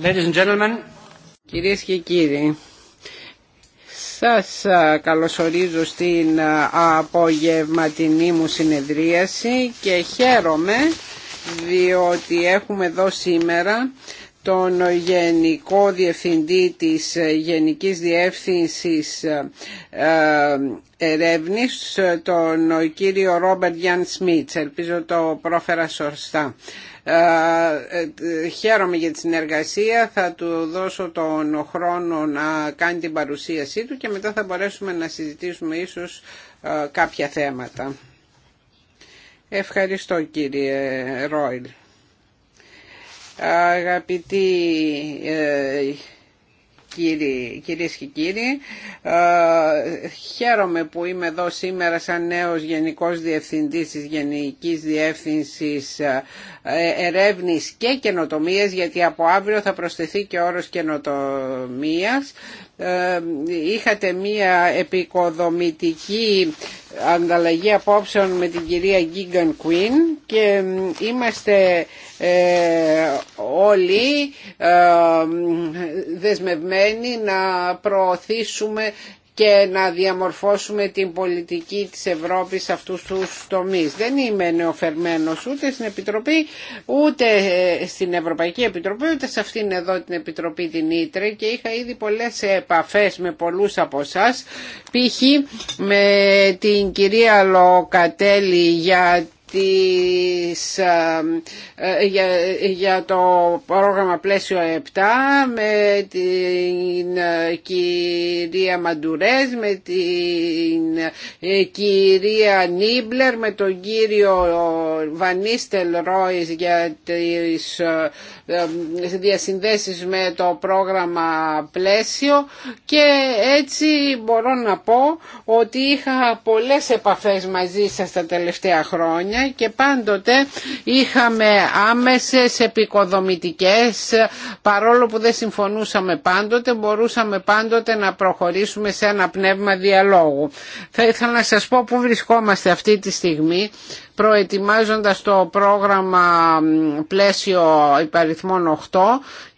Ladies and gentlemen. Κυρίες και κύριοι, σας καλωσορίζω στην απογευματινή μου συνεδρίαση και χαίρομαι διότι έχουμε εδώ σήμερα τον Γενικό Διευθυντή της Γενικής Διεύθυνσης ε, ε, Ερεύνης, τον κύριο Ρόμπερτ Γιάν Σμίτς. Ελπίζω το πρόφερα σωστά. Ε, χαίρομαι για τη συνεργασία. Θα του δώσω τον χρόνο να κάνει την παρουσίασή του και μετά θα μπορέσουμε να συζητήσουμε ίσως κάποια θέματα. Ευχαριστώ κύριε Ρόιλ. Αγαπητοί ε, κύριοι, κυρίες και κύριοι, ε, χαίρομαι που είμαι εδώ σήμερα σαν νέος Γενικός Διευθυντής της Γενικής Διεύθυνσης ε, Ερεύνης και Καινοτομίας, γιατί από αύριο θα προσθεθεί και όρος καινοτομίας ε, είχατε μία επικοδομητική ανταλλαγή απόψεων με την κυρία Γκίγκαν Κουίν και είμαστε ε, όλοι ε, δεσμευμένοι να προωθήσουμε και να διαμορφώσουμε την πολιτική της Ευρώπης σε αυτούς τους τομείς. Δεν είμαι νεοφερμένος ούτε στην Επιτροπή, ούτε ε, στην Ευρωπαϊκή Επιτροπή, ούτε σε αυτήν εδώ την Επιτροπή την Ήτρε και είχα ήδη πολλές επαφές με πολλούς από εσά, π.χ. με την κυρία Λοκατέλη για της, ε, ε, για, το πρόγραμμα πλαίσιο 7 με την ε, κυρία Μαντουρές, με την κυρία Νίμπλερ, με τον κύριο Βανίστελ Ρόις για τις διασυνδέσεις με το πρόγραμμα πλαίσιο και έτσι μπορώ να πω ότι είχα πολλές επαφές μαζί σας τα τελευταία χρόνια και πάντοτε είχαμε άμεσες επικοδομητικές παρόλο που δεν συμφωνούσαμε πάντοτε μπορούσαμε πάντοτε να προχωρήσουμε σε ένα πνεύμα διαλόγου. Θα ήθελα να σας πω πού βρισκόμαστε αυτή τη στιγμή προετοιμάζοντας το πρόγραμμα πλαίσιο υπαριθμών 8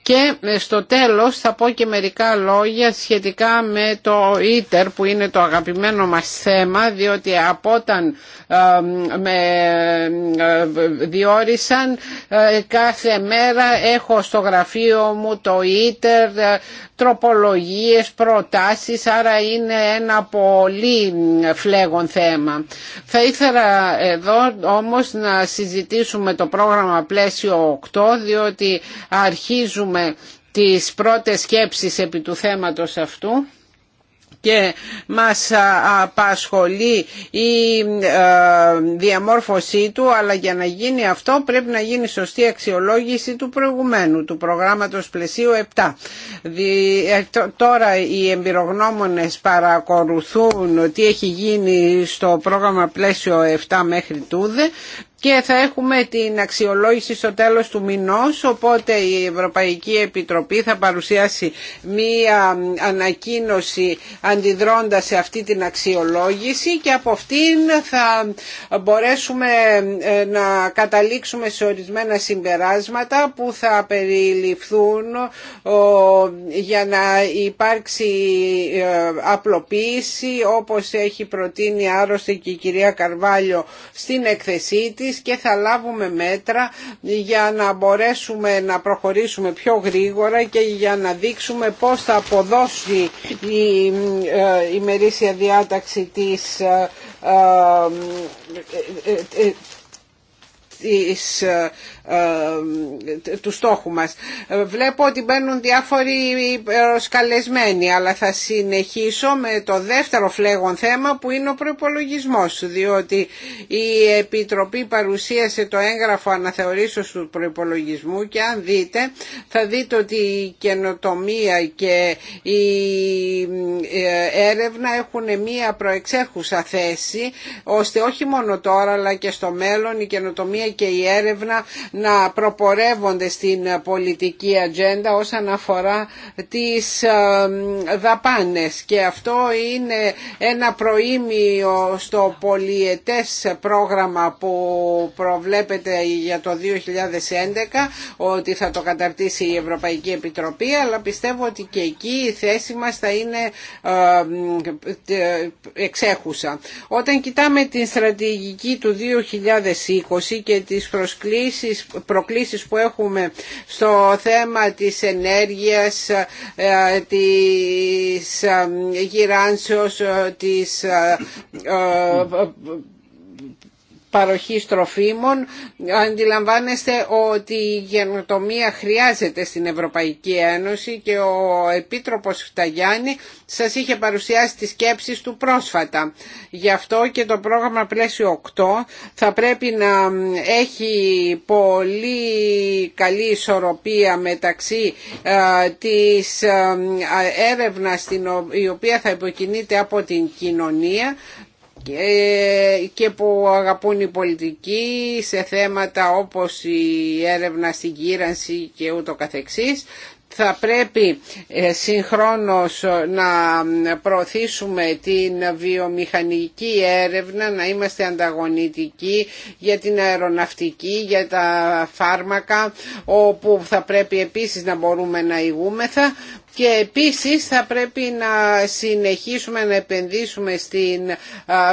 και ε, στο τέλος θα πω και μερικά λόγια σχετικά με το ίτερ που είναι το αγαπημένο μας θέμα διότι από όταν ε, με ε, διόρισαν κάθε μέρα έχω στο γραφείο μου το ίτερ τροπολογίες, προτάσεις, άρα είναι ένα πολύ φλέγον θέμα. Θα ήθελα εδώ όμως να συζητήσουμε το πρόγραμμα πλαίσιο 8 διότι αρχίζουμε κάνουμε τις πρώτες σκέψεις επί του θέματος αυτού και μας απασχολεί η ε, διαμόρφωσή του αλλά για να γίνει αυτό πρέπει να γίνει σωστή αξιολόγηση του προηγουμένου του προγράμματος πλαισίου 7 ε, τώρα οι εμπειρογνώμονες παρακολουθούν τι έχει γίνει στο πρόγραμμα πλαίσιο 7 μέχρι τούδε και θα έχουμε την αξιολόγηση στο τέλος του μηνός οπότε η Ευρωπαϊκή Επιτροπή θα παρουσιάσει μία ανακοίνωση αντιδρώντας σε αυτή την αξιολόγηση και από αυτήν θα μπορέσουμε ε, να καταλήξουμε σε ορισμένα συμπεράσματα που θα περιληφθούν για να υπάρξει ε, απλοποίηση όπως έχει προτείνει άρρωστη και η κυρία Καρβάλιο στην εκθεσή της και θα λάβουμε μέτρα για να μπορέσουμε να προχωρήσουμε πιο γρήγορα και για να δείξουμε πώς θα αποδώσει η ε, ημερήσια διάταξη της ε, ε, ε, του στόχου μας. Βλέπω ότι μπαίνουν διάφοροι προσκαλεσμένοι, αλλά θα συνεχίσω με το δεύτερο φλέγον θέμα που είναι ο προπολογισμό, διότι η Επιτροπή παρουσίασε το έγγραφο αναθεωρήσεως του προπολογισμού και αν δείτε θα δείτε ότι η καινοτομία και η ε, έρευνα έχουν μία προεξέχουσα θέση ώστε όχι μόνο τώρα αλλά και στο μέλλον η καινοτομία και η έρευνα να προπορεύονται στην πολιτική ατζέντα όσον αφορά τις ε, δαπάνες και αυτό είναι ένα προήμιο στο πολιετές πρόγραμμα που προβλέπεται για το 2011 ότι θα το καταρτήσει η Ευρωπαϊκή Επιτροπή αλλά πιστεύω ότι και εκεί η θέση μας θα είναι ε, ε, εξέχουσα. Όταν κοιτάμε την στρατηγική του 2020 και τις προσκλήσεις που έχουμε στο θέμα της ενέργειας, ε, της ε, γυράνσεως, ε, της παροχής τροφίμων. Αντιλαμβάνεστε ότι η γενοτομία χρειάζεται στην Ευρωπαϊκή Ένωση και ο Επίτροπος Φταγιάννη σας είχε παρουσιάσει τις σκέψεις του πρόσφατα. Γι' αυτό και το πρόγραμμα πλαίσιο 8 θα πρέπει να έχει πολύ καλή ισορροπία μεταξύ της έρευνας η οποία θα υποκινείται από την κοινωνία και που αγαπούν οι πολιτικοί σε θέματα όπως η έρευνα στην κύρανση και ούτω καθεξής θα πρέπει ε, συγχρόνως ε, να προωθήσουμε την βιομηχανική έρευνα, να είμαστε ανταγωνιστικοί για την αεροναυτική, για τα φάρμακα, όπου θα πρέπει επίσης να μπορούμε να ηγούμεθα και επίσης θα πρέπει να συνεχίσουμε να επενδύσουμε στην ε,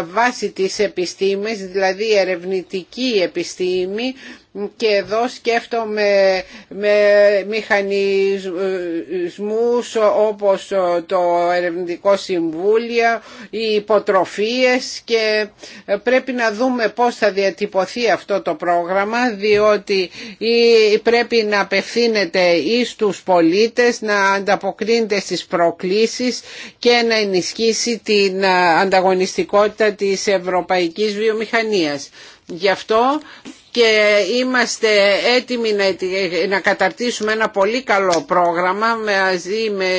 βάση της επιστήμης, δηλαδή ερευνητική επιστήμη, και εδώ σκέφτομαι με μηχανισμούς όπως το Ερευνητικό Συμβούλιο, οι υποτροφίες και πρέπει να δούμε πώς θα διατυπωθεί αυτό το πρόγραμμα διότι πρέπει να απευθύνεται ή τους πολίτες, να ανταποκρίνεται στις προκλήσεις και να ενισχύσει την ανταγωνιστικότητα της ευρωπαϊκής βιομηχανίας. Γι' αυτό και είμαστε έτοιμοι να καταρτήσουμε ένα πολύ καλό πρόγραμμα μαζί με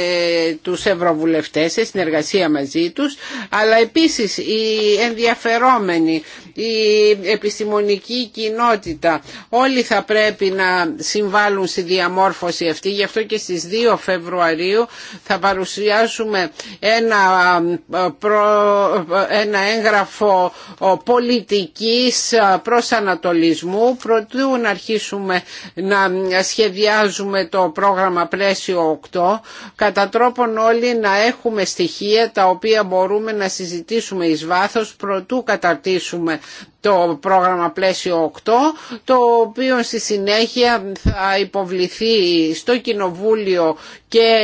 τους ευρωβουλευτές σε συνεργασία μαζί τους αλλά επίσης οι ενδιαφερόμενοι η επιστημονική κοινότητα. Όλοι θα πρέπει να συμβάλλουν στη διαμόρφωση αυτή. Γι' αυτό και στις 2 Φεβρουαρίου θα παρουσιάσουμε ένα, ένα έγγραφο πολιτικής προσανατολισμού προτού να αρχίσουμε να σχεδιάζουμε το πρόγραμμα πλαίσιο 8 κατά τρόπον όλοι να έχουμε στοιχεία τα οποία μπορούμε να συζητήσουμε εις βάθος προτού καταρτήσουμε το πρόγραμμα πλαίσιο 8 το οποίο στη συνέχεια θα υποβληθεί στο Κοινοβούλιο και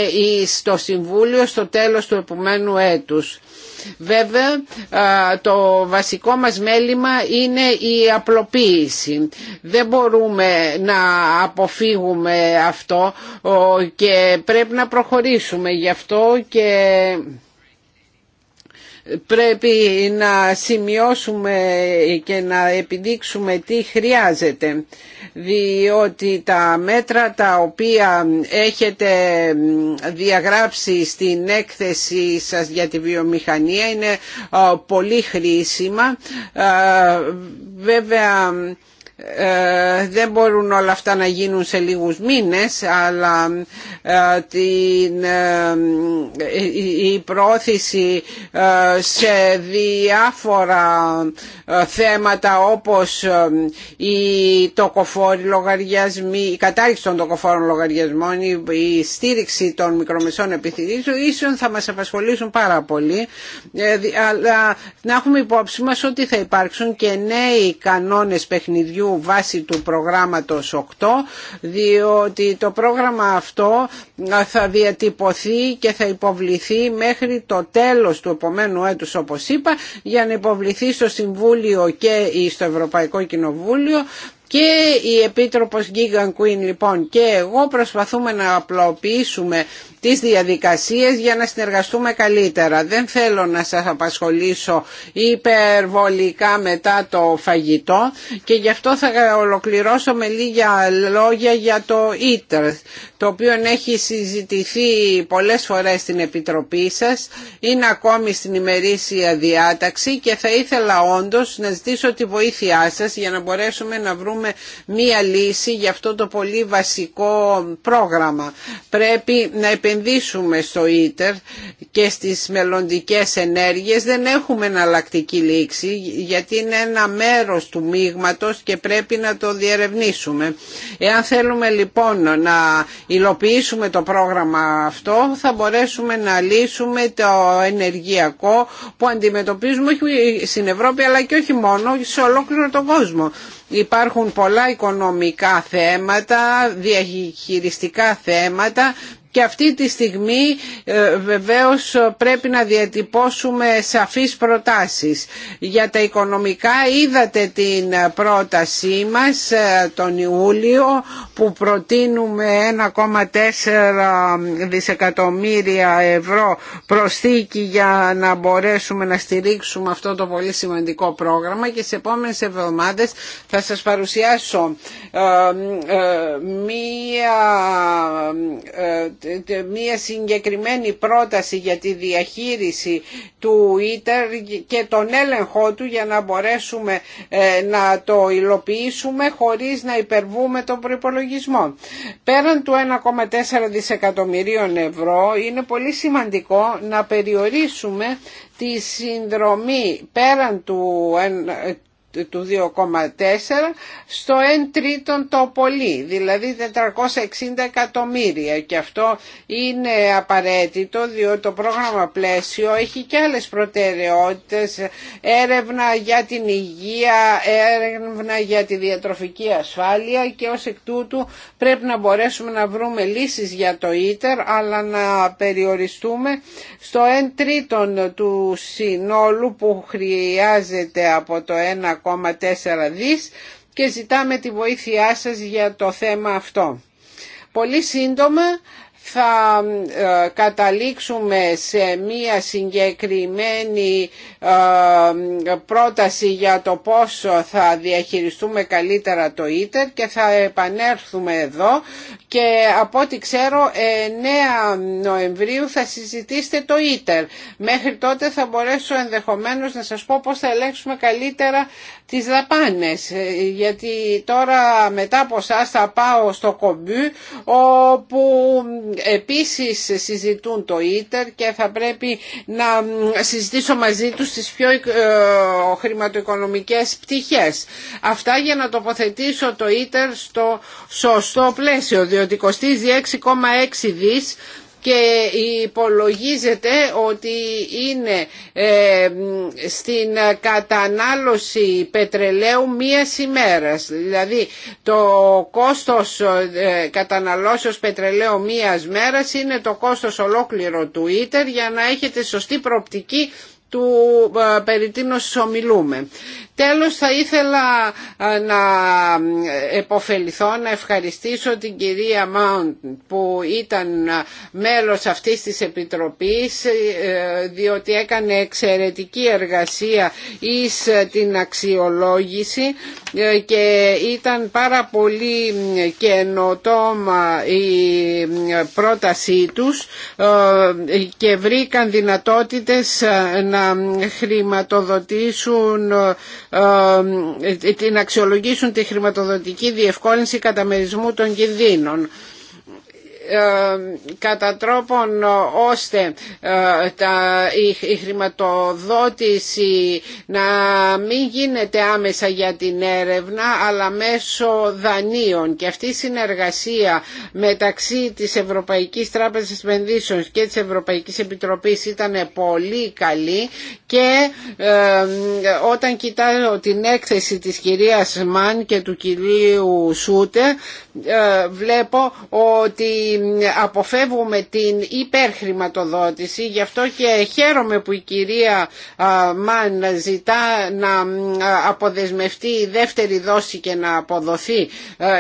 στο Συμβούλιο στο τέλος του επομένου έτους. Βέβαια το βασικό μας μέλημα είναι η απλοποίηση. Δεν μπορούμε να αποφύγουμε αυτό και πρέπει να προχωρήσουμε γι' αυτό και πρέπει να σημειώσουμε και να επιδείξουμε τι χρειάζεται διότι τα μέτρα τα οποία έχετε διαγράψει στην έκθεση σας για τη βιομηχανία είναι πολύ χρήσιμα βέβαια ε, δεν μπορούν όλα αυτά να γίνουν σε λίγους μήνες αλλά ε, την, ε, η πρόθεση σε διάφορα θέματα όπως η, τοκοφόροι λογαριασμοί, η κατάρριξη των τοκοφόρων λογαριασμών, η, στήριξη των μικρομεσών επιχειρήσεων ίσως θα μας απασχολήσουν πάρα πολύ αλλά να έχουμε υπόψη μας ότι θα υπάρξουν και νέοι κανόνες παιχνιδιού βάση βάσει του προγράμματος 8 διότι το πρόγραμμα αυτό θα διατυπωθεί και θα υποβληθεί μέχρι το τέλος του επομένου έτους όπως είπα για να υποβληθεί στο Συμβούλιο και στο Ευρωπαϊκό Κοινοβούλιο και η Επίτροπος Γίγαν Queen λοιπόν και εγώ προσπαθούμε να απλοποιήσουμε τις διαδικασίες για να συνεργαστούμε καλύτερα. Δεν θέλω να σας απασχολήσω υπερβολικά μετά το φαγητό και γι' αυτό θα ολοκληρώσω με λίγα λόγια για το ITER το οποίο έχει συζητηθεί πολλές φορές στην Επιτροπή σας, είναι ακόμη στην ημερήσια διάταξη και θα ήθελα όντως να ζητήσω τη βοήθειά σας για να μπορέσουμε να βρούμε Έχουμε μία λύση για αυτό το πολύ βασικό πρόγραμμα. Πρέπει να επενδύσουμε στο ίτερ και στις μελλοντικές ενέργειες. Δεν έχουμε εναλλακτική λήξη γιατί είναι ένα μέρος του μίγματος και πρέπει να το διερευνήσουμε. Εάν θέλουμε λοιπόν να υλοποιήσουμε το πρόγραμμα αυτό θα μπορέσουμε να λύσουμε το ενεργειακό που αντιμετωπίζουμε όχι στην Ευρώπη αλλά και όχι μόνο σε ολόκληρο τον κόσμο. Υπάρχουν πολλά οικονομικά θέματα, διαχειριστικά θέματα και αυτή τη στιγμή ε, βεβαίως πρέπει να διατυπώσουμε σαφείς προτάσεις. Για τα οικονομικά είδατε την πρότασή μας ε, τον Ιούλιο που προτείνουμε 1,4 δισεκατομμύρια ευρώ προσθήκη για να μπορέσουμε να στηρίξουμε αυτό το πολύ σημαντικό πρόγραμμα και σε επόμενες εβδομάδες θα σας παρουσιάσω ε, μία μια συγκεκριμένη πρόταση για τη διαχείριση του ΙΤΕΡ και τον έλεγχό του για να μπορέσουμε ε, να το υλοποιήσουμε χωρίς να υπερβούμε τον προπολογισμό. Πέραν του 1,4 δισεκατομμυρίων ευρώ είναι πολύ σημαντικό να περιορίσουμε τη συνδρομή πέραν του, του 2,4 στο 1 τρίτον το πολύ, δηλαδή 460 εκατομμύρια και αυτό είναι απαραίτητο διότι το πρόγραμμα πλαίσιο έχει και άλλες προτεραιότητες έρευνα για την υγεία, έρευνα για τη διατροφική ασφάλεια και ως εκ τούτου πρέπει να μπορέσουμε να βρούμε λύσεις για το ίτερ αλλά να περιοριστούμε στο 1 τρίτον του συνόλου που χρειάζεται από το 1 1,4 δις και ζητάμε τη βοήθειά σας για το θέμα αυτό. Πολύ σύντομα θα ε, καταλήξουμε σε μία συγκεκριμένη ε, πρόταση για το πόσο θα διαχειριστούμε καλύτερα το ίτερ και θα επανέλθουμε εδώ και από ό,τι ξέρω 9 Νοεμβρίου θα συζητήσετε το ίτερ. Μέχρι τότε θα μπορέσω ενδεχομένως να σας πω πώς θα ελέγξουμε καλύτερα τις δαπάνες ε, γιατί τώρα μετά από εσά θα πάω στο κομπού όπου επίσης συζητούν το ίτερ και θα πρέπει να συζητήσω μαζί τους τις πιο ε, χρηματοοικονομικές πτυχές. Αυτά για να τοποθετήσω το ίτερ στο σωστό πλαίσιο διότι κοστίζει 6,6 δις και υπολογίζεται ότι είναι ε, στην κατανάλωση πετρελαίου μία ημέρας. Δηλαδή το κόστος ε, καταναλώσεως πετρελαίου μίας μέρα είναι το κόστος ολόκληρο του ίτερ για να έχετε σωστή προοπτική του ε, περί τίνος ομιλούμε. Τέλος θα ήθελα να επωφεληθώ, να ευχαριστήσω την κυρία Μάουντ που ήταν μέλος αυτής της Επιτροπής ε, διότι έκανε εξαιρετική εργασία εις ε, την αξιολόγηση ε, και ήταν πάρα πολύ καινοτόμα η πρότασή τους και βρήκαν δυνατότητες να χρηματοδοτήσουν ε, ε, την αξιολογήσουν τη χρηματοδοτική διευκόλυνση καταμερισμού των κινδύνων ε, κατά τρόπον ε, ώστε ε, τα, η, χρηματοδότηση να μην γίνεται άμεσα για την έρευνα αλλά μέσω δανείων και αυτή η συνεργασία μεταξύ της Ευρωπαϊκής Τράπεζας Επενδύσεων και της Ευρωπαϊκής Επιτροπής ήταν πολύ καλή και όταν κοιτάω την έκθεση της κυρίας Μαν και του κυρίου Σούτε βλέπω ότι αποφεύγουμε την υπερχρηματοδότηση γι' αυτό και χαίρομαι που η κυρία Μαν ζητά να αποδεσμευτεί η δεύτερη δόση και να αποδοθεί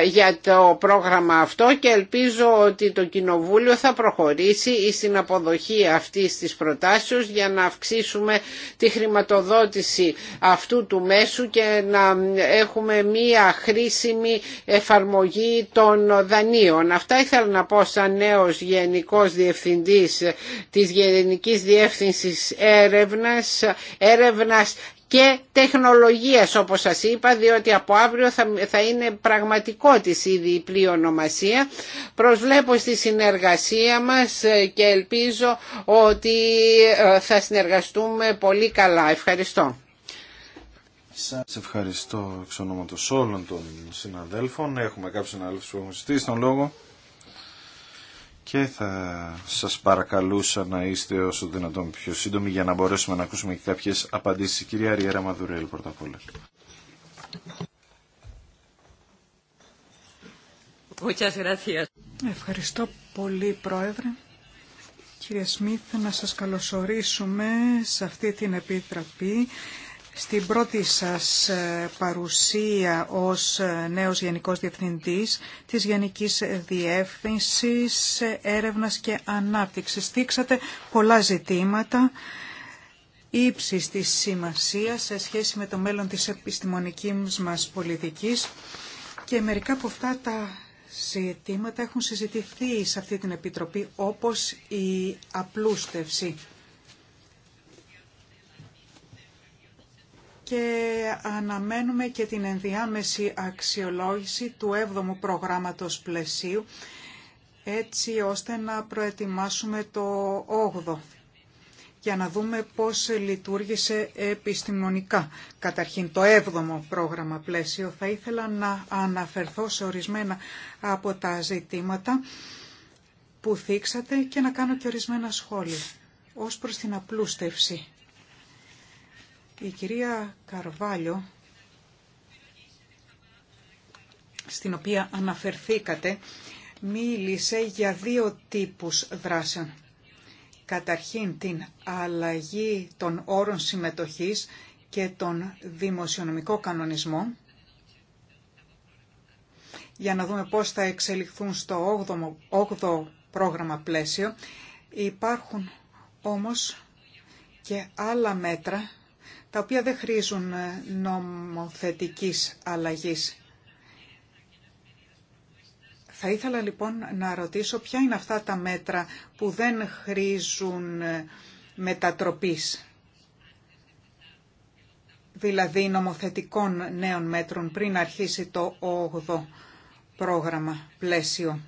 για το πρόγραμμα αυτό και ελπίζω ότι το Κοινοβούλιο θα προχωρήσει στην αποδοχή αυτής της προτάσεως για να αυξήσουμε τη χρηματοδότηση αυτού του μέσου και να έχουμε μία χρήσιμη εφαρμογή των δανείων. Αυτά ήθελα να πω σαν νέος Γενικός Διευθυντής της Γενικής Διεύθυνσης Έρευνας, έρευνας και τεχνολογίας όπως σας είπα διότι από αύριο θα, θα είναι πραγματικό της ήδη η ονομασία. προσβλέπω στη συνεργασία μας και ελπίζω ότι ε, θα συνεργαστούμε πολύ καλά ευχαριστώ σας ευχαριστώ εξ ονόματος όλων των συναδέλφων έχουμε κάποιους συναδέλφους που έχουν ζητήσει τον λόγο και θα σας παρακαλούσα να είστε όσο δυνατόν πιο σύντομοι για να μπορέσουμε να ακούσουμε και κάποιες απαντήσεις. Κυρία Ριέρα Μαδουρέλ πρώτα απ' όλα. Ευχαριστώ πολύ Πρόεδρε. Κύριε Σμίθ, να σας καλωσορίσουμε σε αυτή την επιτραπή στην πρώτη σας ε, παρουσία ως ε, νέος Γενικός Διευθυντής της Γενικής Διεύθυνσης ε, Έρευνας και Ανάπτυξης στήξατε πολλά ζητήματα ύψης της σημασίας σε σχέση με το μέλλον της επιστημονικής μας πολιτικής και μερικά από αυτά τα ζητήματα έχουν συζητηθεί σε αυτή την Επιτροπή όπως η απλούστευση και αναμένουμε και την ενδιάμεση αξιολόγηση του 7ου προγράμματος πλαισίου έτσι ώστε να προετοιμάσουμε το 8ο για να δούμε πώς λειτουργήσε επιστημονικά. Καταρχήν το 7ο πρόγραμμα πλαίσιο θα ήθελα να αναφερθώ σε ορισμένα από τα ζητήματα που θίξατε και να κάνω και ορισμένα σχόλια ως προς την απλούστευση η κυρία Καρβάλιο, στην οποία αναφερθήκατε, μίλησε για δύο τύπους δράσεων. Καταρχήν την αλλαγή των όρων συμμετοχής και τον δημοσιονομικό κανονισμό, για να δούμε πώς θα εξελιχθούν στο 8ο, 8ο πρόγραμμα πλαίσιο. Υπάρχουν όμως και άλλα μέτρα τα οποία δεν χρήζουν ε, νομοθετικής αλλαγής. Θα ήθελα λοιπόν να ρωτήσω ποια είναι αυτά τα μέτρα που δεν χρήζουν ε, μετατροπής, δηλαδή νομοθετικών νέων μέτρων πριν αρχίσει το 8ο πρόγραμμα πλαίσιο.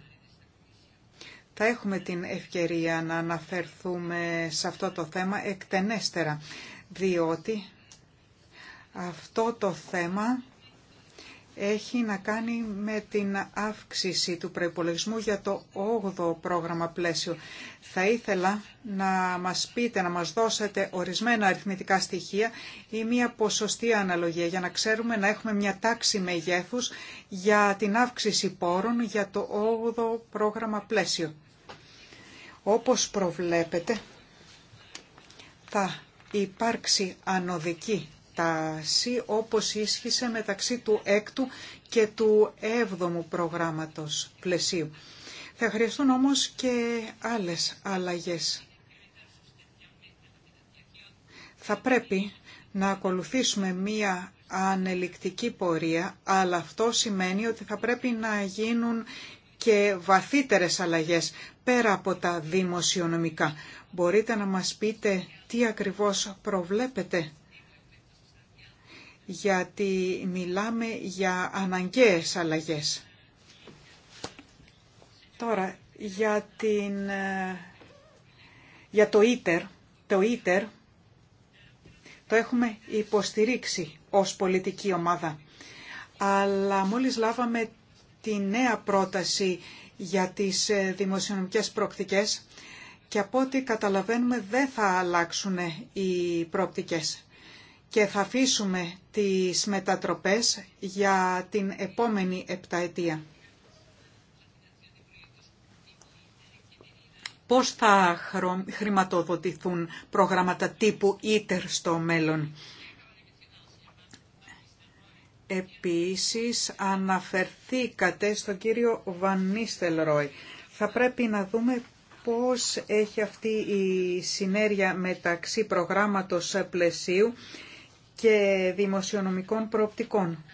Θα έχουμε την ευκαιρία να αναφερθούμε σε αυτό το θέμα εκτενέστερα διότι αυτό το θέμα έχει να κάνει με την αύξηση του προϋπολογισμού για το 8ο πρόγραμμα πλαίσιο. Θα ήθελα να μας πείτε, να μας δώσετε ορισμένα αριθμητικά στοιχεία ή μια ποσοστή αναλογία για να ξέρουμε να έχουμε μια τάξη μεγέθους για την αύξηση πόρων για το 8ο πρόγραμμα πλαίσιο. Όπως προβλέπετε, θα υπάρξει ανωδική τάση όπως ίσχυσε μεταξύ του έκτου ου και του 7ου προγράμματος πλαισίου. Θα χρειαστούν όμως και άλλες αλλαγές. Θα πρέπει να ακολουθήσουμε μία ανελικτική πορεία, αλλά αυτό σημαίνει ότι θα πρέπει να γίνουν και βαθύτερες αλλαγές πέρα από τα δημοσιονομικά. Μπορείτε να μας πείτε τι ακριβώς προβλέπετε γιατί μιλάμε για αναγκαίες αλλαγές. Τώρα, για, την, ε, για το ίτερ, το ίτερ το έχουμε υποστηρίξει ως πολιτική ομάδα. Αλλά μόλις λάβαμε τη νέα πρόταση για τις ε, δημοσιονομικές προοπτικές και από ό,τι καταλαβαίνουμε δεν θα αλλάξουν οι προοπτικές και θα αφήσουμε τις μετατροπές για την επόμενη επταετία. Πώς θα χρηματοδοτηθούν προγράμματα τύπου ITER στο μέλλον. Επίσης αναφερθήκατε στον κύριο Βανίστελ Θα πρέπει να δούμε πώς έχει αυτή η συνέργεια μεταξύ προγράμματος πλαισίου και δημοσιονομικών προοπτικών.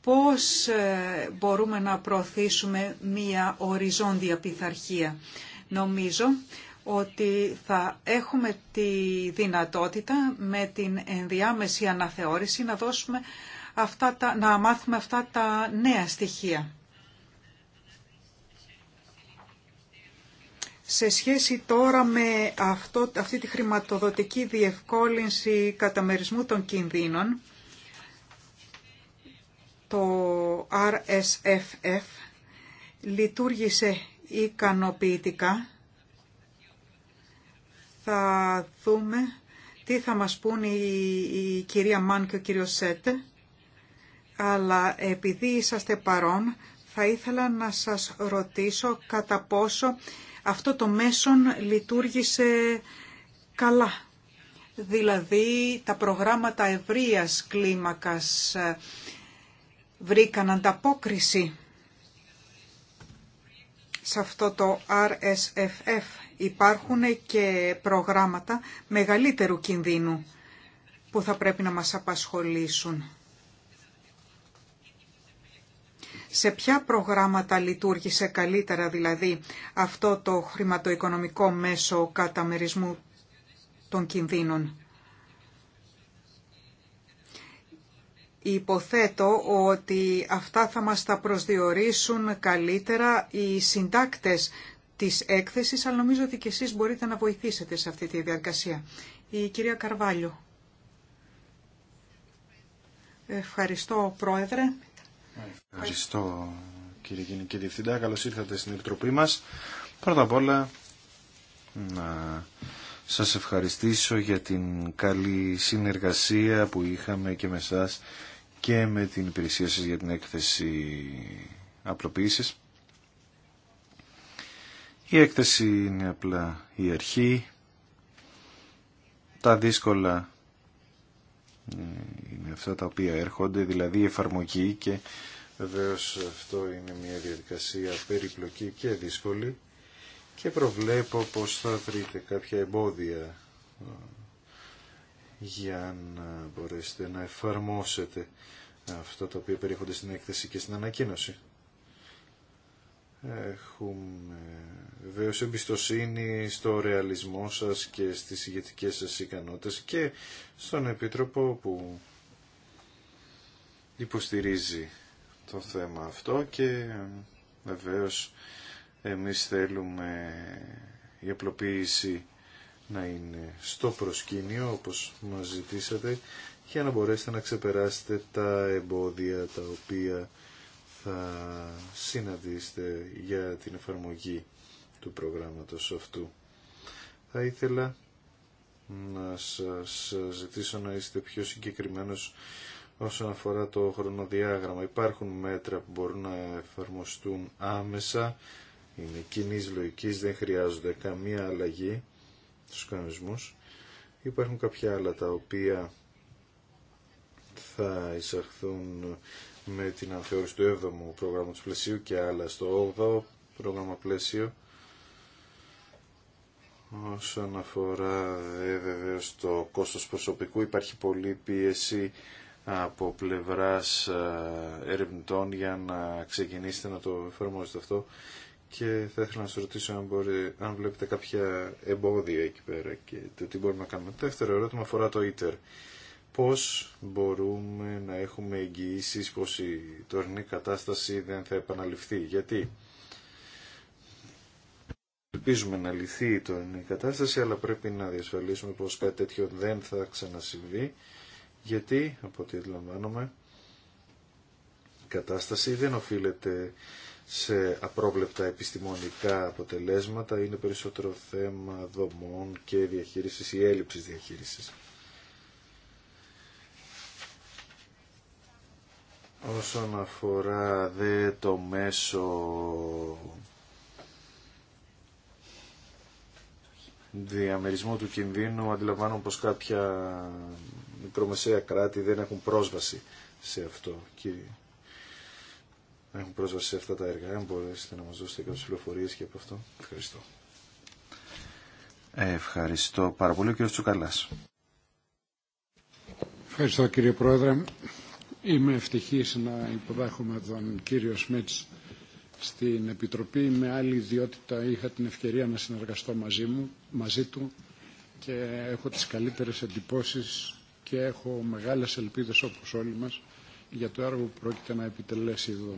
Πώς ε, μπορούμε να προωθήσουμε μία οριζόντια πειθαρχία. Νομίζω ότι θα έχουμε τη δυνατότητα με την ενδιάμεση αναθεώρηση να, δώσουμε αυτά τα, να μάθουμε αυτά τα νέα στοιχεία. Σε σχέση τώρα με αυτό, αυτή τη χρηματοδοτική διευκόλυνση καταμερισμού των κινδύνων, το RSFF λειτουργήσε ικανοποιητικά θα δούμε τι θα μας πούν η, κυρία Μάν και ο κύριος Σέτε, αλλά επειδή είσαστε παρόν, θα ήθελα να σας ρωτήσω κατά πόσο αυτό το μέσον λειτουργήσε καλά. Δηλαδή τα προγράμματα ευρείας κλίμακας ε, βρήκαν ανταπόκριση σε αυτό το RSFF υπάρχουν και προγράμματα μεγαλύτερου κινδύνου που θα πρέπει να μας απασχολήσουν. Σε ποια προγράμματα λειτουργήσε καλύτερα δηλαδή αυτό το χρηματοοικονομικό μέσο καταμερισμού των κινδύνων. Υποθέτω ότι αυτά θα μας τα προσδιορίσουν καλύτερα οι συντάκτες της έκθεσης, αλλά νομίζω ότι και εσείς μπορείτε να βοηθήσετε σε αυτή τη διαδικασία. Η κυρία Καρβάλιο. Ευχαριστώ, Πρόεδρε. Ευχαριστώ, κύριε Γενική Διευθυντά. Καλώς ήρθατε στην Επιτροπή μας. Πρώτα απ' όλα, να σας ευχαριστήσω για την καλή συνεργασία που είχαμε και με εσάς και με την υπηρεσία σας για την έκθεση απλοποίησης. Η έκθεση είναι απλά η αρχή. Τα δύσκολα είναι αυτά τα οποία έρχονται, δηλαδή η εφαρμογή και βεβαίω αυτό είναι μια διαδικασία περιπλοκή και δύσκολη και προβλέπω πως θα βρείτε κάποια εμπόδια ε, για να μπορέσετε να εφαρμόσετε αυτά τα οποία περιέχονται στην έκθεση και στην ανακοίνωση. Έχουμε βεβαίω εμπιστοσύνη στο ρεαλισμό σας και στις ηγετικέ σας ικανότητες και στον Επίτροπο που υποστηρίζει το θέμα αυτό και βεβαίω εμείς θέλουμε η απλοποίηση να είναι στο προσκήνιο όπως μας ζητήσατε για να μπορέσετε να ξεπεράσετε τα εμπόδια τα οποία θα συναντήσετε για την εφαρμογή του προγράμματος αυτού. Θα ήθελα να σας ζητήσω να είστε πιο συγκεκριμένος όσον αφορά το χρονοδιάγραμμα. Υπάρχουν μέτρα που μπορούν να εφαρμοστούν άμεσα, είναι κοινή λογική, δεν χρειάζονται καμία αλλαγή στους κανονισμούς. Υπάρχουν κάποια άλλα τα οποία θα εισαχθούν με την ανθεώρηση του 7ου προγράμματος πλαισίου και άλλα στο 8ο πρόγραμμα πλαίσιο. Όσον αφορά δε, το κόστος προσωπικού υπάρχει πολλή πίεση από πλευράς ε, ερευνητών για να ξεκινήσετε να το εφαρμόζετε αυτό και θα ήθελα να σας ρωτήσω αν, μπορεί, αν βλέπετε κάποια εμπόδια εκεί πέρα και το τι μπορούμε να κάνουμε. Το δεύτερο ερώτημα αφορά το ITER πώς μπορούμε να έχουμε εγγυήσεις πως η τωρινή κατάσταση δεν θα επαναληφθεί. Γιατί ελπίζουμε να λυθεί η τωρινή κατάσταση, αλλά πρέπει να διασφαλίσουμε πως κάτι τέτοιο δεν θα ξανασυμβεί, γιατί, από ό,τι αντιλαμβάνομαι, η κατάσταση δεν οφείλεται σε απρόβλεπτα επιστημονικά αποτελέσματα, είναι περισσότερο θέμα δομών και διαχείρισης ή έλλειψης διαχείρισης. Όσον αφορά δε το μέσο διαμερισμό του κινδύνου, αντιλαμβάνομαι πως κάποια μικρομεσαία κράτη δεν έχουν πρόσβαση σε αυτό και έχουν πρόσβαση σε αυτά τα έργα. Αν μπορέσετε να μας δώσετε κάποιες πληροφορίες και από αυτό. Ευχαριστώ. Ευχαριστώ πάρα πολύ ο κύριος Τσουκαλάς. Ευχαριστώ κύριε Πρόεδρε. Είμαι ευτυχής να υποδάχομαι τον κύριο Σμίτς στην Επιτροπή. Με άλλη ιδιότητα είχα την ευκαιρία να συνεργαστώ μαζί, μου, μαζί του και έχω τις καλύτερες εντυπώσεις και έχω μεγάλες ελπίδες όπως όλοι μας για το έργο που πρόκειται να επιτελέσει εδώ.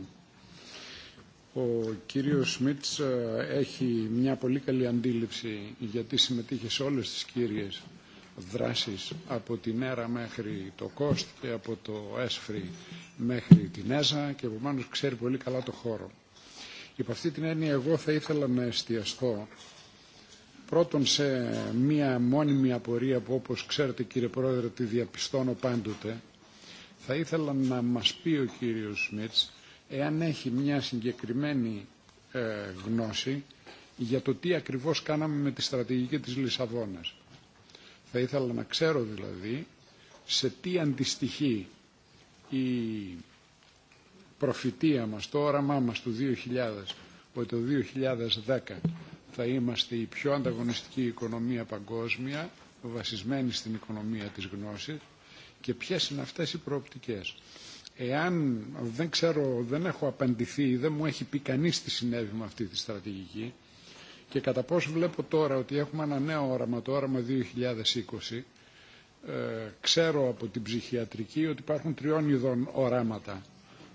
Ο κύριος Σμίτς ε, έχει μια πολύ καλή αντίληψη γιατί συμμετείχε σε όλες τις κύριες δράσεις από την ΕΡΑ μέχρι το ΚΟΣΤ και από το ΕΣΦΡΙ μέχρι την ΕΖΑ και επομένως ξέρει πολύ καλά το χώρο. Υπό αυτή την έννοια εγώ θα ήθελα να εστιαστώ πρώτον σε μία μόνιμη απορία που όπως ξέρετε κύριε Πρόεδρε τη διαπιστώνω πάντοτε θα ήθελα να μας πει ο κύριος Σμιτς εάν έχει μια συγκεκριμένη ε, γνώση για το τι ακριβώς κάναμε με τη στρατηγική της Λισαβόνας. Θα ήθελα να ξέρω δηλαδή σε τι αντιστοιχεί η προφητεία μας, το όραμά μας του 2000, ότι το 2010 θα είμαστε η πιο ανταγωνιστική οικονομία παγκόσμια, βασισμένη στην οικονομία της γνώσης, και ποιες είναι αυτές οι προοπτικές. Εάν δεν ξέρω, δεν έχω απαντηθεί ή δεν μου έχει πει κανείς τι συνέβη με αυτή τη στρατηγική, και κατά πόσο βλέπω τώρα ότι έχουμε ένα νέο όραμα, το όραμα 2020, ε, ξέρω από την ψυχιατρική ότι υπάρχουν τριών ειδών οράματα.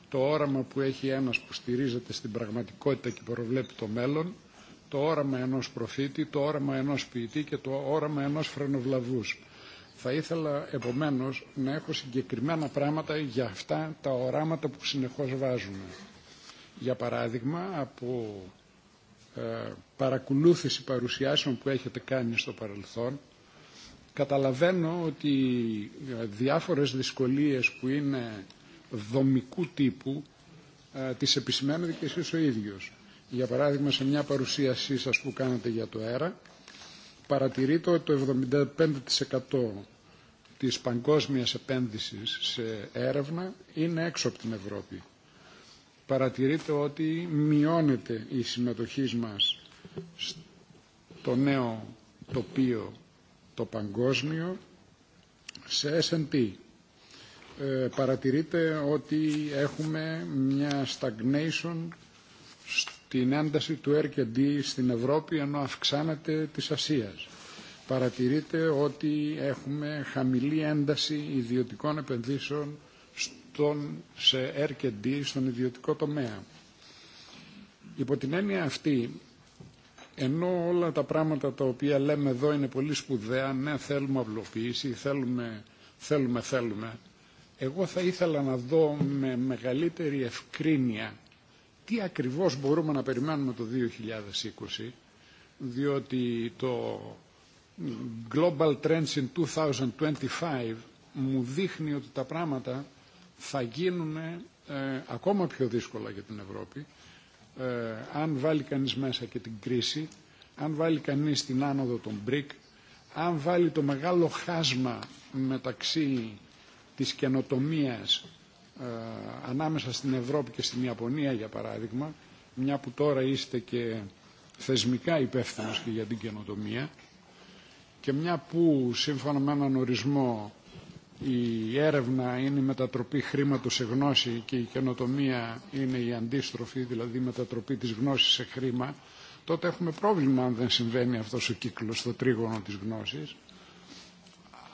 Το όραμα που έχει ένας που στηρίζεται στην πραγματικότητα και προβλέπει το μέλλον, το όραμα ενός προφήτη, το όραμα ενός ποιητή και το όραμα ενός φρενοβλαβούς. Θα ήθελα επομένως να έχω συγκεκριμένα πράγματα για αυτά τα οράματα που συνεχώς βάζουμε. Για παράδειγμα, από ε, παρακολούθηση παρουσιάσεων που έχετε κάνει στο παρελθόν καταλαβαίνω ότι ε, διάφορες δυσκολίες που είναι δομικού τύπου ε, τις επισημαίνετε και εσείς ο ίδιος. Για παράδειγμα, σε μια παρουσίασή σας που κάνατε για το αέρα, παρατηρείτε ότι το 75% της παγκόσμιας επένδυσης σε έρευνα είναι έξω από την Ευρώπη. Παρατηρείτε ότι μειώνεται η συμμετοχή μας στο νέο τοπίο το παγκόσμιο σε S&P. Ε, Παρατηρείτε ότι έχουμε μια stagnation στην ένταση του R&D στην Ευρώπη ενώ αυξάνεται της Ασίας. Παρατηρείτε ότι έχουμε χαμηλή ένταση ιδιωτικών επενδύσεων σε R&D στον ιδιωτικό τομέα. Υπό την έννοια αυτή, ενώ όλα τα πράγματα τα οποία λέμε εδώ είναι πολύ σπουδαία, ναι θέλουμε αυλοποίηση θέλουμε, θέλουμε, θέλουμε, εγώ θα ήθελα να δω με μεγαλύτερη ευκρίνεια τι ακριβώς μπορούμε να περιμένουμε το 2020, διότι το Global Trends in 2025 μου δείχνει ότι τα πράγματα θα γίνουν ε, ακόμα πιο δύσκολα για την Ευρώπη ε, αν βάλει κανείς μέσα και την κρίση, αν βάλει κανείς την άνοδο των BRIC, αν βάλει το μεγάλο χάσμα μεταξύ της καινοτομίας ε, ανάμεσα στην Ευρώπη και στην Ιαπωνία για παράδειγμα, μια που τώρα είστε και θεσμικά υπεύθυνος και για την καινοτομία και μια που σύμφωνα με έναν ορισμό η έρευνα είναι η μετατροπή χρήματος σε γνώση και η καινοτομία είναι η αντίστροφη, δηλαδή η μετατροπή της γνώσης σε χρήμα, τότε έχουμε πρόβλημα αν δεν συμβαίνει αυτός ο κύκλος στο τρίγωνο της γνώσης.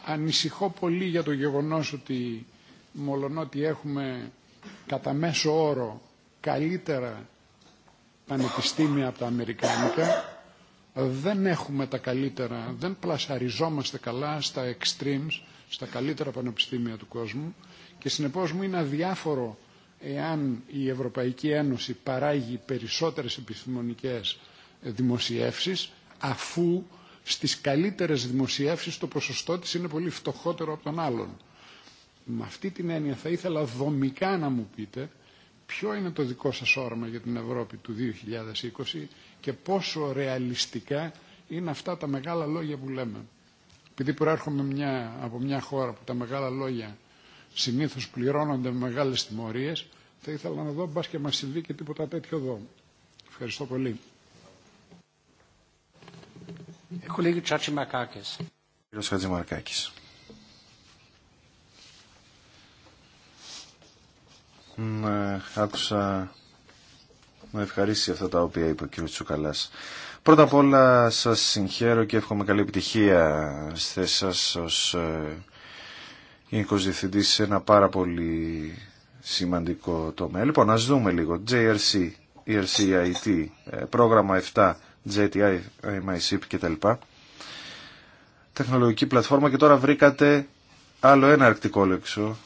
Ανησυχώ πολύ για το γεγονός ότι μολονότι έχουμε κατά μέσο όρο καλύτερα πανεπιστήμια από τα Αμερικάνικα, δεν έχουμε τα καλύτερα, δεν πλασαριζόμαστε καλά στα extremes, στα καλύτερα πανεπιστήμια του κόσμου και συνεπώς μου είναι αδιάφορο εάν η Ευρωπαϊκή Ένωση παράγει περισσότερες επιστημονικές δημοσιεύσεις αφού στις καλύτερες δημοσιεύσεις το ποσοστό της είναι πολύ φτωχότερο από τον άλλον. Με αυτή την έννοια θα ήθελα δομικά να μου πείτε ποιο είναι το δικό σας όραμα για την Ευρώπη του 2020 και πόσο ρεαλιστικά είναι αυτά τα μεγάλα λόγια που λέμε. Επειδή προέρχομαι μια, από μια χώρα που τα μεγάλα λόγια συνήθως πληρώνονται με μεγάλες τιμωρίες, θα ήθελα να δω μπας και μας συμβεί και τίποτα τέτοιο εδώ. Ευχαριστώ πολύ. Κύριος Χατζημαρκάκης. Ναι, άκουσα με ευχαρίσει αυτά τα οποία είπε ο κ. Τσουκαλάς. Πρώτα απ' όλα σας συγχαίρω και εύχομαι καλή επιτυχία στη σας ως ε, γενικός διευθυντής σε ένα πάρα πολύ σημαντικό τομέα. Λοιπόν, ας δούμε λίγο. JRC, ERCIT, ε, πρόγραμμα 7, JTI, MISIP κτλ. Τεχνολογική πλατφόρμα και τώρα βρήκατε άλλο ένα αρκτικό λέξο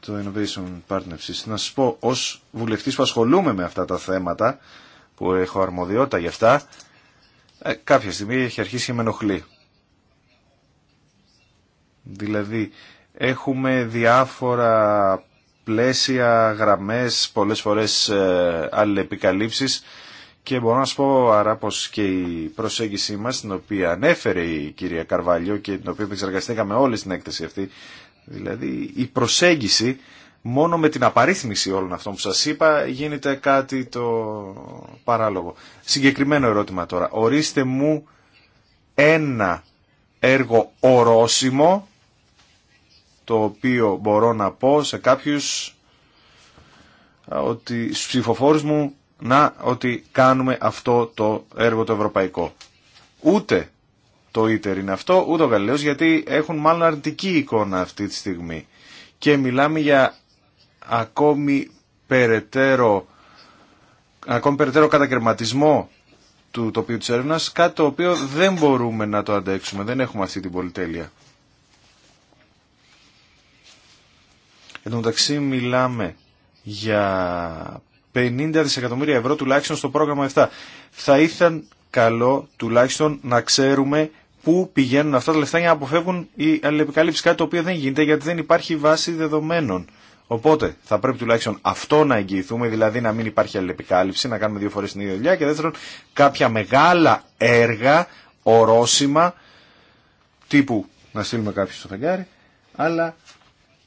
το Innovation Partnerships. Να σας πω, ως βουλευτής που ασχολούμαι με αυτά τα θέματα, που έχω αρμοδιότητα γι' αυτά, ε, κάποια στιγμή έχει αρχίσει και με ενοχλεί. Δηλαδή, έχουμε διάφορα πλαίσια, γραμμές, πολλές φορές ε, επικαλύψεις και μπορώ να σας πω άρα πως και η προσέγγιση μας, την οποία ανέφερε η κυρία Καρβαλιό και την οποία επεξεργαστήκαμε όλη στην έκθεση αυτή, Δηλαδή η προσέγγιση μόνο με την απαρίθμηση όλων αυτών που σας είπα γίνεται κάτι το παράλογο. Συγκεκριμένο ερώτημα τώρα. Ορίστε μου ένα έργο ορόσημο το οποίο μπορώ να πω σε κάποιους ότι στους ψηφοφόρους μου να ότι κάνουμε αυτό το έργο το ευρωπαϊκό. Ούτε το ίτερ είναι αυτό, ούτε ο γιατί έχουν μάλλον αρνητική εικόνα αυτή τη στιγμή. Και μιλάμε για ακόμη περαιτέρω, ακόμη περαιτέρω κατακαιρματισμό του τοπίου της έρευνα, κάτι το οποίο δεν μπορούμε να το αντέξουμε, δεν έχουμε αυτή την πολυτέλεια. Εν τω μεταξύ μιλάμε για 50 δισεκατομμύρια ευρώ τουλάχιστον στο πρόγραμμα 7. Θα ήθελα καλό τουλάχιστον να ξέρουμε πού πηγαίνουν αυτά τα λεφτά για να αποφεύγουν οι αλληλεπικαλύψει κάτι το οποίο δεν γίνεται γιατί δεν υπάρχει βάση δεδομένων. Οπότε θα πρέπει τουλάχιστον αυτό να εγγυηθούμε, δηλαδή να μην υπάρχει αλληλεπικάλυψη, να κάνουμε δύο φορέ την ίδια δουλειά και δεύτερον κάποια μεγάλα έργα, ορόσημα, τύπου να στείλουμε κάποιο στο φεγγάρι, αλλά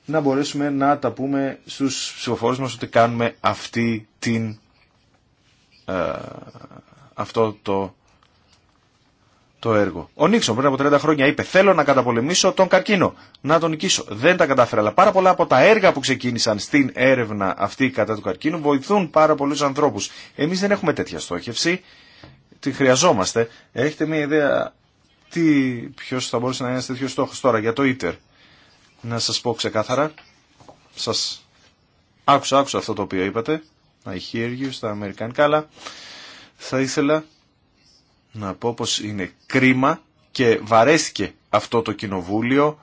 να μπορέσουμε να τα πούμε στου ψηφοφόρου μα ότι κάνουμε αυτή την, ε, αυτό το το έργο. Ο Νίξον πριν από 30 χρόνια είπε θέλω να καταπολεμήσω τον καρκίνο, να τον νικήσω. Δεν τα κατάφερα, αλλά πάρα πολλά από τα έργα που ξεκίνησαν στην έρευνα αυτή κατά του καρκίνου βοηθούν πάρα πολλούς ανθρώπους. Εμείς δεν έχουμε τέτοια στόχευση, τη χρειαζόμαστε. Έχετε μια ιδέα τι, ποιος θα μπορούσε να είναι ένα τέτοιο στόχος τώρα για το ίτερ. Να σας πω ξεκάθαρα, σας άκουσα, άκουσα αυτό το οποίο είπατε, I hear you στα αμερικανικά, αλλά θα ήθελα να πω πως είναι κρίμα και βαρέστηκε αυτό το κοινοβούλιο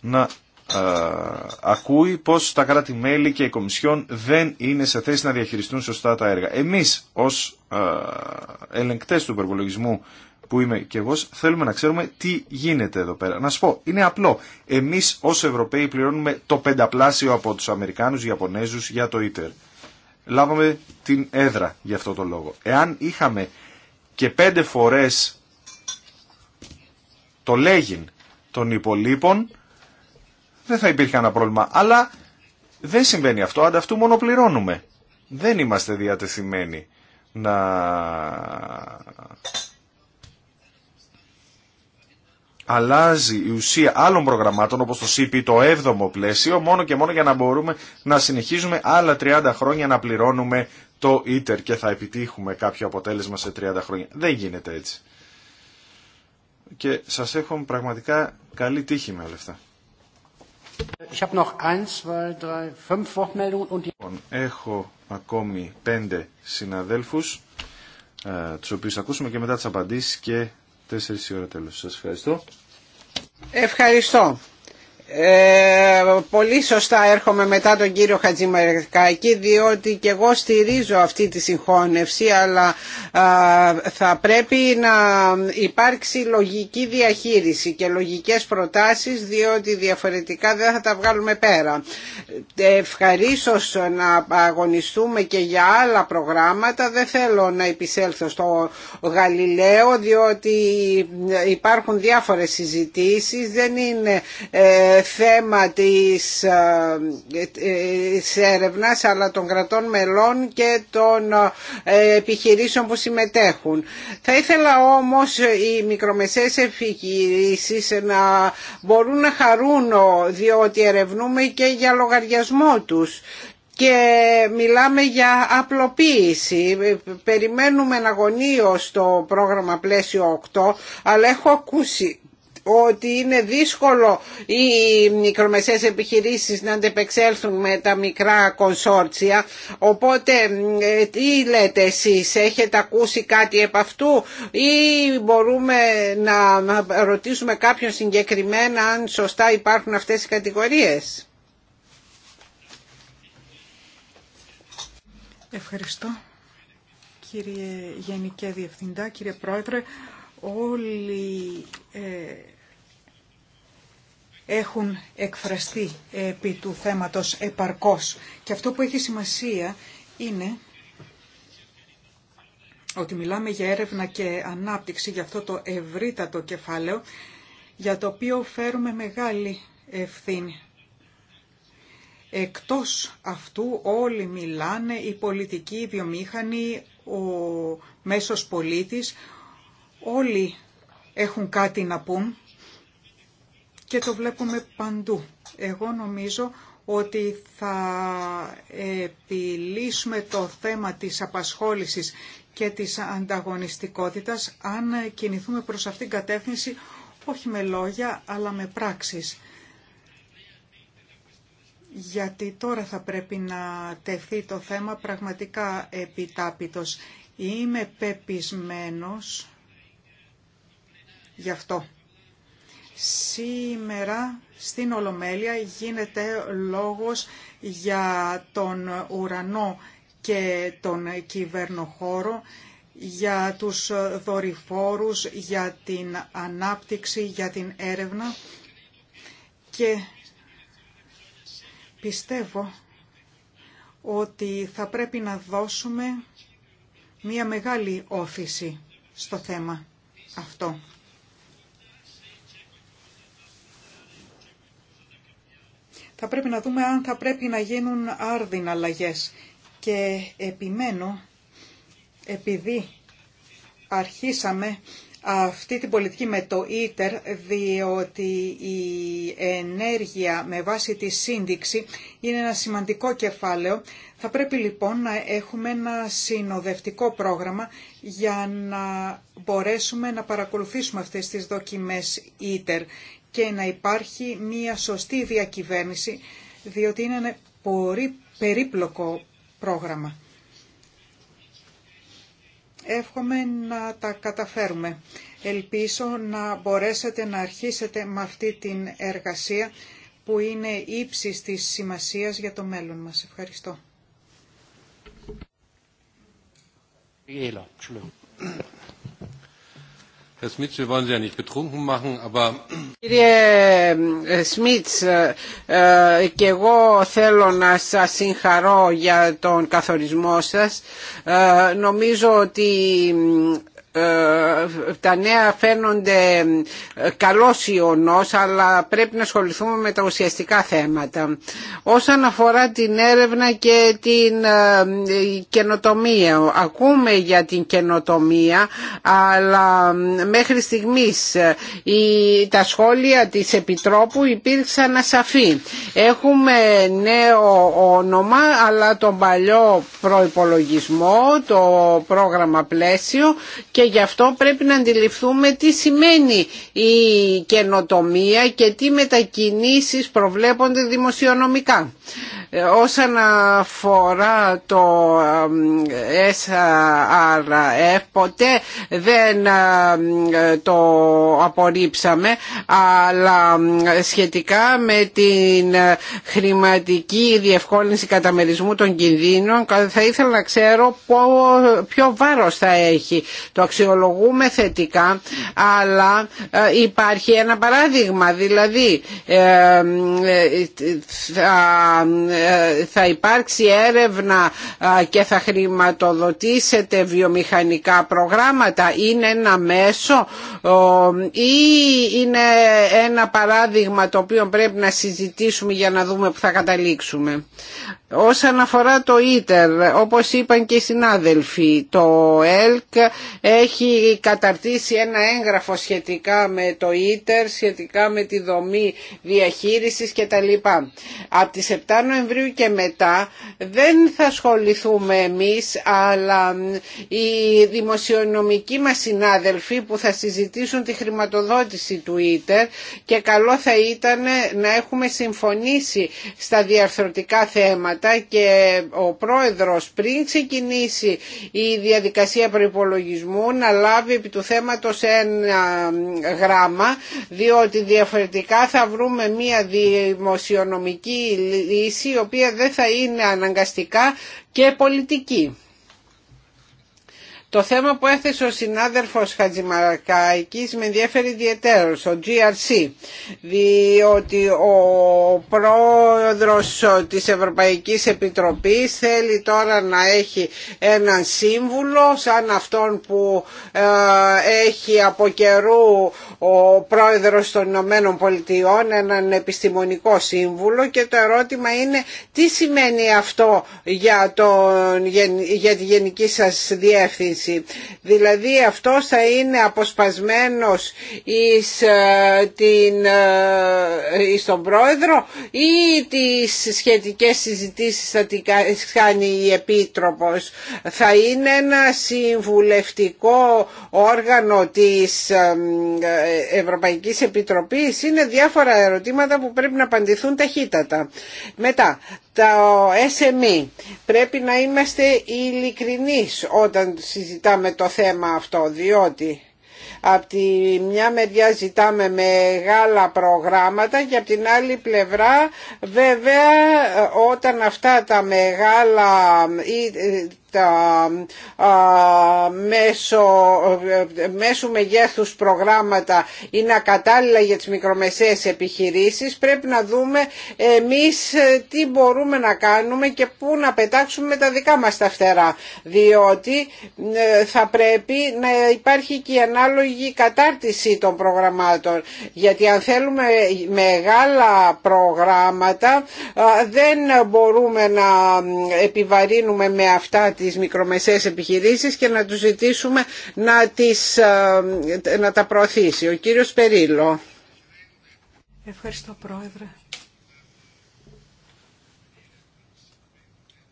να ακούει πως τα κράτη-μέλη και οι Κομισιόν δεν είναι σε θέση να διαχειριστούν σωστά τα έργα. Εμείς ως α, ελεγκτές του υπερβολογισμού που είμαι και εγώ θέλουμε να ξέρουμε τι γίνεται εδώ πέρα. Να σου πω, είναι απλό. Εμείς ως Ευρωπαίοι πληρώνουμε το πενταπλάσιο από τους Αμερικάνους, Ιαπωνέζους για το ίτερ λάβαμε την έδρα για αυτό το λόγο. Εάν είχαμε και πέντε φορές το λέγειν των υπολείπων, δεν θα υπήρχε ένα πρόβλημα. Αλλά δεν συμβαίνει αυτό, ανταυτού μόνο πληρώνουμε. Δεν είμαστε διατεθειμένοι να αλλάζει η ουσία άλλων προγραμμάτων όπως το CP το 7ο πλαίσιο μόνο και μόνο για να μπορούμε να συνεχίζουμε άλλα 30 χρόνια να πληρώνουμε το ίτερ και θα επιτύχουμε κάποιο αποτέλεσμα σε 30 χρόνια. Δεν γίνεται έτσι. Και σας έχω πραγματικά καλή τύχη με όλα αυτά. Λοιπόν, έχω ακόμη πέντε συναδέλφους ε, τους οποίους ακούσουμε και μετά τις απαντήσεις και Τέσσερις ώρα τέλος. Σας ευχαριστώ. Ευχαριστώ. Ε, πολύ σωστά έρχομαι μετά τον κύριο Χατζημαρκάκη διότι και εγώ στηρίζω αυτή τη συγχώνευση αλλά θα πρέπει να υπάρξει λογική διαχείριση και λογικές προτάσεις διότι διαφορετικά δεν θα τα βγάλουμε πέρα. Ευχαρίσω να αγωνιστούμε και για άλλα προγράμματα δεν θέλω να επισέλθω στο Γαλιλαίο διότι υπάρχουν διάφορες συζητήσεις δεν είναι ε, θέμα της, ε, της αλλά των κρατών μελών και των ε, επιχειρήσεων που συμμετέχουν. Θα ήθελα όμως οι μικρομεσαίες επιχειρήσει να μπορούν να χαρούν διότι ερευνούμε και για λογαριασμό τους και μιλάμε για απλοποίηση. Περιμένουμε ένα γωνίο στο πρόγραμμα πλαίσιο 8, αλλά έχω ακούσει ότι είναι δύσκολο οι μικρομεσαίες επιχειρήσεις να αντεπεξέλθουν με τα μικρά κονσόρτσια. Οπότε ε, τι λέτε εσείς, έχετε ακούσει κάτι επ' αυτού ή μπορούμε να ρωτήσουμε κάποιον συγκεκριμένα αν σωστά υπάρχουν αυτές οι κατηγορίες. Ευχαριστώ. Κύριε Γενικέ Διευθυντά, κύριε Πρόεδρε, όλοι ε, έχουν εκφραστεί επί του θέματος επαρκώς. Και αυτό που έχει σημασία είναι ότι μιλάμε για έρευνα και ανάπτυξη για αυτό το ευρύτατο κεφάλαιο για το οποίο φέρουμε μεγάλη ευθύνη. Εκτός αυτού όλοι μιλάνε, οι πολιτικοί, οι βιομήχανοι, ο μέσος πολίτης, όλοι έχουν κάτι να πούν και το βλέπουμε παντού. Εγώ νομίζω ότι θα επιλύσουμε το θέμα της απασχόλησης και της ανταγωνιστικότητας αν κινηθούμε προς αυτήν την κατεύθυνση όχι με λόγια αλλά με πράξεις. Γιατί τώρα θα πρέπει να τεθεί το θέμα πραγματικά επιτάπητος. Είμαι πεπισμένος γι' αυτό. Σήμερα στην Ολομέλεια γίνεται λόγος για τον ουρανό και τον κυβερνοχώρο, για τους δορυφόρους, για την ανάπτυξη, για την έρευνα και πιστεύω ότι θα πρέπει να δώσουμε μία μεγάλη όθηση στο θέμα αυτό. θα πρέπει να δούμε αν θα πρέπει να γίνουν άρδιν αλλαγές. Και επιμένω, επειδή αρχίσαμε αυτή την πολιτική με το ίτερ, διότι η ενέργεια με βάση τη σύνδεξη είναι ένα σημαντικό κεφάλαιο. Θα πρέπει λοιπόν να έχουμε ένα συνοδευτικό πρόγραμμα για να μπορέσουμε να παρακολουθήσουμε αυτές τις δοκιμές ίτερ και να υπάρχει μία σωστή διακυβέρνηση, διότι είναι ένα πολύ περίπλοκο πρόγραμμα. Εύχομαι να τα καταφέρουμε. Ελπίζω να μπορέσετε να αρχίσετε με αυτή την εργασία που είναι ύψης της σημασίας για το μέλλον μας. Ευχαριστώ. Κύριε Σμίτς, και εγώ θέλω να σας συγχαρώ για τον καθορισμό σας. Ε, νομίζω ότι ε, τα νέα φαίνονται ε, καλός ιονός αλλά πρέπει να ασχοληθούμε με τα ουσιαστικά θέματα. Όσον αφορά την έρευνα και την ε, καινοτομία, ακούμε για την καινοτομία αλλά μέχρι στιγμής τα σχόλια της Επιτρόπου υπήρξαν ασαφή. Έχουμε νέο όνομα αλλά τον παλιό προϋπολογισμό, το πρόγραμμα πλαίσιο και γι' αυτό πρέπει να αντιληφθούμε τι σημαίνει η καινοτομία και τι μετακινήσεις προβλέπονται δημοσιονομικά. Όσον αφορά το SRF ποτέ δεν το απορρίψαμε αλλά σχετικά με την χρηματική διευκόλυνση καταμερισμού των κινδύνων θα ήθελα να ξέρω ποιο βάρος θα έχει. Το αξιολογούμε θετικά αλλά ε, υπάρχει ένα παράδειγμα δηλαδή ε, ε, θα υπάρξει έρευνα και θα χρηματοδοτήσετε βιομηχανικά προγράμματα είναι ένα μέσο ή είναι ένα παράδειγμα το οποίο πρέπει να συζητήσουμε για να δούμε που θα καταλήξουμε. Όσον αφορά το ίτερ, όπως είπαν και οι συνάδελφοι, το ΕΛΚ έχει καταρτήσει ένα έγγραφο σχετικά με το ίτερ, σχετικά με τη δομή διαχείρισης κτλ. Από τις 7 Νοεμβρίου και μετά δεν θα ασχοληθούμε εμείς, αλλά οι δημοσιονομικοί μας συνάδελφοι που θα συζητήσουν τη χρηματοδότηση του ίτερ και καλό θα ήταν να έχουμε συμφωνήσει στα διαρθρωτικά θέματα και ο πρόεδρος πριν ξεκινήσει η διαδικασία προϋπολογισμού να λάβει επί του θέματος ένα γράμμα διότι διαφορετικά θα βρούμε μια δημοσιονομική λύση η οποία δεν θα είναι αναγκαστικά και πολιτική. Το θέμα που έθεσε ο συνάδελφος Χατζημαρακάκης με ενδιαφέρει ιδιαίτερος, ο GRC, διότι ο πρόεδρος της Ευρωπαϊκής Επιτροπής θέλει τώρα να έχει έναν σύμβουλο σαν αυτόν που ε, έχει από καιρού ο πρόεδρος των Ηνωμένων Πολιτειών, έναν επιστημονικό σύμβουλο και το ερώτημα είναι τι σημαίνει αυτό για, τον, για τη γενική σας διεύθυνση Δηλαδή αυτό θα είναι αποσπασμένος εις, ε, την, ε, εις τον πρόεδρο ή τις σχετικές συζητήσεις θα τις κάνει η Επίτροπος. Θα είναι ένα συμβουλευτικό όργανο της ε, Ευρωπαϊκής Επιτροπής. Είναι διάφορα ερωτήματα που πρέπει να απαντηθούν ταχύτατα. Μετά, τα SME. Πρέπει να είμαστε ειλικρινεί όταν συζητάμε το θέμα αυτό, διότι από τη μια μεριά ζητάμε μεγάλα προγράμματα και από την άλλη πλευρά βέβαια όταν αυτά τα μεγάλα ε, τα μέσω, μέσου μεγέθους προγράμματα είναι κατάλληλα για τις μικρομεσαίες επιχειρήσεις πρέπει να δούμε εμείς τι μπορούμε να κάνουμε και πού να πετάξουμε τα δικά μας τα φτερά διότι ε, θα πρέπει να υπάρχει και η ανάλογη κατάρτιση των προγραμμάτων γιατί αν θέλουμε μεγάλα προγράμματα δεν μπορούμε να επιβαρύνουμε με αυτά τις μικρομεσαίες επιχειρήσεις και να τους ζητήσουμε να, τις, ε, να τα προωθήσει. Ο κύριος Περίλο. Ευχαριστώ Πρόεδρε.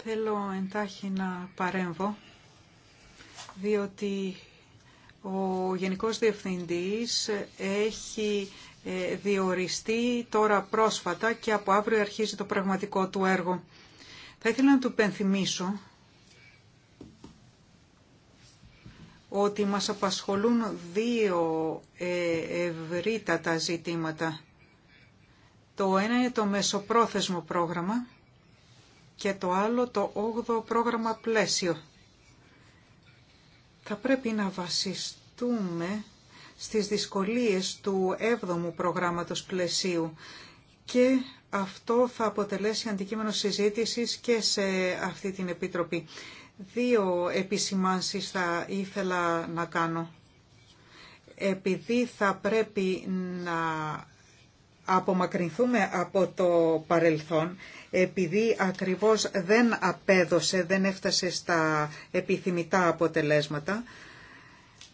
Θέλω εντάχει να παρέμβω, διότι ο Γενικός Διευθυντής έχει ε, διοριστεί τώρα πρόσφατα και από αύριο αρχίζει το πραγματικό του έργο. Θα ήθελα να του πενθυμίσω ότι μας απασχολούν δύο ε, ευρύτατα ζητήματα. Το ένα είναι το μεσοπρόθεσμο πρόγραμμα και το άλλο το 8ο πρόγραμμα πλαίσιο. Θα πρέπει να βασιστούμε στις δυσκολίες του 7ου προγράμματος πλαισίου και αυτό θα αποτελέσει αντικείμενο συζήτησης και σε αυτή την Επιτροπή. Δύο επισημάνσεις θα ήθελα να κάνω. Επειδή θα πρέπει να απομακρυνθούμε από το παρελθόν, επειδή ακριβώς δεν απέδωσε, δεν έφτασε στα επιθυμητά αποτελέσματα,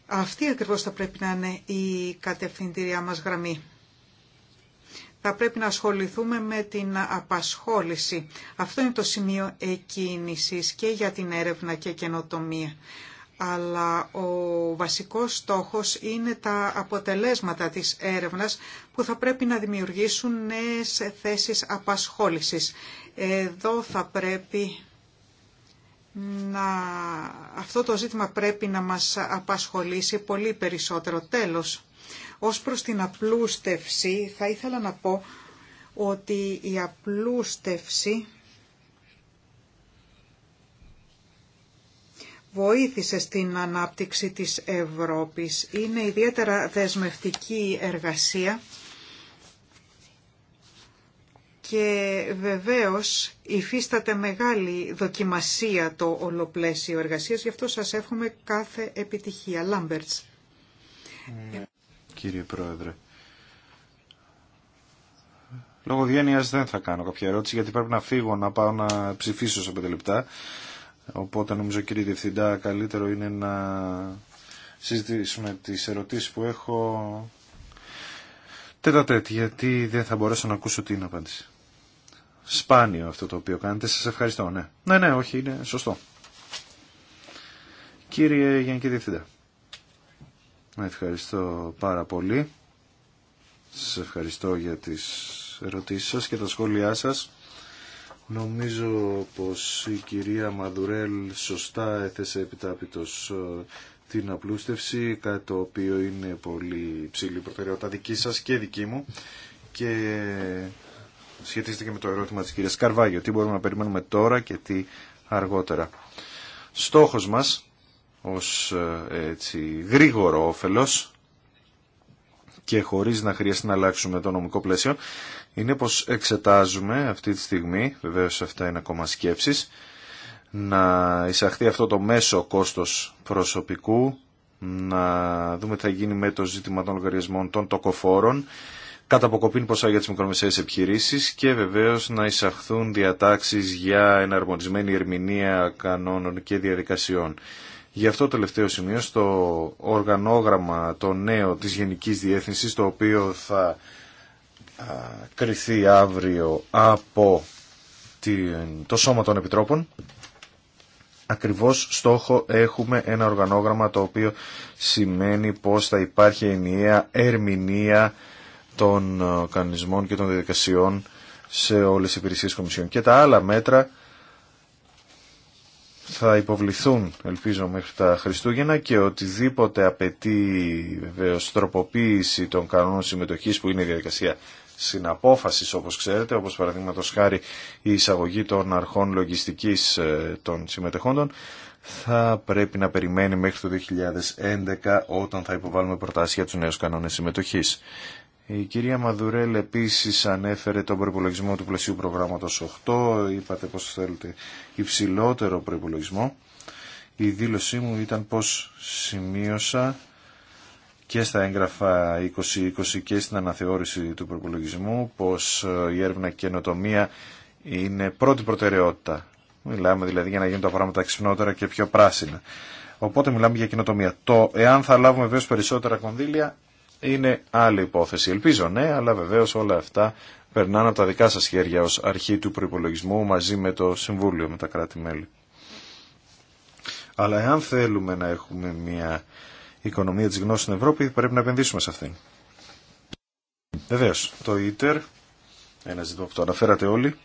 αυτή ακριβώς θα πρέπει να είναι η κατευθυντήριά μας γραμμή θα πρέπει να ασχοληθούμε με την απασχόληση. Αυτό είναι το σημείο εκκίνησης και για την έρευνα και καινοτομία. Αλλά ο βασικός στόχος είναι τα αποτελέσματα της έρευνας που θα πρέπει να δημιουργήσουν νέες θέσεις απασχόλησης. Εδώ θα πρέπει να... Αυτό το ζήτημα πρέπει να μας απασχολήσει πολύ περισσότερο. Τέλος ως προς την απλούστευση θα ήθελα να πω ότι η απλούστευση βοήθησε στην ανάπτυξη της Ευρώπης. Είναι ιδιαίτερα δεσμευτική εργασία και βεβαίως υφίσταται μεγάλη δοκιμασία το ολοπλαίσιο εργασίας, γι' αυτό σας εύχομαι κάθε επιτυχία. Λάμπερτς. Ναι κύριε Πρόεδρε. Λόγω διένειας δεν θα κάνω κάποια ερώτηση γιατί πρέπει να φύγω να πάω να ψηφίσω σε πέντε λεπτά. Οπότε νομίζω κύριε Διευθυντά καλύτερο είναι να συζητήσουμε τις ερωτήσεις που έχω τέτα τέτ, γιατί δεν θα μπορέσω να ακούσω την απάντηση. Σπάνιο αυτό το οποίο κάνετε. Σας ευχαριστώ, ναι. Ναι, ναι, όχι, είναι σωστό. Κύριε Γενική Διευθυντά. Ευχαριστώ πάρα πολύ. Σας ευχαριστώ για τις ερωτήσεις σας και τα σχόλιά σας. Νομίζω πως η κυρία Μαδουρέλ σωστά έθεσε επιτάπητος ε, την απλούστευση, κάτι το οποίο είναι πολύ ψηλή προτεραιότητα δική σας και δική μου και σχετίζεται και με το ερώτημα της κυρίας Καρβάγιο, τι μπορούμε να περιμένουμε τώρα και τι αργότερα. Στόχος μας ως ε, έτσι, γρήγορο όφελος και χωρίς να χρειαστεί να αλλάξουμε το νομικό πλαίσιο είναι πως εξετάζουμε αυτή τη στιγμή, βεβαίως αυτά είναι ακόμα σκέψεις, να εισαχθεί αυτό το μέσο κόστος προσωπικού, να δούμε τι θα γίνει με το ζήτημα των λογαριασμών των τοκοφόρων, κατά αποκοπήν ποσά για τις μικρομεσαίες επιχειρήσεις και βεβαίως να εισαχθούν διατάξεις για εναρμονισμένη ερμηνεία κανόνων και διαδικασιών. Γι' αυτό το τελευταίο σημείο στο οργανόγραμμα το νέο της Γενικής Διεύθυνσης το οποίο θα κριθεί αύριο από το Σώμα των Επιτρόπων ακριβώς στόχο έχουμε ένα οργανόγραμμα το οποίο σημαίνει πως θα υπάρχει ενιαία ερμηνεία των κανονισμών ε, και των διαδικασιών σε όλες τις υπηρεσίες κομισιών. Και τα άλλα μέτρα θα υποβληθούν ελπίζω μέχρι τα Χριστούγεννα και οτιδήποτε απαιτεί βεβαίω τροποποίηση των κανόνων συμμετοχής που είναι η διαδικασία συναπόφασης όπως ξέρετε όπως παραδείγματος χάρη η εισαγωγή των αρχών λογιστικής ε, των συμμετεχόντων θα πρέπει να περιμένει μέχρι το 2011 όταν θα υποβάλουμε προτάσεις για τους νέους κανόνες συμμετοχής. Η κυρία Μαδουρέλ επίσης ανέφερε τον προπολογισμό του πλαισίου προγράμματος 8, είπατε πως θέλετε υψηλότερο προπολογισμό. Η δήλωσή μου ήταν πως σημείωσα και στα έγγραφα 2020 και στην αναθεώρηση του προπολογισμού πως η έρευνα και η καινοτομία είναι πρώτη προτεραιότητα. Μιλάμε δηλαδή για να γίνουν τα πράγματα ξυπνότερα και πιο πράσινα. Οπότε μιλάμε για καινοτομία. Το εάν θα λάβουμε βέβαια περισσότερα κονδύλια είναι άλλη υπόθεση. Ελπίζω ναι, αλλά βεβαίως όλα αυτά περνάνε από τα δικά σα χέρια ω αρχή του προπολογισμού μαζί με το Συμβούλιο, με τα κράτη-μέλη. Αλλά εάν θέλουμε να έχουμε μια οικονομία τη γνώση στην Ευρώπη, πρέπει να επενδύσουμε σε αυτήν. Βεβαίως, το ΙΤΕΡ, ένα ζήτημα που το αναφέρατε όλοι,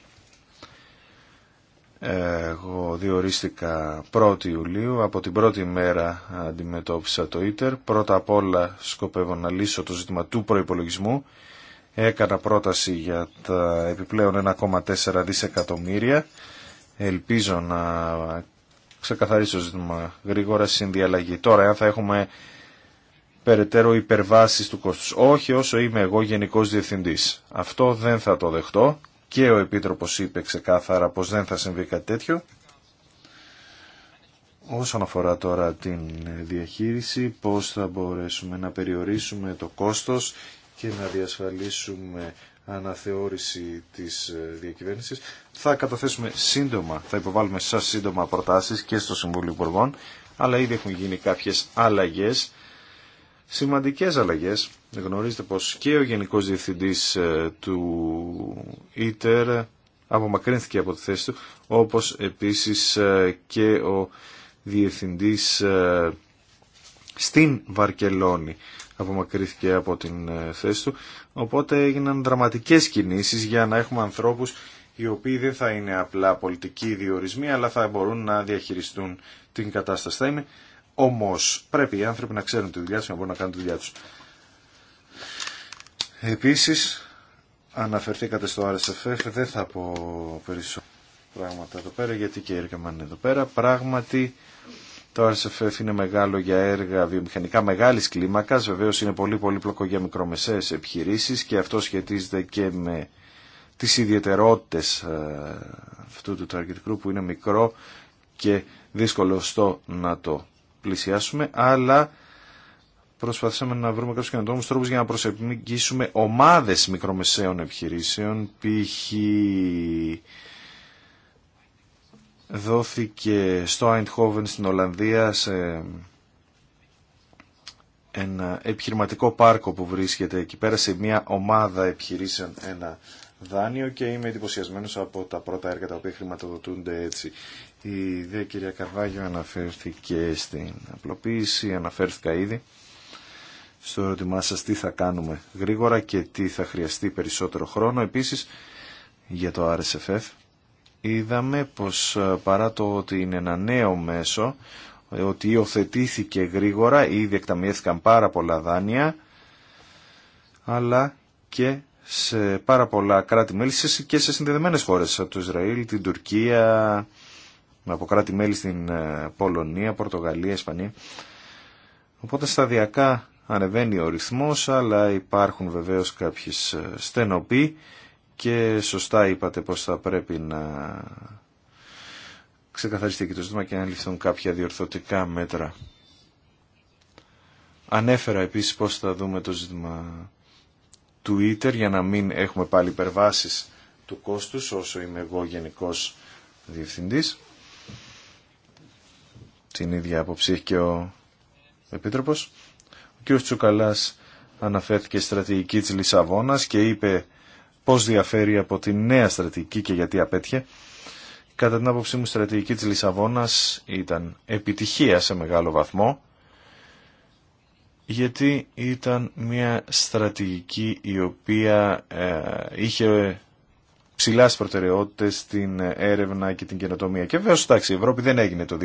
εγώ διορίστηκα 1η Ιουλίου, από την πρώτη μέρα αντιμετώπισα το ίτερ. Πρώτα απ' όλα σκοπεύω να λύσω το ζήτημα του προϋπολογισμού. Έκανα πρόταση για τα επιπλέον 1,4 δισεκατομμύρια. Ελπίζω να ξεκαθαρίσω το ζήτημα γρήγορα συνδιαλλαγή. Τώρα, αν θα έχουμε περαιτέρω υπερβάσεις του κόστους. Όχι όσο είμαι εγώ γενικός διευθυντής. Αυτό δεν θα το δεχτώ και ο Επίτροπος είπε ξεκάθαρα πως δεν θα συμβεί κάτι τέτοιο. Όσον αφορά τώρα την διαχείριση, πώς θα μπορέσουμε να περιορίσουμε το κόστος και να διασφαλίσουμε αναθεώρηση της ε, διακυβέρνησης. Θα καταθέσουμε σύντομα, θα υποβάλουμε σας σύντομα προτάσεις και στο Συμβούλιο Υπουργών, αλλά ήδη έχουν γίνει κάποιες αλλαγές σημαντικές αλλαγές. Γνωρίζετε πως και ο Γενικός Διευθυντής ε, του ΙΤΕΡ απομακρύνθηκε από τη θέση του, όπως επίσης ε, και ο Διευθυντής ε, στην Βαρκελόνη απομακρύνθηκε από την θέση του. Οπότε έγιναν δραματικές κινήσεις για να έχουμε ανθρώπους οι οποίοι δεν θα είναι απλά πολιτικοί διορισμοί, αλλά θα μπορούν να διαχειριστούν την κατάσταση. Όμω, πρέπει οι άνθρωποι να ξέρουν τη δουλειά του και να μπορούν να κάνουν τη δουλειά του. Επίση, αναφερθήκατε στο RSFF, δεν θα πω περισσότερα πράγματα εδώ πέρα, γιατί και έργα είναι εδώ πέρα. Πράγματι, το RSFF είναι μεγάλο για έργα βιομηχανικά μεγάλη κλίμακα. Βεβαίω είναι πολύ πολύπλοκο για μικρομεσαίες επιχειρήσει και αυτό σχετίζεται και με τις ιδιαιτερότητες ε, αυτού του target group που είναι μικρό και δύσκολο στο να το πλησιάσουμε, αλλά προσπαθήσαμε να βρούμε κάποιου καινοτόμου τρόπου για να προσεγγίσουμε ομάδε μικρομεσαίων επιχειρήσεων, π.χ. δόθηκε στο Eindhoven στην Ολλανδία σε ένα επιχειρηματικό πάρκο που βρίσκεται εκεί πέρα σε μια ομάδα επιχειρήσεων ένα δάνειο και είμαι εντυπωσιασμένο από τα πρώτα έργα τα οποία χρηματοδοτούνται έτσι. Η ιδέα, κυρία Καρβάγιο αναφέρθηκε στην απλοποίηση, αναφέρθηκα ήδη στο ερώτημά σας τι θα κάνουμε γρήγορα και τι θα χρειαστεί περισσότερο χρόνο. Επίσης, για το RSFF, είδαμε πως ε, παρά το ότι είναι ένα νέο μέσο, ε, ότι υιοθετήθηκε γρήγορα, ήδη εκταμιέθηκαν πάρα πολλά δάνεια, αλλά και σε πάρα πολλά κράτη-μέλη και σε συνδεδεμένες χώρες, από το Ισραήλ, την Τουρκία, από κράτη-μέλη στην ε, Πολωνία, Πορτογαλία, Ισπανία. Οπότε σταδιακά ανεβαίνει ο ρυθμός, αλλά υπάρχουν βεβαίως κάποιες ε, στενοποί και σωστά είπατε πως θα πρέπει να ξεκαθαριστεί και το ζήτημα και να ληφθούν κάποια διορθωτικά μέτρα. Ανέφερα επίσης πως θα δούμε το ζήτημα Twitter για να μην έχουμε πάλι υπερβάσεις του κόστους όσο είμαι εγώ γενικός διευθυντής την ίδια άποψη και ο Επίτροπος. Ο κ. Τσουκαλάς αναφέρθηκε στρατηγική της Λισαβόνας και είπε πώς διαφέρει από τη νέα στρατηγική και γιατί απέτυχε. Κατά την άποψή μου, η στρατηγική της Λισαβόνας ήταν επιτυχία σε μεγάλο βαθμό, γιατί ήταν μια στρατηγική η οποία ε, είχε ψηλά στι προτεραιότητε στην έρευνα και την καινοτομία. Και βέβαια, εντάξει, η Ευρώπη δεν έγινε το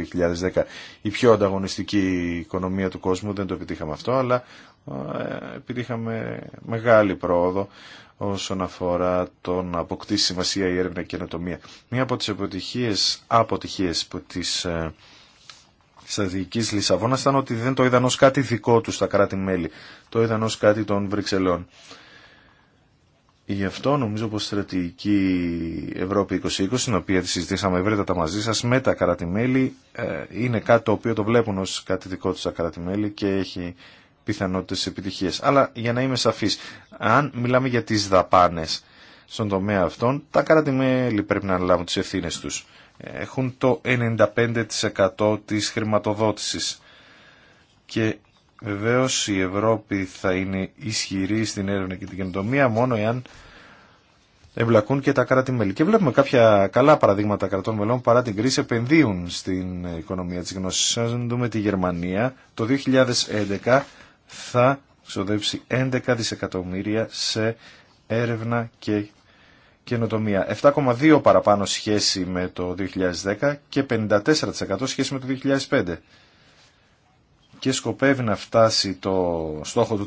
2010 η πιο ανταγωνιστική οικονομία του κόσμου, δεν το επιτύχαμε αυτό, αλλά ε, επιτύχαμε μεγάλη πρόοδο όσον αφορά το να αποκτήσει σημασία η έρευνα και η καινοτομία. Μία από τις αποτυχίες, αποτυχίες ε, της στρατηγικής Λισαβόνας ήταν ότι δεν το είδαν ως κάτι δικό του τα κράτη-μέλη. Το είδαν ως κάτι των Βρυξελών. Γι' αυτό νομίζω πως η στρατηγική Ευρώπη 2020, την οποία τη συζητήσαμε ευρύτατα μαζί σας, με τα κράτη-μέλη ε, είναι κάτι το οποίο το βλέπουν ως κάτι δικό τους τα κράτη-μέλη και έχει πιθανότητες επιτυχίες. Αλλά για να είμαι σαφής, αν μιλάμε για τις δαπάνες στον τομέα αυτών, τα κράτη-μέλη πρέπει να αναλάβουν τις ευθύνε τους. Έχουν το 95% της χρηματοδότησης και Βεβαίω η Ευρώπη θα είναι ισχυρή στην έρευνα και την καινοτομία μόνο εάν εμπλακούν και τα κράτη-μέλη. Και βλέπουμε κάποια καλά παραδείγματα κρατών μελών παρά την κρίση επενδύουν στην οικονομία τη γνώση, Αν δούμε τη Γερμανία, το 2011 θα ξοδέψει 11 δισεκατομμύρια σε έρευνα και καινοτομία. 7,2 παραπάνω σχέση με το 2010 και 54% σχέση με το 2005 και σκοπεύει να φτάσει το στόχο του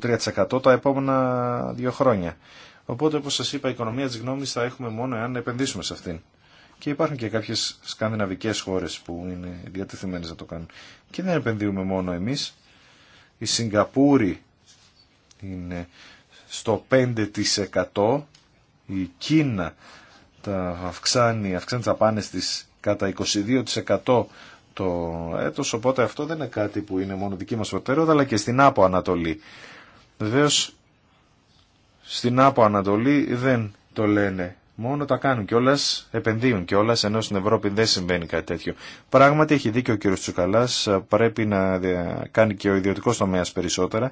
3% τα επόμενα δύο χρόνια. Οπότε, όπως σας είπα, η οικονομία της γνώμης θα έχουμε μόνο εάν επενδύσουμε σε αυτήν. Και υπάρχουν και κάποιες σκανδιναβικές χώρες που είναι διατεθειμένες να το κάνουν. Και δεν επενδύουμε μόνο εμείς. Η Σιγκαπούρη είναι στο 5%. Η Κίνα τα αυξάνει, αυξάνει τις απάνες κατά 22% το έτος, οπότε αυτό δεν είναι κάτι που είναι μόνο δική μας προτεραιότητα, αλλά και στην Άπο Ανατολή. Βεβαίω στην Άπο Ανατολή δεν το λένε. Μόνο τα κάνουν κιόλα, επενδύουν κιόλα, ενώ στην Ευρώπη δεν συμβαίνει κάτι τέτοιο. Πράγματι έχει δίκιο ο κύριο Τσουκαλά, πρέπει να κάνει και ο ιδιωτικός τομέα περισσότερα.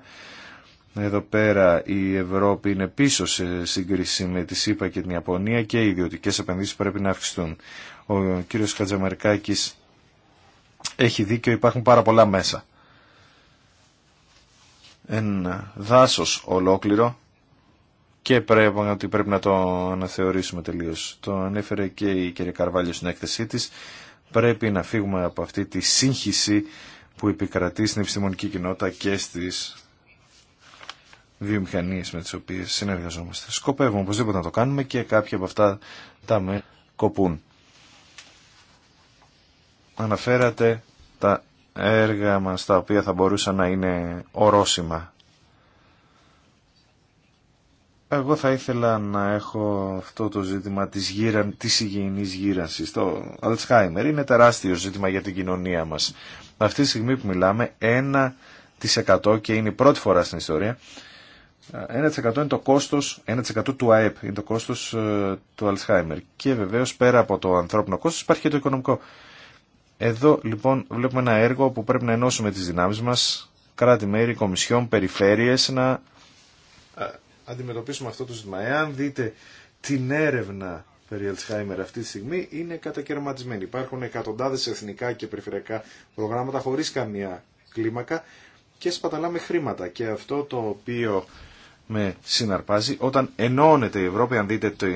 Εδώ πέρα η Ευρώπη είναι πίσω σε σύγκριση με τη ΣΥΠΑ και την Ιαπωνία και οι ιδιωτικές επενδύσεις πρέπει να αυξηθούν. Ο κύριο Χατζαμαρκάκη έχει δίκιο, υπάρχουν πάρα πολλά μέσα. Ένα δάσος ολόκληρο και πρέπει, ότι πρέπει να το αναθεωρήσουμε τελείως. Το ανέφερε και η κυρία Καρβάλιο στην έκθεσή της. Πρέπει να φύγουμε από αυτή τη σύγχυση που επικρατεί στην επιστημονική κοινότητα και στις βιομηχανίες με τις οποίες συνεργαζόμαστε. Σκοπεύουμε οπωσδήποτε να το κάνουμε και κάποια από αυτά τα με κοπούν αναφέρατε τα έργα μας τα οποία θα μπορούσαν να είναι ορόσημα. Εγώ θα ήθελα να έχω αυτό το ζήτημα της, γύρα, της υγιεινής γύρανσης. Το Alzheimer είναι τεράστιο ζήτημα για την κοινωνία μας. Αυτή τη στιγμή που μιλάμε, 1% και είναι η πρώτη φορά στην ιστορία, 1% είναι το κόστος, 1% του ΑΕΠ, είναι το κόστος ε, του Alzheimer. Και βεβαίως πέρα από το ανθρώπινο κόστος υπάρχει και το οικονομικό εδώ λοιπόν βλέπουμε ένα έργο που πρέπει να ενώσουμε τις δυνάμεις μας, κράτη-μέρη, κομισιόν, περιφέρειες, να ε, αντιμετωπίσουμε αυτό το ζήτημα. Εάν δείτε την έρευνα περί Αλτσχάιμερ αυτή τη στιγμή, είναι κατακαιρματισμένη. Υπάρχουν εκατοντάδες εθνικά και περιφερειακά προγράμματα χωρίς καμία κλίμακα και σπαταλάμε χρήματα. Και αυτό το οποίο με συναρπάζει, όταν ενώνεται η Ευρώπη, αν δείτε το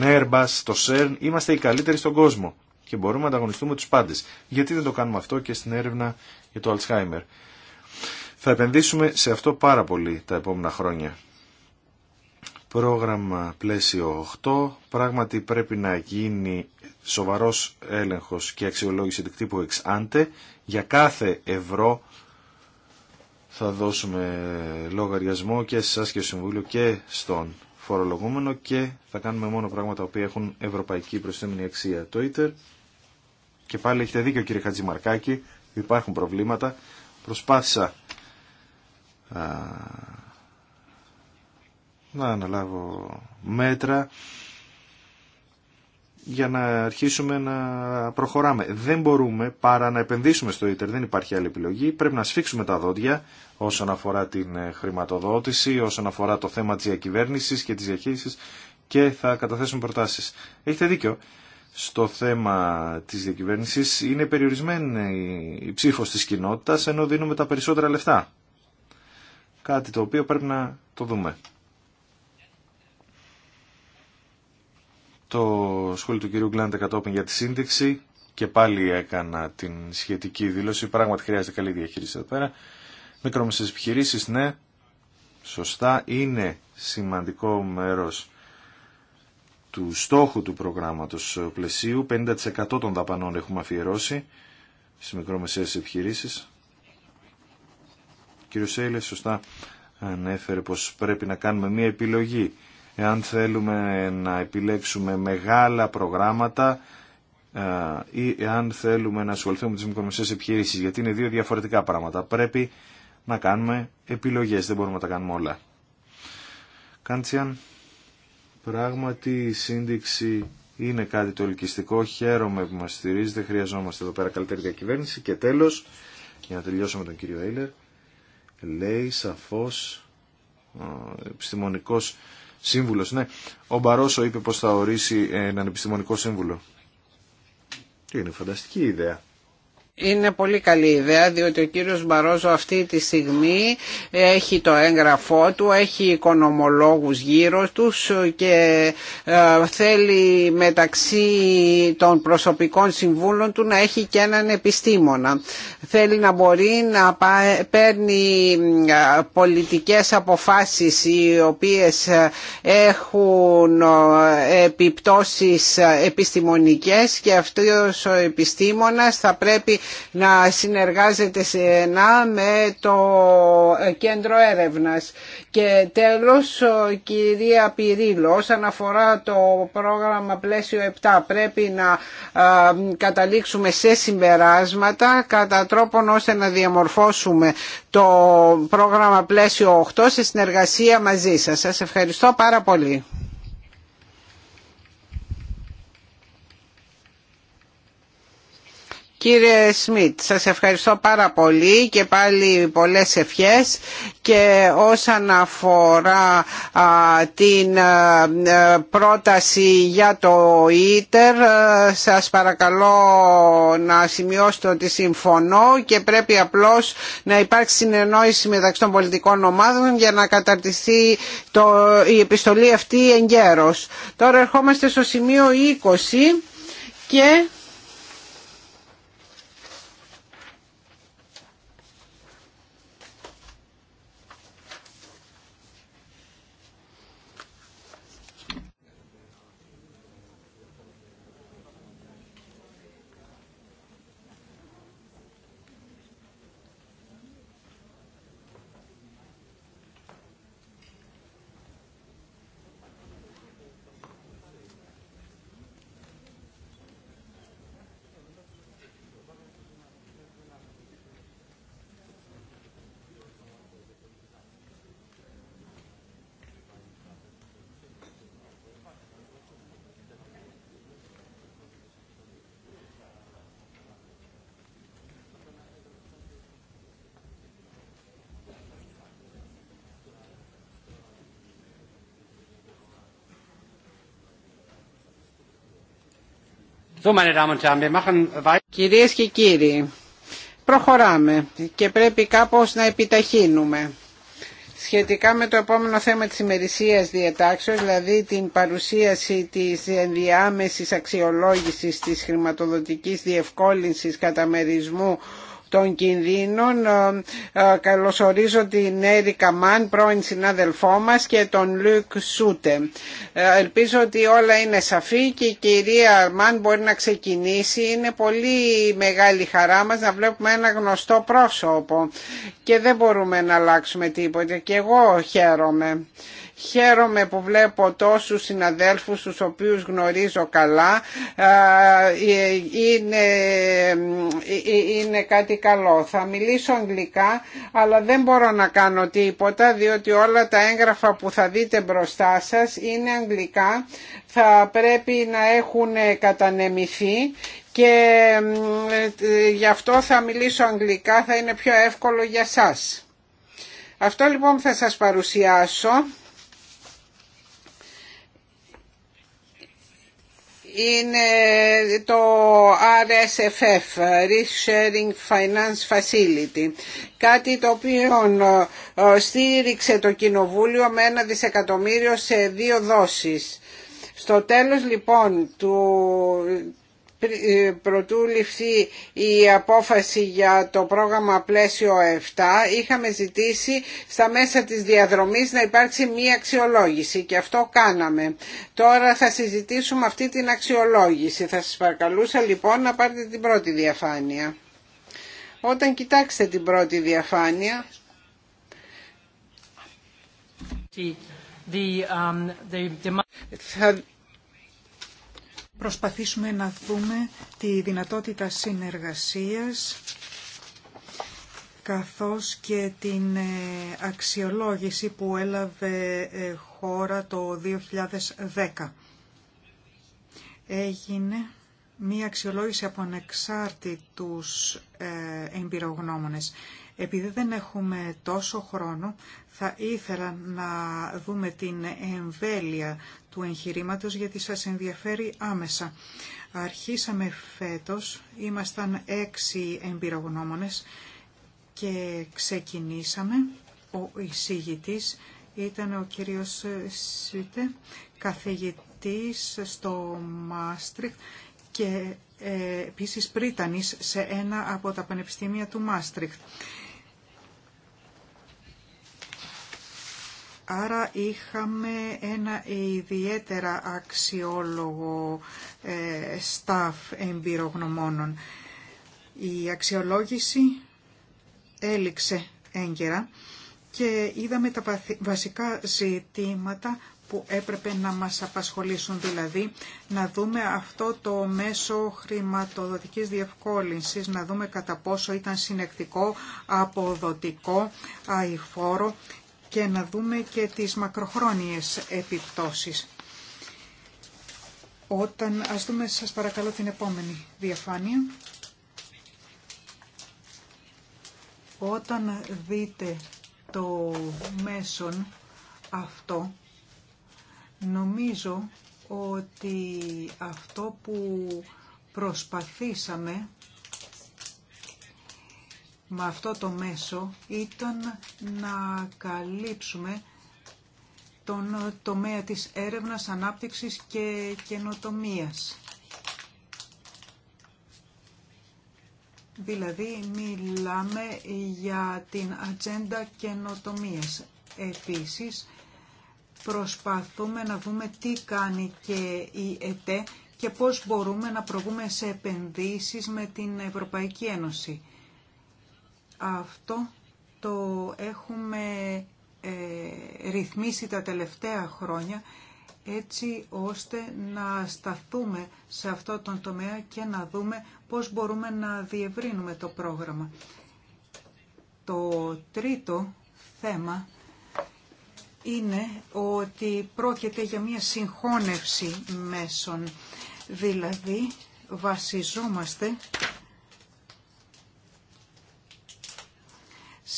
Airbus, το CERN, είμαστε οι καλύτεροι στον κόσμο και μπορούμε να ανταγωνιστούμε τους πάντες. Γιατί δεν το κάνουμε αυτό και στην έρευνα για το Alzheimer. Θα επενδύσουμε σε αυτό πάρα πολύ τα επόμενα χρόνια. Πρόγραμμα πλαίσιο 8. Πράγματι πρέπει να γίνει σοβαρός έλεγχος και αξιολόγηση δικτύπου εξ άντε. Για κάθε ευρώ θα δώσουμε λογαριασμό και σε εσάς και στο Συμβούλιο και στον φορολογούμενο και θα κάνουμε μόνο πράγματα που έχουν ευρωπαϊκή προσθέμενη αξία. Το και πάλι έχετε δίκιο κύριε Χατζημαρκάκη, υπάρχουν προβλήματα. Προσπάθησα να αναλάβω μέτρα για να αρχίσουμε να προχωράμε. Δεν μπορούμε παρά να επενδύσουμε στο ίτερ, δεν υπάρχει άλλη επιλογή. Πρέπει να σφίξουμε τα δόντια όσον αφορά την ε, χρηματοδότηση, όσον αφορά το θέμα της διακυβέρνησης και της διαχείρισης και θα καταθέσουμε προτάσεις. Έχετε δίκιο στο θέμα της διακυβέρνησης είναι περιορισμένη η ψήφος της κοινότητας ενώ δίνουμε τα περισσότερα λεφτά. Κάτι το οποίο πρέπει να το δούμε. Το σχόλιο του κυρίου Γκλάντε κατόπιν για τη σύνδεξη και πάλι έκανα την σχετική δήλωση. Πράγματι χρειάζεται καλή διαχείριση εδώ πέρα. Μικρόμεσες επιχειρήσεις, ναι, σωστά, είναι σημαντικό μέρος του στόχου του προγράμματος πλαισίου. 50% των δαπανών έχουμε αφιερώσει στις μικρομεσαίες επιχειρήσεις. Κύριο Σέιλε, σωστά ανέφερε πως πρέπει να κάνουμε μία επιλογή. Εάν θέλουμε να επιλέξουμε μεγάλα προγράμματα ή εάν θέλουμε να ασχοληθούμε με τις μικρομεσαίες επιχειρήσεις, γιατί είναι δύο διαφορετικά πράγματα. Πρέπει να κάνουμε επιλογές, δεν μπορούμε να τα κάνουμε όλα. Κάντσιαν, Πράγματι η σύνδεξη είναι κάτι το ελκυστικό. Χαίρομαι που μας στηρίζετε. Χρειαζόμαστε εδώ πέρα καλύτερη διακυβέρνηση. Και τέλος, για να τελειώσω με τον κύριο Έιλερ, λέει σαφώς ο επιστημονικός σύμβουλος. Ναι, ο Μπαρόσο είπε πως θα ορίσει έναν επιστημονικό σύμβουλο. Και είναι φανταστική ιδέα. Είναι πολύ καλή ιδέα διότι ο κύριος Μπαρόζο αυτή τη στιγμή έχει το έγγραφό του, έχει οικονομολόγους γύρω τους και ε, θέλει μεταξύ των προσωπικών συμβούλων του να έχει και έναν επιστήμονα. Θέλει να μπορεί να παίρνει ε, πολιτικές αποφάσεις οι οποίες έχουν ε, επιπτώσεις επιστημονικές και αυτός ο επιστήμονας θα πρέπει να συνεργάζεται ένα με το κέντρο έρευνας. Και τέλος, κυρία Πυρίλο, όσον αφορά το πρόγραμμα πλαίσιο 7, πρέπει να καταλήξουμε σε συμπεράσματα κατά τρόπον ώστε να διαμορφώσουμε το πρόγραμμα πλαίσιο 8 σε συνεργασία μαζί σας. Σας ευχαριστώ πάρα πολύ. Κύριε Σμιτ, σας ευχαριστώ πάρα πολύ και πάλι πολλές ευχές και όσον αφορά την πρόταση για το ΙΤΕΡ σας παρακαλώ να σημειώσετε ότι συμφωνώ και πρέπει απλώς να υπάρξει συνεννόηση μεταξύ των πολιτικών ομάδων για να καταρτιστεί το, η επιστολή αυτή εγκαίρως. Τώρα ερχόμαστε στο σημείο 20 και Κυρίες και κύριοι, προχωράμε και πρέπει κάπως να επιταχύνουμε. Σχετικά με το επόμενο θέμα της ημερησίας διατάξεως, δηλαδή την παρουσίαση της ενδιάμεσης αξιολόγησης της χρηματοδοτικής διευκόλυνσης καταμερισμού των κινδύνων. Ε, ε, καλωσορίζω την Έρικα Μαν, πρώην συνάδελφό μας και τον Λουκ Σούτε. Ε, ελπίζω ότι όλα είναι σαφή και η κυρία Μαν μπορεί να ξεκινήσει. Είναι πολύ μεγάλη χαρά μας να βλέπουμε ένα γνωστό πρόσωπο και δεν μπορούμε να αλλάξουμε τίποτα και εγώ χαίρομαι. Χαίρομαι που βλέπω τόσους συναδέλφους τους οποίους γνωρίζω καλά. Ε, ε, είναι, κάτι καλό. Θα μιλήσω αγγλικά αλλά δεν μπορώ να κάνω τίποτα διότι όλα τα έγγραφα που θα δείτε μπροστά σας είναι αγγλικά. Θα πρέπει να έχουν κατανεμηθεί και ε, γι' αυτό θα μιλήσω αγγλικά, θα είναι πιο εύκολο για σας. Αυτό λοιπόν θα σας παρουσιάσω είναι το RSFF, Risk Sharing Finance Facility, κάτι το οποίο ε, στήριξε το Κοινοβούλιο με ένα δισεκατομμύριο σε δύο δόσεις. Στο τέλος λοιπόν του, ε, προτού ληφθεί η απόφαση για το πρόγραμμα πλαίσιο 7 είχαμε ζητήσει στα μέσα της διαδρομής να υπάρξει μία αξιολόγηση και αυτό κάναμε. Τώρα θα συζητήσουμε αυτή την αξιολόγηση. Θα σας παρακαλούσα λοιπόν να πάρετε την πρώτη διαφάνεια. Όταν κοιτάξετε την πρώτη διαφάνεια... Um, προσπαθήσουμε να δούμε τη δυνατότητα συνεργασίας καθώς και την ε, αξιολόγηση που έλαβε ε, χώρα το 2010. Έγινε μία αξιολόγηση από ανεξάρτητους ε, εμπειρογνώμονες. Επειδή δεν έχουμε τόσο χρόνο, θα ήθελα να δούμε την εμβέλεια του εγχειρήματο γιατί σας ενδιαφέρει άμεσα. Αρχίσαμε φέτος, ήμασταν έξι εμπειρογνώμονες και ξεκινήσαμε. Ο εισηγητής ήταν ο κύριος Σίτε, καθηγητής στο Μάστριχ και ε, επίσης πρίτανης σε ένα από τα πανεπιστήμια του Μάστριχτ. Άρα είχαμε ένα ιδιαίτερα αξιόλογο ε, staff εμπειρογνωμόνων. Η αξιολόγηση έληξε έγκαιρα και είδαμε τα βασικά ζητήματα που έπρεπε να μας απασχολήσουν, δηλαδή να δούμε αυτό το μέσο χρηματοδοτικής διευκόλυνσης, να δούμε κατά πόσο ήταν συνεκτικό, αποδοτικό, αηφόρο και να δούμε και τις μακροχρόνιες επιπτώσεις. Όταν, ας δούμε, σας παρακαλώ την επόμενη διαφάνεια. Όταν δείτε το μέσον αυτό, νομίζω ότι αυτό που προσπαθήσαμε με αυτό το μέσο ήταν να καλύψουμε τον τομέα της έρευνας, ανάπτυξης και καινοτομίας. Δηλαδή μιλάμε για την ατζέντα καινοτομίας. Επίσης προσπαθούμε να δούμε τι κάνει και η ΕΤΕ και πώς μπορούμε να προβούμε σε επενδύσεις με την Ευρωπαϊκή Ένωση. Αυτό το έχουμε ε, ρυθμίσει τα τελευταία χρόνια έτσι ώστε να σταθούμε σε αυτό τον τομέα και να δούμε πώς μπορούμε να διευρύνουμε το πρόγραμμα. Το τρίτο θέμα είναι ότι πρόκειται για μια συγχώνευση μέσων, δηλαδή βασιζόμαστε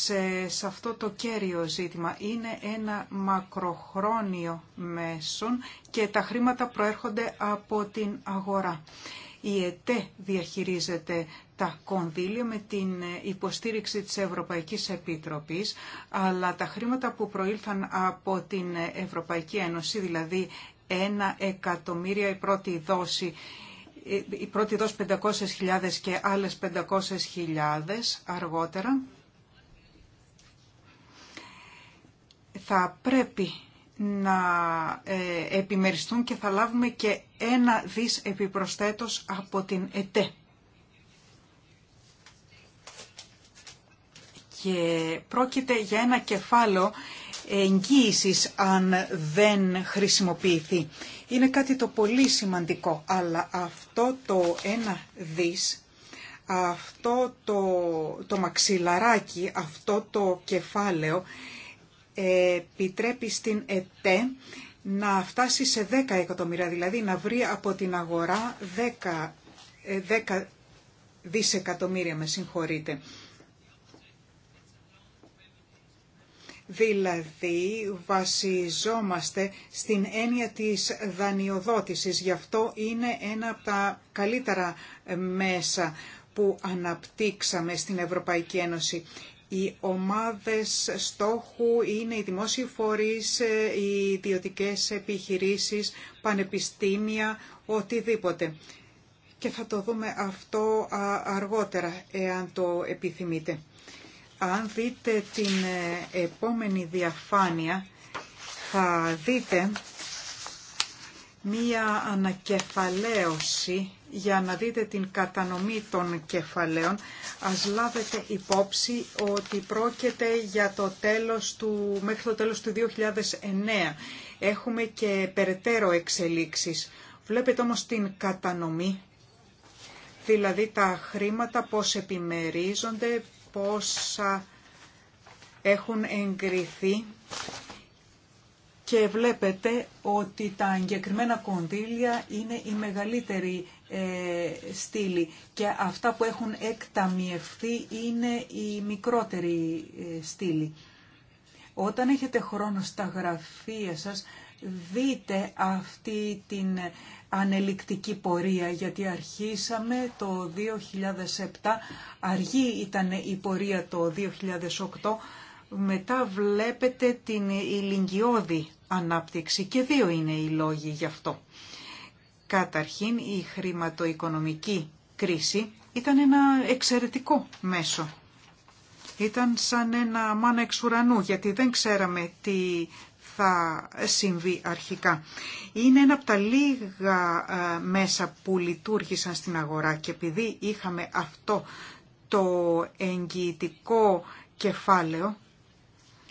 σε, αυτό το κέριο ζήτημα. Είναι ένα μακροχρόνιο μέσον και τα χρήματα προέρχονται από την αγορά. Η ΕΤΕ διαχειρίζεται τα κονδύλια με την υποστήριξη της Ευρωπαϊκής Επίτροπης, αλλά τα χρήματα που προήλθαν από την Ευρωπαϊκή Ένωση, δηλαδή ένα εκατομμύρια η πρώτη δόση, η πρώτη δόση 500.000 και άλλες 500.000 αργότερα, θα πρέπει να ε, επιμεριστούν και θα λάβουμε και ένα δις επιπροσθέτως από την ΕΤΕ. Και πρόκειται για ένα κεφάλαιο εγγύησης αν δεν χρησιμοποιηθεί. Είναι κάτι το πολύ σημαντικό, αλλά αυτό το ένα δις, αυτό το, το μαξιλαράκι, αυτό το κεφάλαιο επιτρέπει στην ΕΤΕ να φτάσει σε 10 εκατομμύρια, δηλαδή να βρει από την αγορά 10, 10 ε, δισεκατομμύρια, με συγχωρείτε. Δηλαδή βασιζόμαστε στην έννοια της δανειοδότησης, γι' αυτό είναι ένα από τα καλύτερα μέσα που αναπτύξαμε στην Ευρωπαϊκή Ένωση οι ομάδες στόχου είναι οι δημόσιοι φορείς, ε, οι ιδιωτικέ επιχειρήσεις, πανεπιστήμια, οτιδήποτε. Και θα το δούμε αυτό αργότερα, εάν το επιθυμείτε. Αν δείτε την ε, επόμενη διαφάνεια, θα δείτε μία ανακεφαλαίωση για να δείτε την κατανομή των κεφαλαίων, ας λάβετε υπόψη ότι πρόκειται για το τέλος του, μέχρι το τέλος του 2009. Έχουμε και περαιτέρω εξελίξεις. Βλέπετε όμως την κατανομή, δηλαδή τα χρήματα πώς επιμερίζονται, πόσα έχουν εγκριθεί και βλέπετε ότι τα εγκεκριμένα κονδύλια είναι η μεγαλύτερη ε, στήλη. Και αυτά που έχουν εκταμιευθεί είναι η μικρότερη ε, στήλη. Όταν έχετε χρόνο στα γραφεία σας, δείτε αυτή την ανελικτική πορεία, γιατί αρχίσαμε το 2007, αργή ήταν η πορεία το 2008, μετά βλέπετε την ηλικιώδη ανάπτυξη και δύο είναι οι λόγοι γι' αυτό. Καταρχήν η χρηματοοικονομική κρίση ήταν ένα εξαιρετικό μέσο. Ήταν σαν ένα μάνα εξ ουρανού γιατί δεν ξέραμε τι θα συμβεί αρχικά. Είναι ένα από τα λίγα ε, μέσα που λειτουργήσαν στην αγορά και επειδή είχαμε αυτό το εγγυητικό κεφάλαιο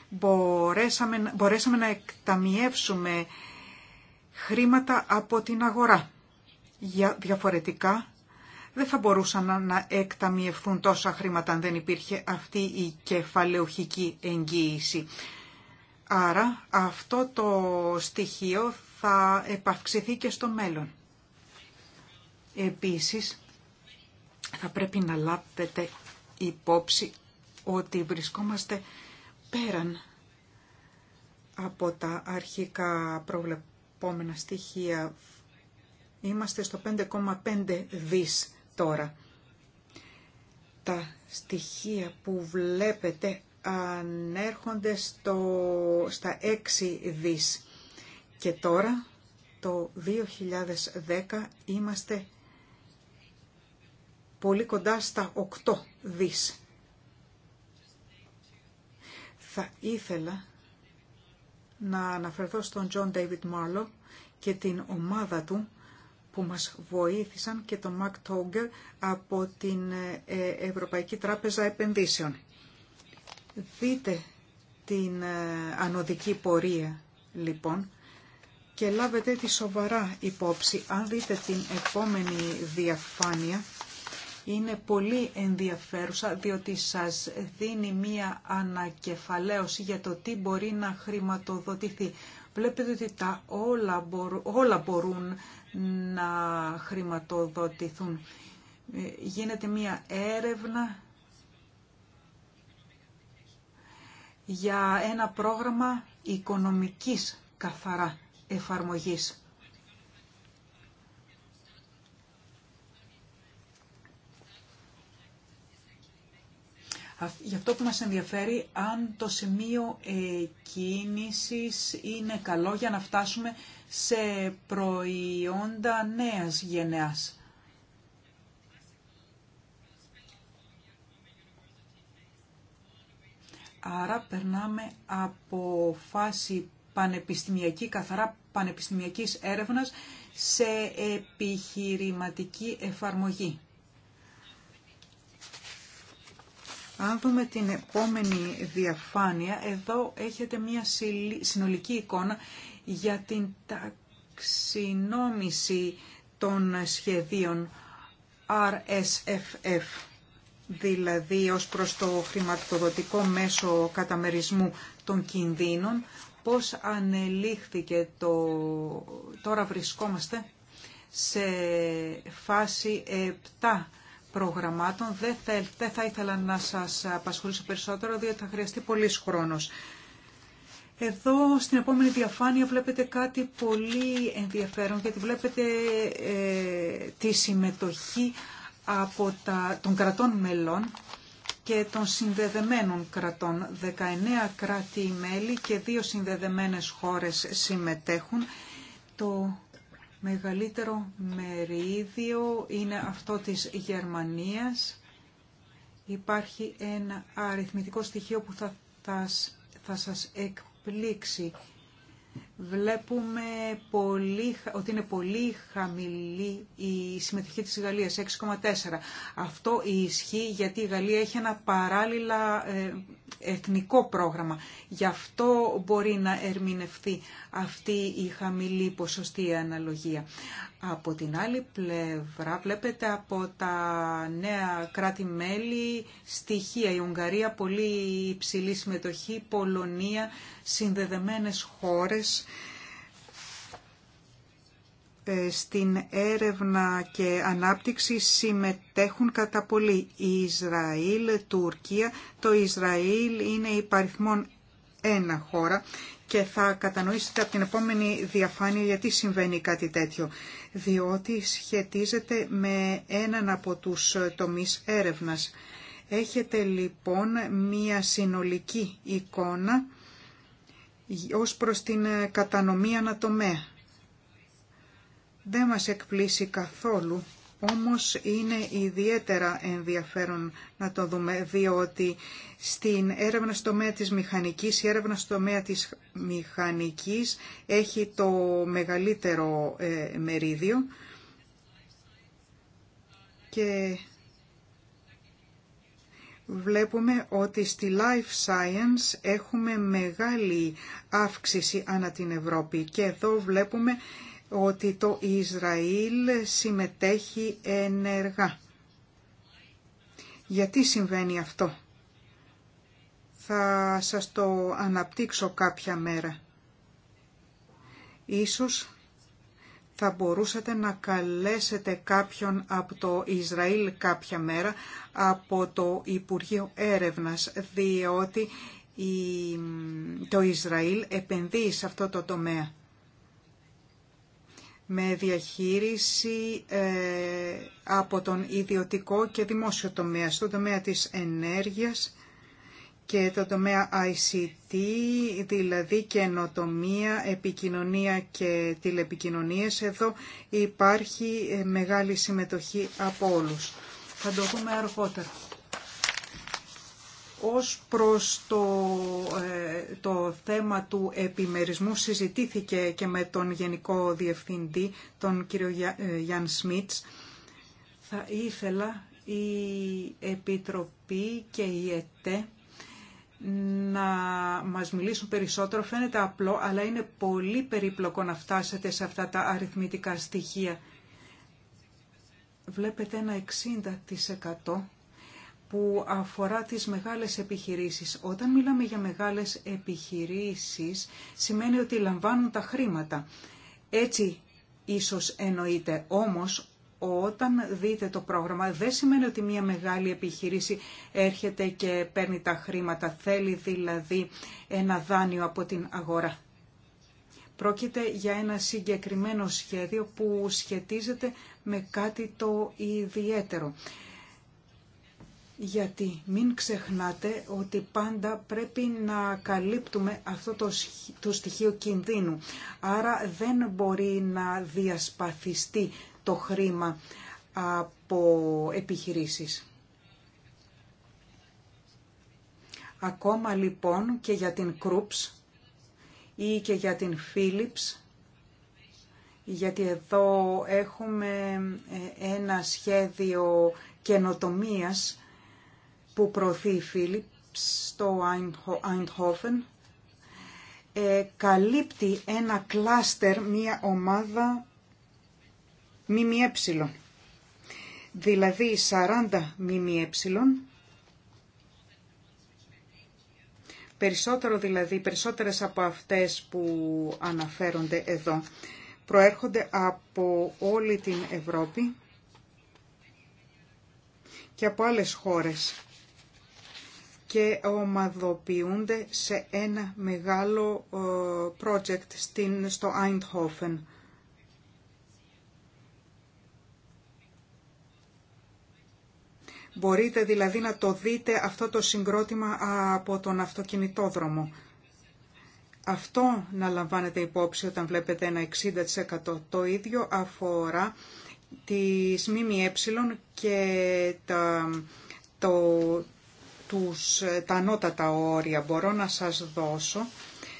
μπορέσαμε, μπορέσαμε να εκταμιεύσουμε χρήματα από την αγορά διαφορετικά δεν θα μπορούσαν να εκταμιευθούν τόσα χρήματα αν δεν υπήρχε αυτή η κεφαλαιοχική εγγύηση. Άρα αυτό το στοιχείο θα επαυξηθεί και στο μέλλον. Επίσης, θα πρέπει να λάβετε υπόψη ότι βρισκόμαστε πέραν από τα αρχικά προβλεπόμενα στοιχεία. Είμαστε στο 5,5 δις τώρα. Τα στοιχεία που βλέπετε ανέρχονται στο, στα 6 δις. Και τώρα, το 2010, είμαστε πολύ κοντά στα 8 δις. Θα ήθελα να αναφερθώ στον John David Marlowe και την ομάδα του που μας βοήθησαν και τον Μακ Τόγκερ από την ε, ε, Ευρωπαϊκή Τράπεζα Επενδύσεων. Δείτε την ε, ανωδική πορεία λοιπόν και λάβετε τη σοβαρά υπόψη. Αν δείτε την επόμενη διαφάνεια είναι πολύ ενδιαφέρουσα διότι σας δίνει μία ανακεφαλαίωση για το τι μπορεί να χρηματοδοτηθεί. Βλέπετε ότι τα όλα μπορούν να χρηματοδοτηθούν. Ε, γίνεται μία έρευνα για ένα πρόγραμμα οικονομικής καθαρά εφαρμογής. Γι' αυτό που μας ενδιαφέρει αν το σημείο κίνησης είναι καλό για να φτάσουμε σε προϊόντα νέας γενεάς. Άρα περνάμε από φάση πανεπιστημιακή, καθαρά πανεπιστημιακής έρευνας σε επιχειρηματική εφαρμογή. Αν δούμε την επόμενη διαφάνεια, εδώ έχετε μια συνολική εικόνα για την ταξινόμηση των σχεδίων RSFF, δηλαδή ως προς το χρηματοδοτικό μέσο καταμερισμού των κινδύνων, πώς ανελήχθηκε το... Τώρα βρισκόμαστε σε φάση 7 προγραμμάτων. Δεν, δεν θα ήθελα να σας απασχολήσω περισσότερο, διότι θα χρειαστεί πολύς χρόνος. Εδώ στην επόμενη διαφάνεια βλέπετε κάτι πολύ ενδιαφέρον, γιατί βλέπετε ε, τη συμμετοχή από τα, των κρατών μελών και των συνδεδεμένων κρατών. 19 κράτη-μέλη και δύο συνδεδεμένες χώρες συμμετέχουν. Το Μεγαλύτερο μερίδιο είναι αυτό της Γερμανίας. Υπάρχει ένα αριθμητικό στοιχείο που θα, θα, θα σας εκπλήξει. Βλέπουμε πολύ, ότι είναι πολύ χαμηλή η συμμετοχή της Γαλλίας, 6,4. Αυτό ισχύει γιατί η Γαλλία έχει ένα παράλληλα ε, εθνικό πρόγραμμα. Γι' αυτό μπορεί να ερμηνευτεί αυτή η χαμηλή ποσοστή αναλογία. Από την άλλη πλευρά βλέπετε από τα νέα κράτη-μέλη στοιχεία. Η Ουγγαρία πολύ υψηλή συμμετοχή, Πολωνία, συνδεδεμένες χώρες ε, στην έρευνα και ανάπτυξη συμμετέχουν κατά πολύ η Ισραήλ, Τουρκία. Το Ισραήλ είναι υπαριθμόν ένα χώρα και θα κατανοήσετε από την επόμενη διαφάνεια γιατί συμβαίνει κάτι τέτοιο. Διότι σχετίζεται με έναν από τους τομείς έρευνας. Έχετε λοιπόν μία συνολική εικόνα ως προς την κατανομή ανατομέα. Δεν μας εκπλήσει καθόλου όμως είναι ιδιαίτερα ενδιαφέρον να το δούμε, διότι στην έρευνα στο τομέα της μηχανικής, η έρευνα στο τομέα της μηχανικής έχει το μεγαλύτερο ε, μερίδιο και βλέπουμε ότι στη Life Science έχουμε μεγάλη αύξηση ανά την Ευρώπη και εδώ βλέπουμε ότι το Ισραήλ συμμετέχει ενεργά. Γιατί συμβαίνει αυτό. Θα σας το αναπτύξω κάποια μέρα. Ίσως θα μπορούσατε να καλέσετε κάποιον από το Ισραήλ κάποια μέρα από το Υπουργείο Έρευνας, διότι το Ισραήλ επενδύει σε αυτό το τομέα με διαχείριση ε, από τον ιδιωτικό και δημόσιο τομέα, στον τομέα της ενέργειας και το τομέα ICT, δηλαδή καινοτομία, επικοινωνία και τηλεπικοινωνίες. Εδώ υπάρχει ε, μεγάλη συμμετοχή από όλους. Θα το δούμε αργότερα. Ως προς το, ε, το θέμα του επιμερισμού συζητήθηκε και με τον Γενικό Διευθυντή, τον κύριο ε, Γιάν Σμίτς. Θα ήθελα η Επιτροπή και η ΕΤΕ να μας μιλήσουν περισσότερο. Φαίνεται απλό, αλλά είναι πολύ περίπλοκο να φτάσετε σε αυτά τα αριθμητικά στοιχεία. Βλέπετε ένα 60% που αφορά τις μεγάλες επιχειρήσεις. Όταν μιλάμε για μεγάλες επιχειρήσεις, σημαίνει ότι λαμβάνουν τα χρήματα. Έτσι ίσως εννοείται, όμως όταν δείτε το πρόγραμμα δεν σημαίνει ότι μια μεγάλη επιχειρήση έρχεται και παίρνει τα χρήματα, θέλει δηλαδή ένα δάνειο από την αγορά. Πρόκειται για ένα συγκεκριμένο σχέδιο που σχετίζεται με κάτι το ιδιαίτερο γιατί μην ξεχνάτε ότι πάντα πρέπει να καλύπτουμε αυτό το, το στοιχείο κινδύνου. Άρα δεν μπορεί να διασπαθιστεί το χρήμα από επιχειρήσεις. Ακόμα λοιπόν και για την Κρούπς ή και για την Φίλιπς, γιατί εδώ έχουμε ε, ένα σχέδιο καινοτομίας που προωθεί η Φίλιπ στο Eindhoven ε, καλύπτει ένα κλάστερ, μία ομάδα ΜΜΕ. Δηλαδή 40 ΜΜΕ, περισσότερο δηλαδή, περισσότερες από αυτές που αναφέρονται εδώ, προέρχονται από όλη την Ευρώπη και από άλλες χώρες και ομαδοποιούνται σε ένα μεγάλο ε, project στην, στο Eindhoven. Μπορείτε δηλαδή να το δείτε αυτό το συγκρότημα από τον αυτοκινητόδρομο. Αυτό να λαμβάνετε υπόψη όταν βλέπετε ένα 60%. Το ίδιο αφορά τις ΜΜΕ και τα, το, τους, ε, τα ανώτατα όρια. Μπορώ να σας δώσω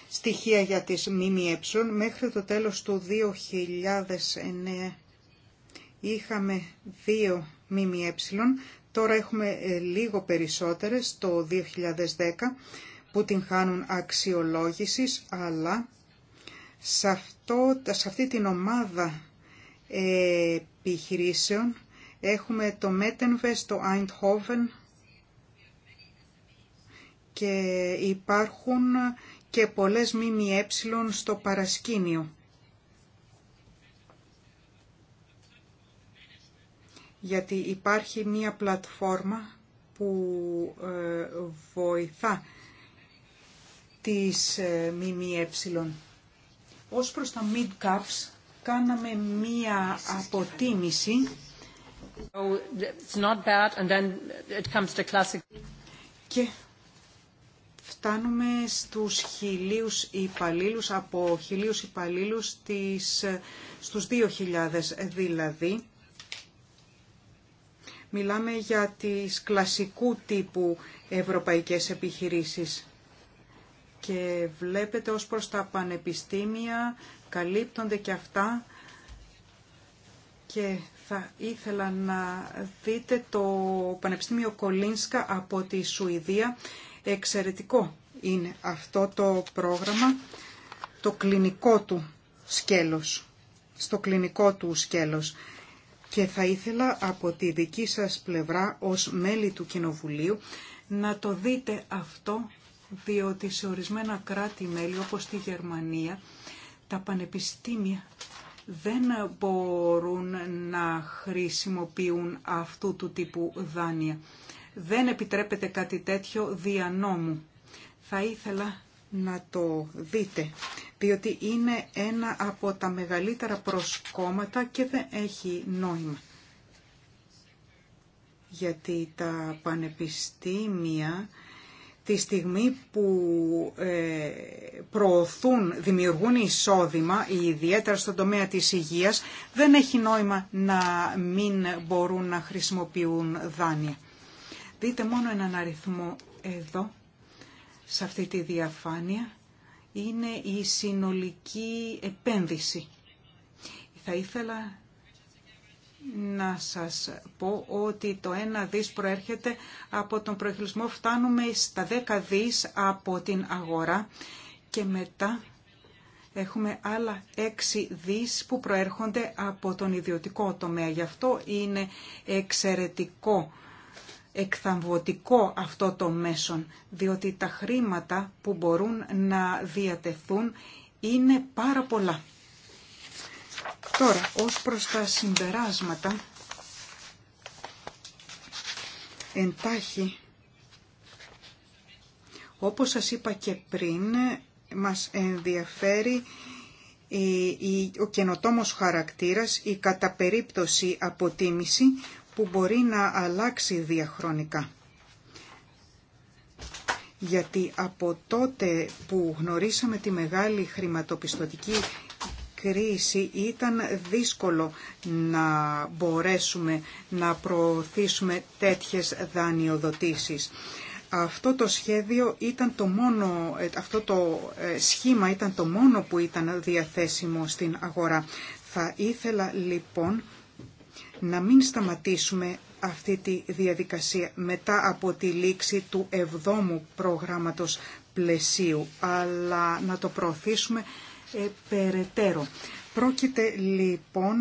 στοιχεία για τις ΜΜΕ μέχρι το τέλος του 2009 είχαμε δύο ΜΜΕ, τώρα έχουμε ε, λίγο περισσότερες το 2010 που την χάνουν αξιολόγησης, αλλά σε, αυτό, σε αυτή την ομάδα ε, επιχειρήσεων έχουμε το μέτενβες το Eindhoven, και υπάρχουν και πολλές ΜΜΕ στο παρασκήνιο. Γιατί υπάρχει μία πλατφόρμα που ε, βοηθά τις ε, ΜΜΕ. Ως προς τα mid-caps κάναμε μία αποτίμηση και φτάνουμε στους χιλίους υπαλλήλους, από χιλίους υπαλλήλους τις, στους 2.000 δηλαδή. Μιλάμε για τις κλασικού τύπου ευρωπαϊκές επιχειρήσεις και βλέπετε ως προς τα πανεπιστήμια καλύπτονται και αυτά και θα ήθελα να δείτε το Πανεπιστήμιο Κολίνσκα από τη Σουηδία Εξαιρετικό είναι αυτό το πρόγραμμα, το κλινικό του σκέλος, στο κλινικό του σκέλος. Και θα ήθελα από τη δική σας πλευρά ως μέλη του Κοινοβουλίου να το δείτε αυτό, διότι σε ορισμένα κράτη-μέλη όπως τη Γερμανία τα πανεπιστήμια δεν μπορούν να χρησιμοποιούν αυτού του τύπου δάνεια. Δεν επιτρέπεται κάτι τέτοιο δια νόμου. Θα ήθελα να το δείτε, διότι είναι ένα από τα μεγαλύτερα προσκόμματα και δεν έχει νόημα. Γιατί τα πανεπιστήμια τη στιγμή που ε, προωθούν, δημιουργούν εισόδημα, ιδιαίτερα στον τομέα της υγείας, δεν έχει νόημα να μην μπορούν να χρησιμοποιούν δάνεια. Δείτε μόνο έναν αριθμό εδώ, σε αυτή τη διαφάνεια, είναι η συνολική επένδυση. Θα ήθελα να σας πω ότι το ένα δις προέρχεται από τον προεχειρισμό, φτάνουμε στα 10 δις από την αγορά και μετά έχουμε άλλα 6 δις που προέρχονται από τον ιδιωτικό τομέα. Γι' αυτό είναι εξαιρετικό εκθαμβωτικό αυτό το μέσον, διότι τα χρήματα που μπορούν να διατεθούν είναι πάρα πολλά. Τώρα, ως προς τα συμπεράσματα, εντάχει, όπως σας είπα και πριν, μας ενδιαφέρει ο καινοτόμος χαρακτήρας, η κατά περίπτωση αποτίμηση που μπορεί να αλλάξει διαχρονικά. Γιατί από τότε που γνωρίσαμε τη μεγάλη χρηματοπιστωτική κρίση ήταν δύσκολο να μπορέσουμε να προωθήσουμε τέτοιες δανειοδοτήσεις. Αυτό το σχέδιο ήταν το μόνο, αυτό το ε, σχήμα ήταν το μόνο που ήταν διαθέσιμο στην αγορά. Θα ήθελα λοιπόν να μην σταματήσουμε αυτή τη διαδικασία μετά από τη λήξη του εβδόμου προγράμματος πλαισίου, αλλά να το προωθήσουμε ε, περαιτέρω. Πρόκειται λοιπόν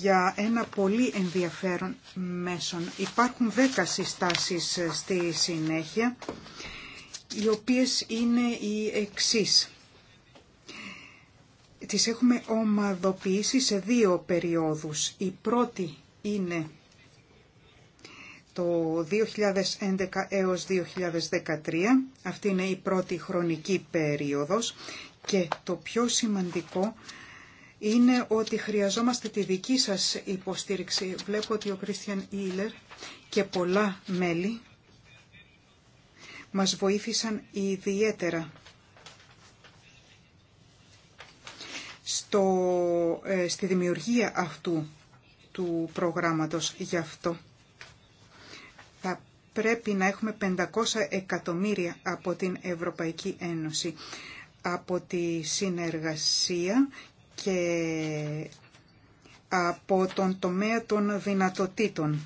για ένα πολύ ενδιαφέρον μέσον. Υπάρχουν δέκα συστάσεις ε, στη συνέχεια, οι οποίες είναι οι εξής τις έχουμε ομαδοποιήσει σε δύο περιόδους. Η πρώτη είναι το 2011 έως 2013, αυτή είναι η πρώτη χρονική περίοδος και το πιο σημαντικό είναι ότι χρειαζόμαστε τη δική σας υποστήριξη. Βλέπω ότι ο Κρίστιαν Ήλερ και πολλά μέλη μας βοήθησαν ιδιαίτερα στο, ε, στη δημιουργία αυτού του προγράμματος γι' αυτό. Θα πρέπει να έχουμε 500 εκατομμύρια από την Ευρωπαϊκή Ένωση από τη συνεργασία και από τον τομέα των δυνατοτήτων.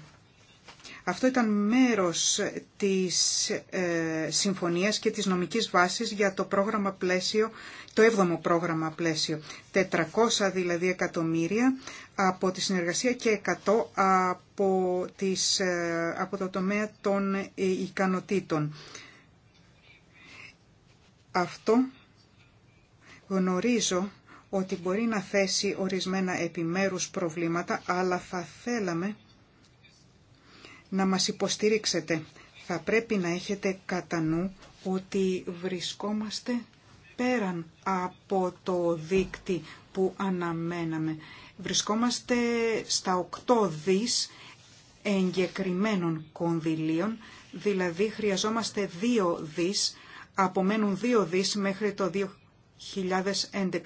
Αυτό ήταν μέρος της ε, συμφωνίας και της νομικής βάσης για το πρόγραμμα πλαίσιο το 7ο πρόγραμμα πλαίσιο. 400 δηλαδή εκατομμύρια από τη συνεργασία και 100 από, τις, ε, από το τομέα των ε, ικανοτήτων. Αυτό γνωρίζω ότι μπορεί να θέσει ορισμένα επιμέρους προβλήματα, αλλά θα θέλαμε να μας υποστηρίξετε. Θα πρέπει να έχετε κατά νου ότι βρισκόμαστε πέραν από το δίκτυ που αναμέναμε. Βρισκόμαστε στα 8 δις εγκεκριμένων κονδυλίων, δηλαδή χρειαζόμαστε 2 δις, απομένουν 2 δις μέχρι το 2011,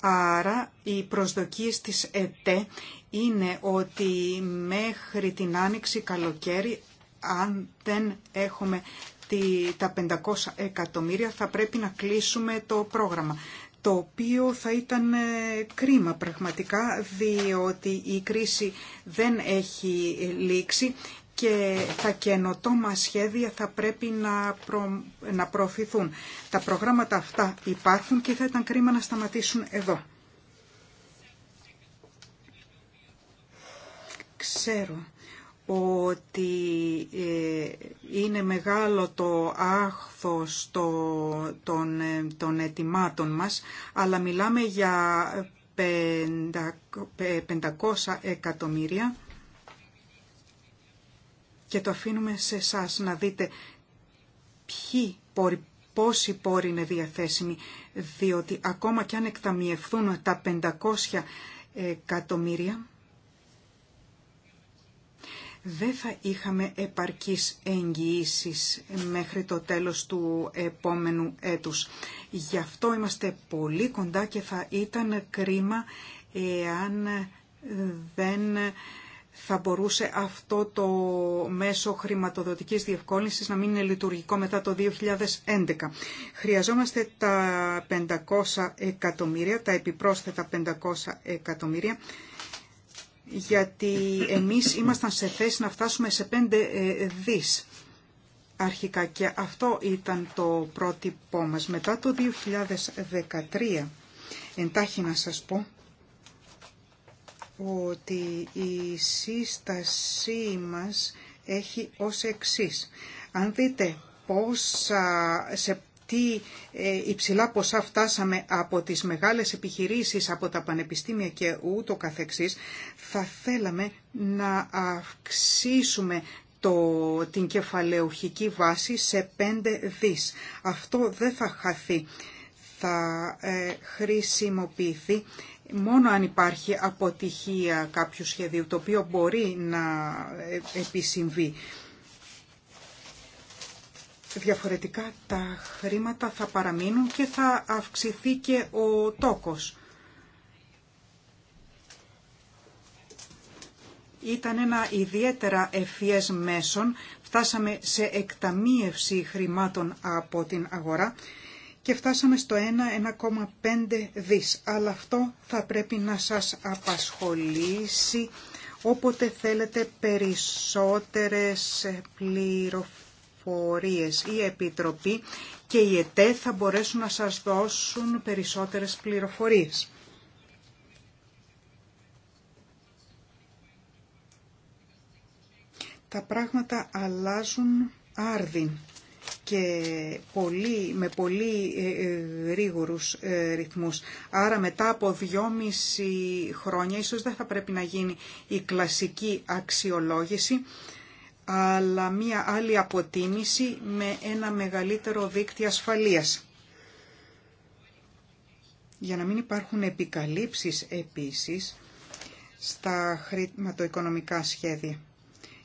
άρα οι προσδοκίες της ΕΤΕ είναι ότι μέχρι την άνοιξη καλοκαίρι, αν δεν έχουμε τα 500 εκατομμύρια θα πρέπει να κλείσουμε το πρόγραμμα το οποίο θα ήταν ε, κρίμα πραγματικά διότι η κρίση δεν έχει ε, λήξει και τα καινοτόμα σχέδια θα πρέπει να, προ... να προωθηθούν. Τα προγράμματα αυτά υπάρχουν και θα ήταν κρίμα να σταματήσουν εδώ. Ξέρω ότι ε, είναι μεγάλο το άχθος των, ε, των ετοιμάτων μας, αλλά μιλάμε για 500 εκατομμύρια και το αφήνουμε σε εσά να δείτε ποιοι πόροι, πόσοι πόροι είναι διαθέσιμοι, διότι ακόμα και αν εκταμιευθούν τα 500 εκατομμύρια, δεν θα είχαμε επαρκείς εγγυήσει μέχρι το τέλος του επόμενου έτους. Γι' αυτό είμαστε πολύ κοντά και θα ήταν κρίμα εάν δεν θα μπορούσε αυτό το μέσο χρηματοδοτικής διευκόλυνσης να μην είναι λειτουργικό μετά το 2011. Χρειαζόμαστε τα 500 εκατομμύρια, τα επιπρόσθετα 500 εκατομμύρια γιατί εμείς ήμασταν σε θέση να φτάσουμε σε 5 ε, δις αρχικά και αυτό ήταν το πρότυπό μας. Μετά το 2013, εντάχει να σας πω, ότι η σύστασή μας έχει ως εξής. Αν δείτε πόσα, σε τι ε, υψηλά ποσά φτάσαμε από τις μεγάλες επιχειρήσεις, από τα πανεπιστήμια και ούτω καθεξής, θα θέλαμε να αυξήσουμε το, την κεφαλαιοχική βάση σε 5 δις. Αυτό δεν θα χαθεί. Θα ε, χρησιμοποιηθεί μόνο αν υπάρχει αποτυχία κάποιου σχεδίου, το οποίο μπορεί να ε, επισυμβεί. Διαφορετικά τα χρήματα θα παραμείνουν και θα αυξηθεί και ο τόκος. Ήταν ένα ιδιαίτερα ευφυές μέσον. Φτάσαμε σε εκταμίευση χρημάτων από την αγορά και φτάσαμε στο 1,5 δις. Αλλά αυτό θα πρέπει να σας απασχολήσει όποτε θέλετε περισσότερες πληροφορίες πληροφορίες. Η Επιτροπή και η ΕΤΕ θα μπορέσουν να σας δώσουν περισσότερες πληροφορίες. Τα πράγματα αλλάζουν άρδιν και πολύ, με πολύ ε, ε, γρήγορους ε, ρυθμούς. Άρα μετά από δυόμιση χρόνια ίσως δεν θα πρέπει να γίνει η κλασική αξιολόγηση αλλά μία άλλη αποτίμηση με ένα μεγαλύτερο δίκτυο ασφαλείας. Για να μην υπάρχουν επικαλύψεις επίσης στα χρηματοοικονομικά σχέδια.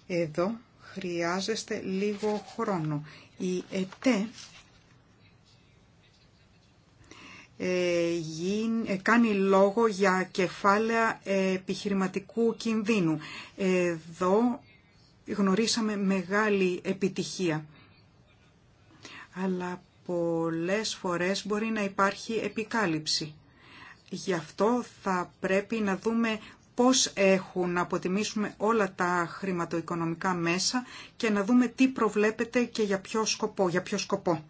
Εδώ χρειάζεστε λίγο χρόνο. Η ΕΤΕ ε, ε, κάνει λόγο για κεφάλαια επιχειρηματικού κινδύνου. Εδώ γνωρίσαμε μεγάλη επιτυχία. Αλλά πολλές φορές μπορεί να υπάρχει επικάλυψη. Γι' αυτό θα πρέπει να δούμε πώς έχουν να αποτιμήσουμε όλα τα χρηματοοικονομικά μέσα και να δούμε τι προβλέπεται και για ποιο σκοπό. Για ποιο σκοπό.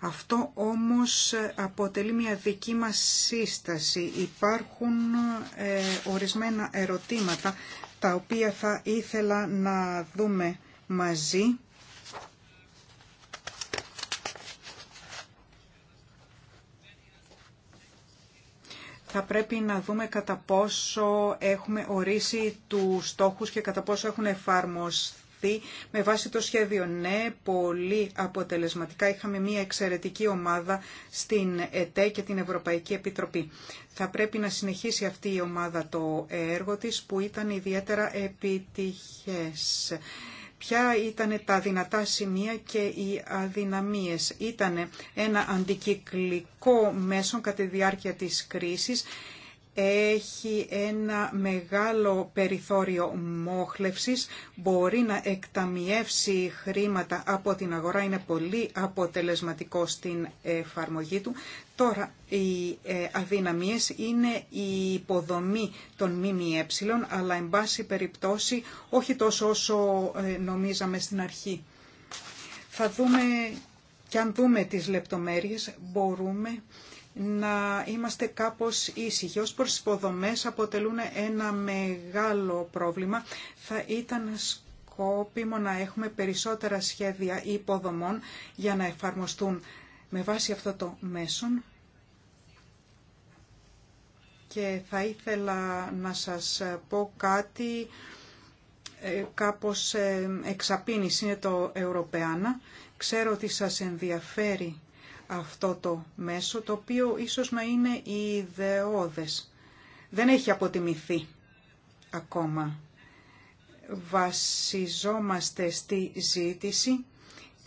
Αυτό όμως αποτελεί μια δική μας σύσταση. Υπάρχουν ε, ορισμένα ερωτήματα τα οποία θα ήθελα να δούμε μαζί. θα πρέπει να δούμε κατά πόσο έχουμε ορίσει τους στόχους και κατά πόσο έχουν εφαρμοστεί Δηλαδή, με βάση το σχέδιο. Ναι, πολύ αποτελεσματικά. Είχαμε μια εξαιρετική ομάδα στην ΕΤΕ και την Ευρωπαϊκή Επιτροπή. Θα πρέπει να συνεχίσει αυτή η ομάδα το έργο της που ήταν ιδιαίτερα επιτυχές. Ποια ήταν τα δυνατά σημεία και οι αδυναμίες. Ήταν ένα αντικυκλικό μέσο κατά τη διάρκεια της κρίσης έχει ένα μεγάλο περιθώριο μόχλευσης, μπορεί να εκταμιεύσει χρήματα από την αγορά, είναι πολύ αποτελεσματικό στην εφαρμογή του. Τώρα, οι ε, αδυναμίες είναι η υποδομή των ΜΜΕ, αλλά εν πάση περιπτώσει όχι τόσο όσο ε, νομίζαμε στην αρχή. Θα δούμε, και αν δούμε τις λεπτομέρειες, μπορούμε να είμαστε κάπως ήσυχοι. Ως προς υποδομές αποτελούν ένα μεγάλο πρόβλημα. Θα ήταν σκόπιμο να έχουμε περισσότερα σχέδια υποδομών για να εφαρμοστούν με βάση αυτό το μέσον. Και θα ήθελα να σας πω κάτι ε, κάπως ε, εξαπίνηση είναι το ευρωπαίνα Ξέρω ότι σας ενδιαφέρει αυτό το μέσο, το οποίο ίσως να είναι οι ιδεώδες. Δεν έχει αποτιμηθεί ακόμα. Βασιζόμαστε στη ζήτηση,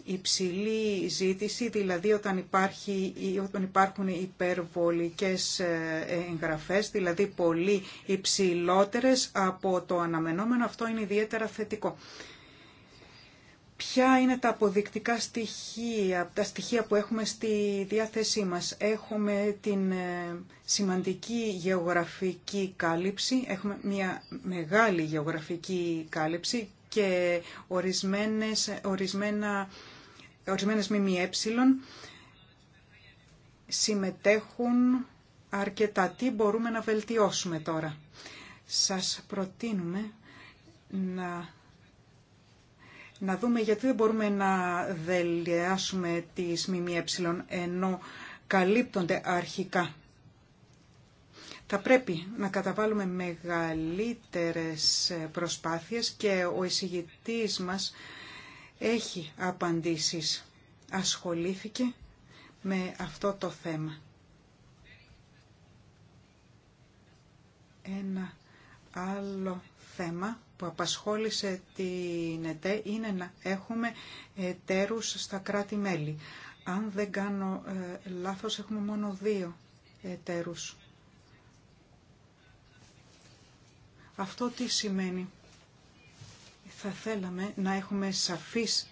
υψηλή ζήτηση, δηλαδή όταν, υπάρχει, όταν υπάρχουν υπερβολικές ε, εγγραφές, δηλαδή πολύ υψηλότερες από το αναμενόμενο, αυτό είναι ιδιαίτερα θετικό. Ποια είναι τα αποδεικτικά στοιχεία, τα στοιχεία που έχουμε στη διάθεσή μας. Έχουμε την ε, σημαντική γεωγραφική κάλυψη, έχουμε μια μεγάλη γεωγραφική κάλυψη και ορισμένες, ορισμένα, ορισμένες ε. συμμετέχουν αρκετά. Τι μπορούμε να βελτιώσουμε τώρα. Σας προτείνουμε να να δούμε γιατί δεν μπορούμε να δελειάσουμε τις ΜΜΕ ενώ καλύπτονται αρχικά. Θα πρέπει να καταβάλουμε μεγαλύτερες προσπάθειες και ο εισηγητής μας έχει απαντήσεις. Ασχολήθηκε με αυτό το θέμα. Ένα άλλο θέμα που απασχόλησε την ΕΤΕ είναι να έχουμε εταίρους στα κράτη-μέλη. Αν δεν κάνω ε, λάθος έχουμε μόνο δύο εταίρους. Αυτό τι σημαίνει. Θα θέλαμε να έχουμε σαφείς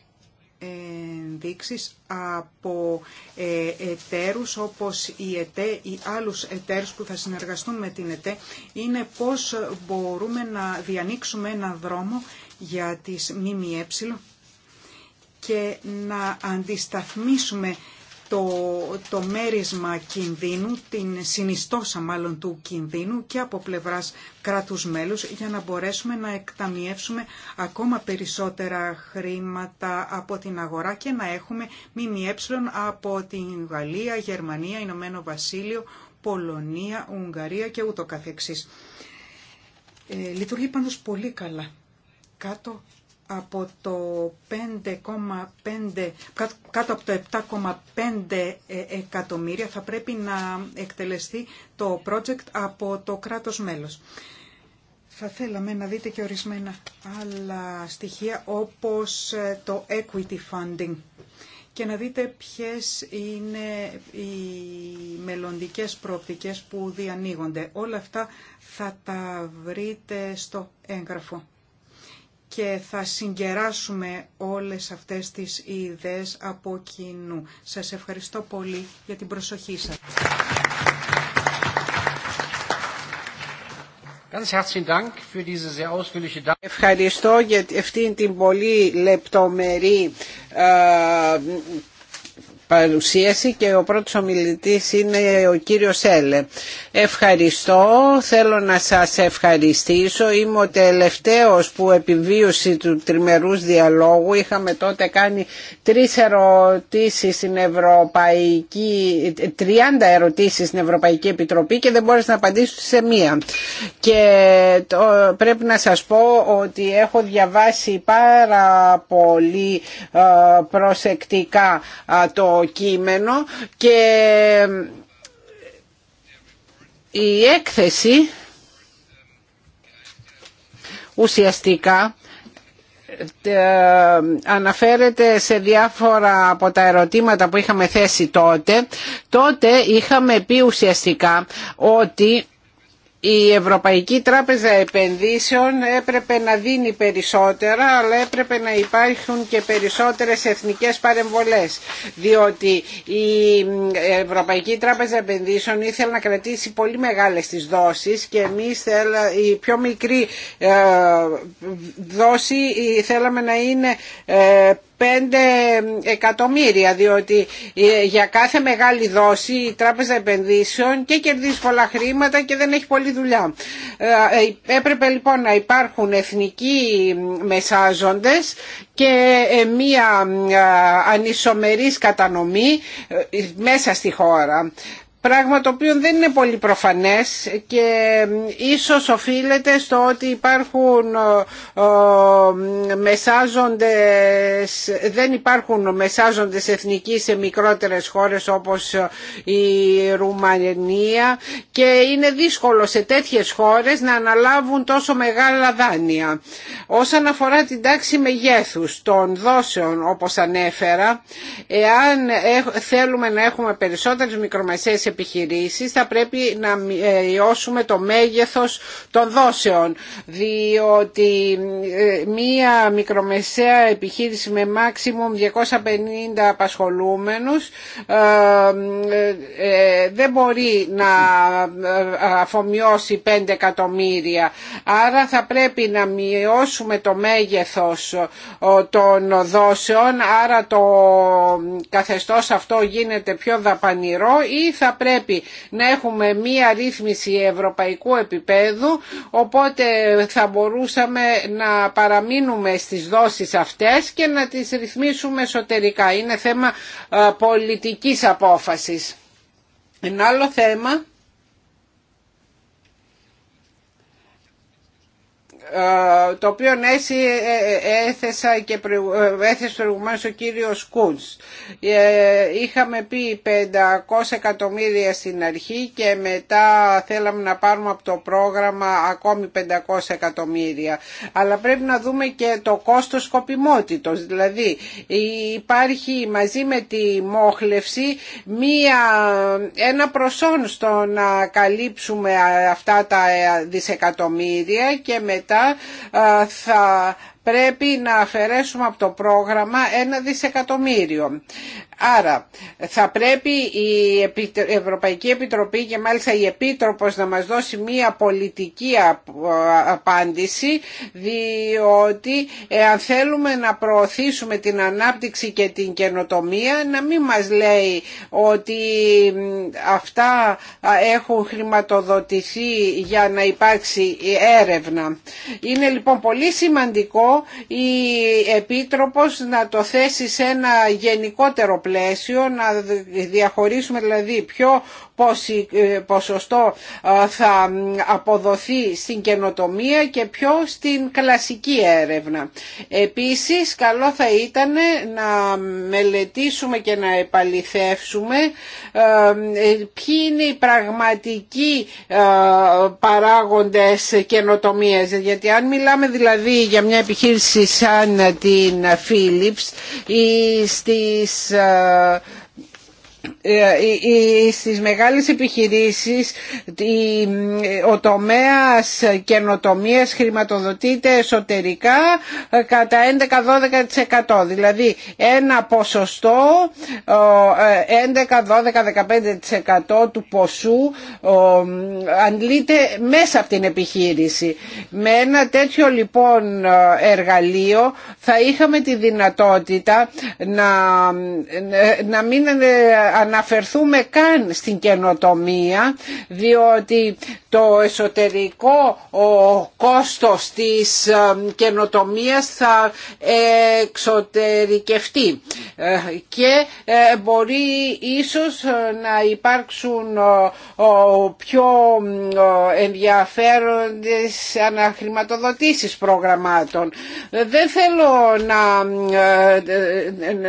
ενδείξεις από ε, εταίρους όπως η ΕΤΕ ή άλλους εταίρους που θα συνεργαστούν με την ΕΤΕ είναι πώς μπορούμε να διανοίξουμε ένα δρόμο για τις ΜΜΕ και να αντισταθμίσουμε το, το μέρισμα κινδύνου, την συνιστόσα μάλλον του κινδύνου και από πλευράς κράτους μέλους για να μπορέσουμε να εκταμιεύσουμε ακόμα περισσότερα χρήματα από την αγορά και να έχουμε ΜΜΕ από την Γαλλία, Γερμανία, Ηνωμένο Βασίλειο, Πολωνία, Ουγγαρία και ούτω καθεξής. Ε, λειτουργεί πάντως πολύ καλά κάτω από το 5,5, κάτω από το 7,5 ε, εκατομμύρια θα πρέπει να εκτελεστεί το project από το κράτος μέλος. Θα θέλαμε να δείτε και ορισμένα άλλα στοιχεία όπως ε, το equity funding και να δείτε ποιες είναι οι μελλοντικές προοπτικές που διανοίγονται. Όλα αυτά θα τα βρείτε στο έγγραφο και θα συγκεράσουμε όλες αυτές τις ιδέες από κοινού. Σας ευχαριστώ πολύ για την προσοχή σας. Ευχαριστώ για αυτήν την πολύ λεπτομερή ε, παρουσίαση και ο πρώτος ομιλητής είναι ο κύριος Έλε. Ευχαριστώ, θέλω να σας ευχαριστήσω. Είμαι ο τελευταίος που επιβίωση του τριμερούς διαλόγου. Είχαμε τότε κάνει τρεις ερωτήσεις στην Ευρωπαϊκή, 30 ερωτήσεις στην Ευρωπαϊκή Επιτροπή και δεν μπόρεσα να απαντήσω σε μία. Και πρέπει να σας πω ότι έχω διαβάσει πάρα πολύ ε, προσεκτικά ε, το κείμενο και η έκθεση ουσιαστικά ε, αναφέρεται σε διάφορα από τα ερωτήματα που είχαμε θέσει τότε τότε είχαμε πει ουσιαστικά ότι η Ευρωπαϊκή Τράπεζα Επενδύσεων έπρεπε να δίνει περισσότερα αλλά έπρεπε να υπάρχουν και περισσότερες εθνικές παρεμβολές διότι η Ευρωπαϊκή Τράπεζα Επενδύσεων ήθελε να κρατήσει πολύ μεγάλες τις δόσεις και εμείς θέλα, η πιο μικρή ε, δόση ε, θέλαμε να είναι ε, 5 εκατομμύρια διότι ε, για κάθε μεγάλη δόση η Τράπεζα Επενδύσεων και κερδίζει πολλά χρήματα και δεν έχει πολλή δουλειά. Ε, ε, έπρεπε λοιπόν να υπάρχουν εθνικοί μεσάζοντες και μία ανισομερής κατανομή μέσα στη χώρα. Πράγμα το οποίο δεν είναι πολύ προφανές και ίσως οφείλεται στο ότι υπάρχουν μεσάζοντες, δεν υπάρχουν μεσάζοντες εθνικοί σε μικρότερες χώρες όπως η Ρουμανία και είναι δύσκολο σε τέτοιες χώρες να αναλάβουν τόσο μεγάλα δάνεια. Όσον αφορά την τάξη μεγέθους των δόσεων όπως ανέφερα, εάν θέλουμε να έχουμε περισσότερες μικρομεσαίες επιχειρήσεις θα πρέπει να ε, μειώσουμε το μέγεθος των δόσεων διότι ε, μία μικρομεσαία επιχείρηση με μάξιμουμ 250 απασχολούμενους ε, δεν μπορεί να αφομοιώσει 5 εκατομμύρια άρα θα πρέπει να μειώσουμε το μέγεθος των δόσεων άρα το καθεστώς αυτό γίνεται πιο δαπανηρό ή θα πρέπει πρέπει να έχουμε μία ρύθμιση ευρωπαϊκού επίπεδου οπότε θα μπορούσαμε να παραμείνουμε στις δόσεις αυτές και να τις ρυθμίσουμε εσωτερικά. Είναι θέμα ε, πολιτικής απόφασης. Ένα άλλο θέμα Ε, το οποίο ε, ε, έθεσα και έθεσε προηγουμένως ο κύριος Κούντς. Είχαμε πει 500 εκατομμύρια στην αρχή και μετά θέλαμε να πάρουμε από το πρόγραμμα ακόμη 500 εκατομμύρια. Αλλά πρέπει να δούμε και το κόστος σκοπιμότητος. Δηλαδή υπάρχει μαζί με τη μόχλευση μία, ένα προσόν στο να καλύψουμε αυτά τα δισεκατομμύρια και μετά θα πρέπει να αφαιρέσουμε από το πρόγραμμα ένα δισεκατομμύριο. Άρα θα πρέπει η Ευρωπαϊκή Επιτροπή και μάλιστα η Επίτροπος να μας δώσει μία πολιτική απάντηση διότι ε, αν θέλουμε να προωθήσουμε την ανάπτυξη και την καινοτομία να μην μας λέει ότι αυτά έχουν χρηματοδοτηθεί για να υπάρξει ε, έρευνα. Είναι λοιπόν πολύ σημαντικό η Επίτροπος να το θέσει σε ένα γενικότερο πλαίσιο, να διαχωρίσουμε δηλαδή ποιο ε, ποσοστό ε, θα αποδοθεί στην καινοτομία και ποιο στην κλασική έρευνα. Επίσης, καλό θα ήταν να μελετήσουμε και να επαληθεύσουμε ε, ποιοι είναι οι πραγματικοί παράγοντες καινοτομίες. Γιατί αν μιλάμε δηλαδή για μια επιχείρηση επιχείρηση σαν την Philips στις ε, ε, ε, ε, στις μεγάλες επιχειρήσεις ο τομέας καινοτομίας χρηματοδοτείται εσωτερικά κατά 11-12% δηλαδή ένα ποσοστό 11-12-15% του ποσού αντλείται μέσα από την επιχείρηση με ένα τέτοιο λοιπόν εργαλείο θα είχαμε τη δυνατότητα να, να μην αναφερθούμε καν στην καινοτομία διότι το εσωτερικό ο κόστος της ε, καινοτομίας θα εξωτερικευτεί ε, και ε, μπορεί ίσως να υπάρξουν πιο ενδιαφέροντες αναχρηματοδοτήσεις προγραμμάτων. Δεν θέλω να,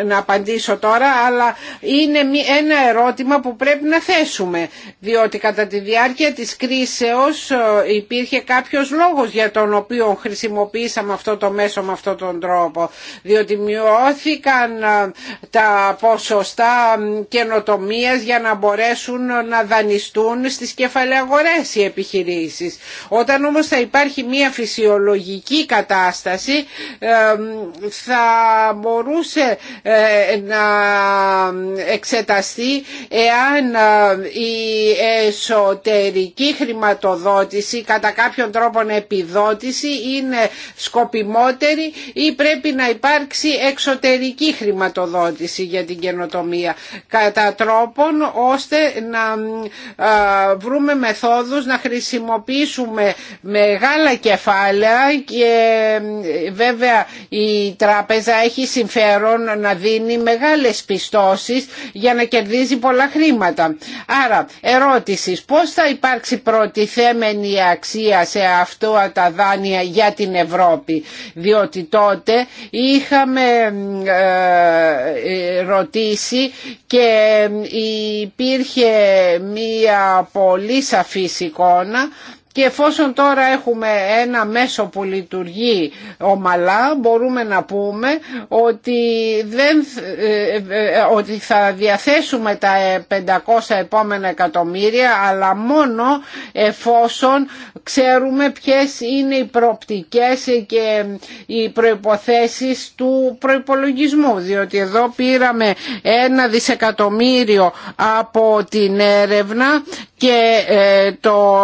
να απαντήσω τώρα αλλά είναι ένα ερώτημα που πρέπει να θέσουμε, διότι κατά τη διάρκεια της κρίσεως ε, υπήρχε κάποιος λόγος για τον οποίο χρησιμοποιήσαμε αυτό το μέσο με αυτόν τον τρόπο, διότι μειώθηκαν ε, τα ποσοστά καινοτομία για να μπορέσουν να δανειστούν στις κεφαλαιαγορές οι επιχειρήσεις. Όταν όμως θα υπάρχει μια φυσιολογική κατάσταση ε, θα μπορούσε να εξεταστεί εάν ε, η εσωτερική χρηματοδότηση κατά κάποιον τρόπο επιδότηση είναι σκοπιμότερη ή πρέπει να υπάρξει εξωτερική χρηματοδότηση για την καινοτομία κατά τρόπον ώστε να ε, βρούμε μεθόδους να χρησιμοποιήσουμε μεγάλα κεφάλαια και ε, βέβαια η τράπεζα έχει συμφέρον να δίνει μεγάλες πιστώσεις για να κερδίζει πολλά χρήματα. Άρα, ερώτηση, πώς θα υπάρξει προτιθέμενη αξία σε αυτό τα δάνεια για την Ευρώπη, διότι τότε είχαμε ε, ρωτήσει και υπήρχε μία πολύ σαφή εικόνα και εφόσον τώρα έχουμε ένα μέσο που λειτουργεί ομαλά, μπορούμε να πούμε ότι, δεν, ε, ε, ε, ότι θα διαθέσουμε τα 500 επόμενα εκατομμύρια, αλλά μόνο εφόσον ξέρουμε ποιες είναι οι προοπτικές και οι προϋποθέσεις του προϋπολογισμού. Διότι εδώ πήραμε ένα δισεκατομμύριο από την έρευνα και το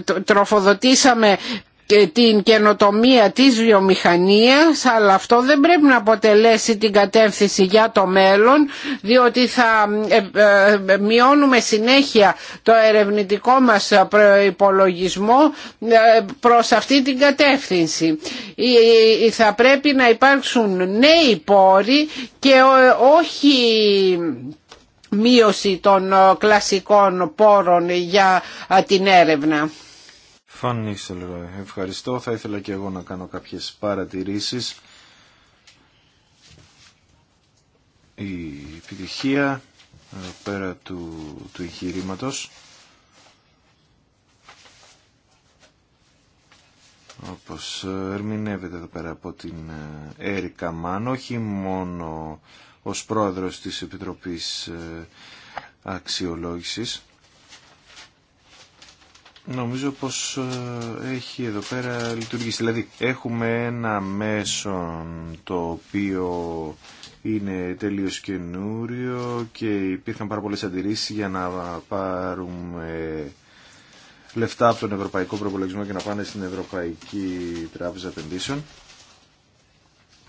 τροφοδοτήσαμε την καινοτομία της βιομηχανίας αλλά αυτό δεν πρέπει να αποτελέσει την κατεύθυνση για το μέλλον διότι θα ε, ε, ε, μειώνουμε συνέχεια το ερευνητικό μας προϋπολογισμό προς αυτή την κατεύθυνση. Θα πρέπει να υπάρξουν νέοι πόροι και όχι μείωση των ε, κλασικών πόρων για ε, την έρευνα. λοιπόν. ευχαριστώ. Θα ήθελα και εγώ να κάνω κάποιες παρατηρήσεις. Η επιτυχία ε, πέρα του, του εγχειρήματο. όπως ερμηνεύεται εδώ πέρα από την Έρικα Μάν, όχι μόνο ως πρόεδρος της Επιτροπής ε, Αξιολόγησης. Νομίζω πως ε, έχει εδώ πέρα λειτουργήσει. Δηλαδή έχουμε ένα μέσο το οποίο είναι τελείως καινούριο και υπήρχαν πάρα πολλές αντιρρήσεις για να πάρουμε λεφτά από τον Ευρωπαϊκό Προπολογισμό και να πάνε στην Ευρωπαϊκή Τράπεζα Επενδύσεων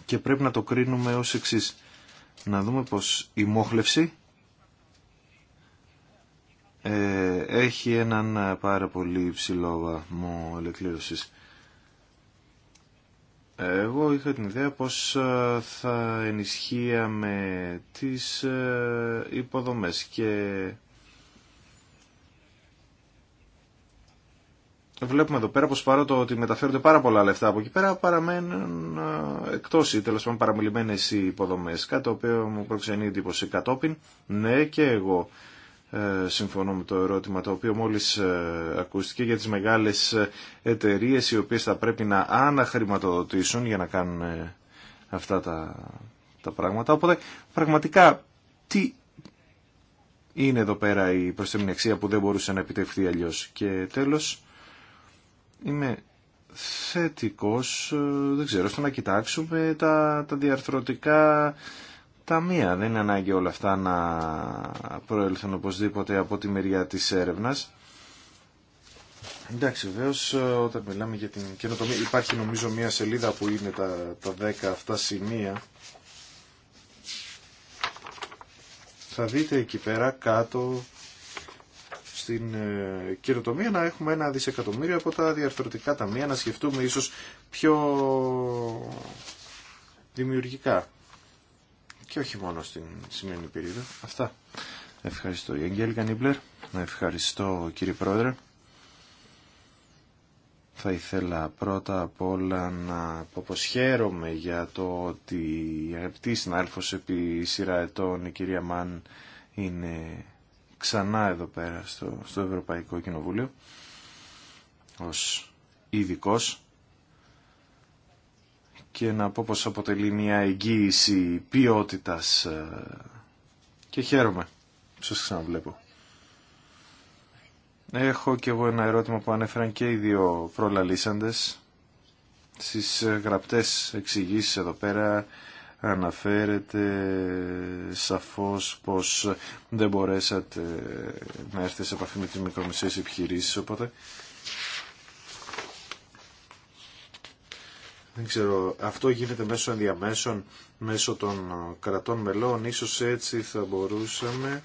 και πρέπει να το κρίνουμε ως εξής να δούμε πως η μόχλευση ε, έχει έναν ε, πάρα πολύ υψηλό βαθμό ολεκλήρωση. Εγώ είχα την ιδέα πως ε, θα ενισχύαμε τις ε, υποδομές και βλέπουμε εδώ πέρα πως παρότι ότι μεταφέρονται πάρα πολλά λεφτά από εκεί πέρα παραμένουν ε, εκτός ή τέλος πάντων παραμιλημένες οι υποδομές κάτι το οποίο μου προξενεί εντύπωση κατόπιν ναι και εγώ ε, συμφωνώ με το ερώτημα το οποίο μόλις ε, ακούστηκε για τις μεγάλες ε, εταιρείε οι οποίες θα πρέπει να αναχρηματοδοτήσουν για να κάνουν αυτά τα, τα πράγματα οπότε πραγματικά τι είναι εδώ πέρα η προσθέμενη αξία που δεν μπορούσε να επιτευχθεί αλλιώς και τέλος είμαι θετικός, ε, δεν ξέρω, στο να κοιτάξουμε τα, τα διαρθρωτικά ταμεία. Δεν είναι ανάγκη όλα αυτά να προέλθουν οπωσδήποτε από τη μεριά της έρευνας. Εντάξει, βεβαίω ε, όταν μιλάμε για την καινοτομία υπάρχει νομίζω μια σελίδα που είναι τα, τα 10 αυτά σημεία. Θα δείτε εκεί πέρα κάτω στην ε, καινοτομία να έχουμε ένα δισεκατομμύριο από τα διαρθρωτικά ταμεία να σκεφτούμε ίσως πιο δημιουργικά και όχι μόνο στην σημερινή περίοδο. Αυτά. Ευχαριστώ. Η Αγγέλικα Νίμπλερ. Ευχαριστώ κύριε Πρόεδρε. Θα ήθελα πρώτα απ' όλα να πω για το ότι η αγαπητή συνάρφος επί σειρά ετών η κυρία Μαν είναι ξανά εδώ πέρα στο, στο Ευρωπαϊκό Κοινοβούλιο ως ειδικό και να πω πως αποτελεί μια εγγύηση ποιότητας ε, και χαίρομαι που σας ξαναβλέπω. Έχω και εγώ ένα ερώτημα που ανέφεραν και οι δύο προλαλήσαντες στις ε, γραπτές εξηγήσει εδώ πέρα αναφέρετε σαφώς πως δεν μπορέσατε να έρθετε σε επαφή με τις μικρομεσαίες επιχειρήσεις, οπότε δεν ξέρω, αυτό γίνεται μέσω ενδιαμέσων, μέσω των κρατών μελών, ίσως έτσι θα μπορούσαμε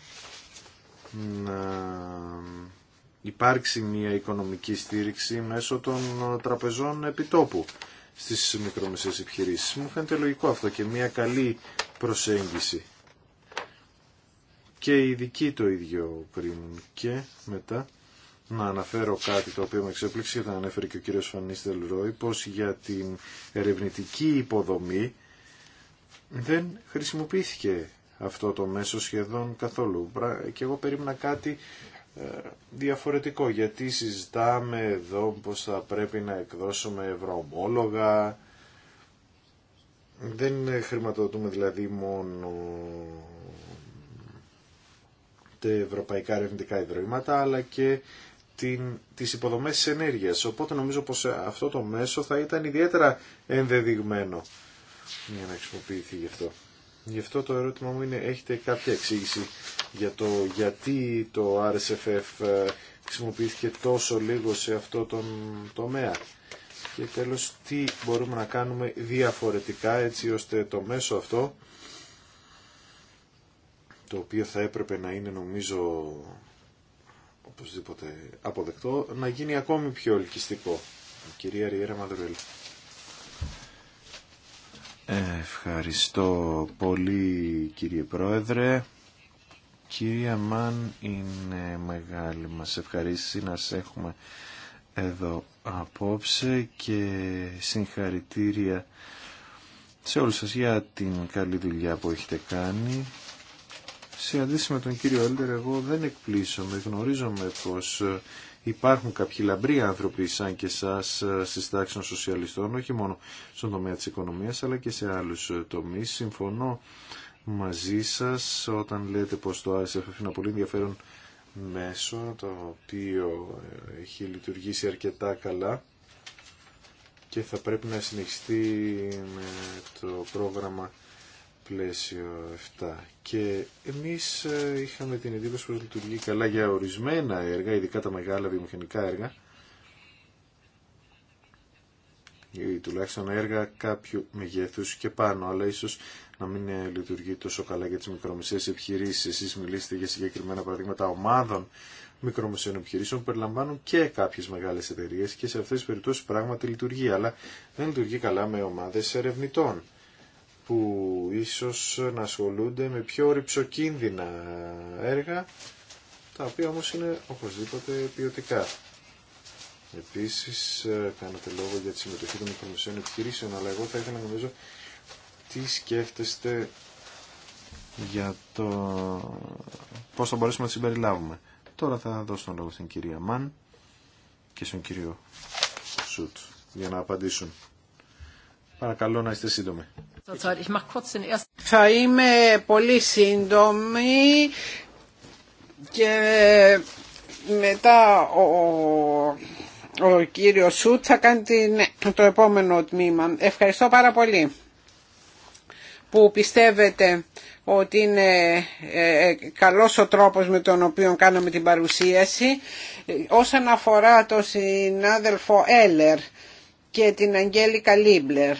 να υπάρξει μια οικονομική στήριξη μέσω των τραπεζών επιτόπου στις μικρομεσαίες επιχειρήσεις. Μου φαίνεται λογικό αυτό και μια καλή προσέγγιση. Και οι ειδικοί το ίδιο πριν Και μετά να αναφέρω κάτι το οποίο με εξέπληξε και θα ανέφερε και ο κύριος Φανίστελ Ρόι, πως για την ερευνητική υποδομή δεν χρησιμοποιήθηκε αυτό το μέσο σχεδόν καθόλου. Και εγώ περίμενα κάτι ε, διαφορετικό γιατί συζητάμε εδώ πως θα πρέπει να εκδώσουμε ευρωομόλογα δεν χρηματοδοτούμε δηλαδή μόνο τα ευρωπαϊκά ερευνητικά ιδρύματα αλλά και την, τις υποδομές της ενέργειας οπότε νομίζω πως αυτό το μέσο θα ήταν ιδιαίτερα ενδεδειγμένο για να χρησιμοποιηθεί γι' αυτό. Γι' αυτό το ερώτημα μου είναι, έχετε κάποια εξήγηση για το γιατί το RSFF ε, χρησιμοποιήθηκε τόσο λίγο σε αυτό το τομέα. Και τέλος, τι μπορούμε να κάνουμε διαφορετικά έτσι ώστε το μέσο αυτό, το οποίο θα έπρεπε να είναι νομίζω οπωσδήποτε αποδεκτό, να γίνει ακόμη πιο ελκυστικό. κυρία Ριέρα Μαδρουέλη. Ευχαριστώ πολύ κύριε Πρόεδρε. Κυρία Μαν, είναι μεγάλη μας ευχαρίστηση να σε έχουμε εδώ απόψε και συγχαρητήρια σε όλους σας για την καλή δουλειά που έχετε κάνει. Σε με τον κύριο Έλτερ, εγώ δεν εκπλήσω, γνωρίζομαι πως υπάρχουν κάποιοι λαμπροί άνθρωποι σαν και σας ε, στις τάξεις των σοσιαλιστών, όχι μόνο στον τομέα της οικονομίας αλλά και σε άλλους ε, τομείς. Συμφωνώ μαζί σας όταν λέτε πως το RSF είναι ένα πολύ ενδιαφέρον μέσο το οποίο ε, έχει λειτουργήσει αρκετά καλά και θα πρέπει να συνεχιστεί με το πρόγραμμα πλαίσιο 7 και εμείς ε, είχαμε την εντύπωση πως λειτουργεί καλά για ορισμένα έργα, ειδικά τα μεγάλα βιομηχανικά έργα ή τουλάχιστον έργα κάποιου μεγέθους και πάνω, αλλά ίσως να μην ε, λειτουργεί τόσο καλά για τις μικρομεσαίες επιχειρήσεις. Εσείς μιλήσετε για συγκεκριμένα παραδείγματα ομάδων μικρομεσαίων επιχειρήσεων που περιλαμβάνουν και κάποιε μεγάλε εταιρείε και σε αυτέ τι περιπτώσει πράγματι λειτουργεί, αλλά δεν λειτουργεί καλά με ομάδε ερευνητών που ίσως να ασχολούνται με πιο ρηψοκίνδυνα έργα, τα οποία όμως είναι οπωσδήποτε ποιοτικά. Επίσης, ε, κάνατε λόγο για τη συμμετοχή των μικρομεσαίων επιχειρήσεων, αλλά εγώ θα ήθελα να γνωρίζω τι σκέφτεστε για το πώς θα μπορέσουμε να τις συμπεριλάβουμε. Τώρα θα δώσω τον λόγο στην κυρία Μαν και στον κύριο Σουτ για να απαντήσουν. Παρακαλώ να είστε σύντομοι. Θα είμαι πολύ σύντομη και μετά ο, ο κύριος Σούτ θα κάνει την, το επόμενο τμήμα. Ευχαριστώ πάρα πολύ που πιστεύετε ότι είναι ε, καλός ο τρόπος με τον οποίο κάναμε την παρουσίαση. Όσον αφορά τον συνάδελφο Έλερ, και την Αγγέλικα Λίμπλερ.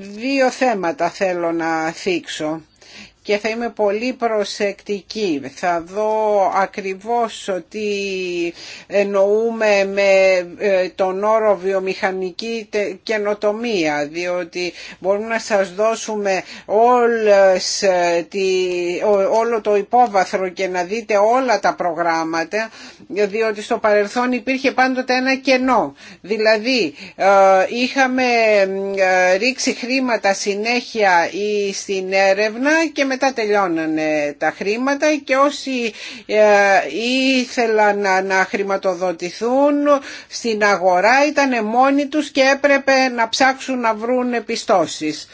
Δύο θέματα θέλω να θίξω και θα είμαι πολύ προσεκτική. Θα δω ακριβώς τι εννοούμε με ε, τον όρο βιομηχανική καινοτομία, διότι μπορούμε να σας δώσουμε όλες, ε, όλο το υπόβαθρο και να δείτε όλα τα προγράμματα, διότι στο παρελθόν υπήρχε πάντοτε ένα κενό. Δηλαδή, ε, είχαμε ρίξει χρήματα συνέχεια ή στην έρευνα και μετά τελειώνανε τα χρήματα και όσοι ε, ήθελαν να χρηματοδοτηθούν στην αγορά ήταν μόνοι τους και έπρεπε να ψάξουν να βρουν επιστώσεις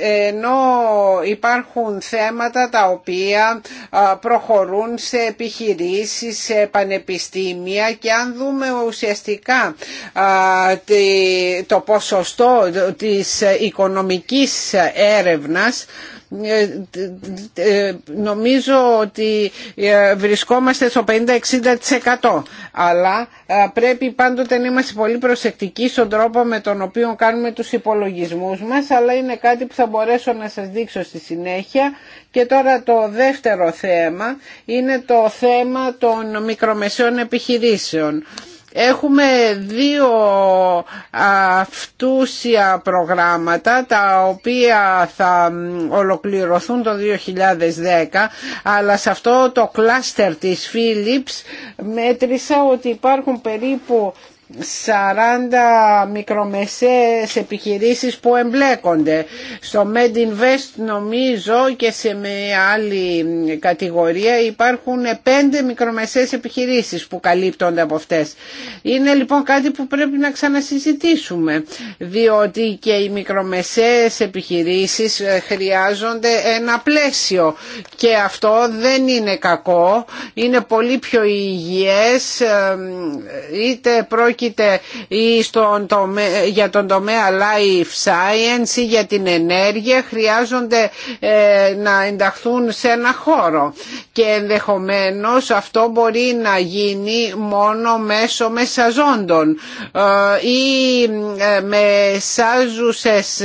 ενώ υπάρχουν θέματα τα οποία προχωρούν σε επιχειρήσεις, σε πανεπιστήμια και αν δούμε ουσιαστικά το ποσοστό της οικονομικής έρευνας ε, ε, ε, νομίζω ότι βρισκόμαστε στο 50-60% αλλά πρέπει πάντοτε να είμαστε πολύ προσεκτικοί στον τρόπο με τον οποίο κάνουμε τους υπολογισμούς μας αλλά είναι κάτι που θα μπορέσω να σας δείξω στη συνέχεια και τώρα το δεύτερο θέμα είναι το θέμα των μικρομεσαίων επιχειρήσεων. Έχουμε δύο αυτούσια προγράμματα τα οποία θα ολοκληρωθούν το 2010 αλλά σε αυτό το κλάστερ της Philips μέτρησα ότι υπάρχουν περίπου 40 μικρομεσαίες επιχειρήσεις που εμπλέκονται. Στο Medinvest νομίζω και σε με άλλη κατηγορία υπάρχουν 5 μικρομεσαίες επιχειρήσεις που καλύπτονται από αυτές. Είναι λοιπόν κάτι που πρέπει να ξανασυζητήσουμε διότι και οι μικρομεσαίες επιχειρήσεις χρειάζονται ένα πλαίσιο και αυτό δεν είναι κακό, είναι πολύ πιο υγιές είτε πρόκειται πρόκειται ή για τον τομέα life science ή για την ενέργεια χρειάζονται ε, να ενταχθούν σε ένα χώρο και ενδεχομένως αυτό μπορεί να γίνει μόνο μέσω μεσαζόντων ε, ή ε, με σάζουσες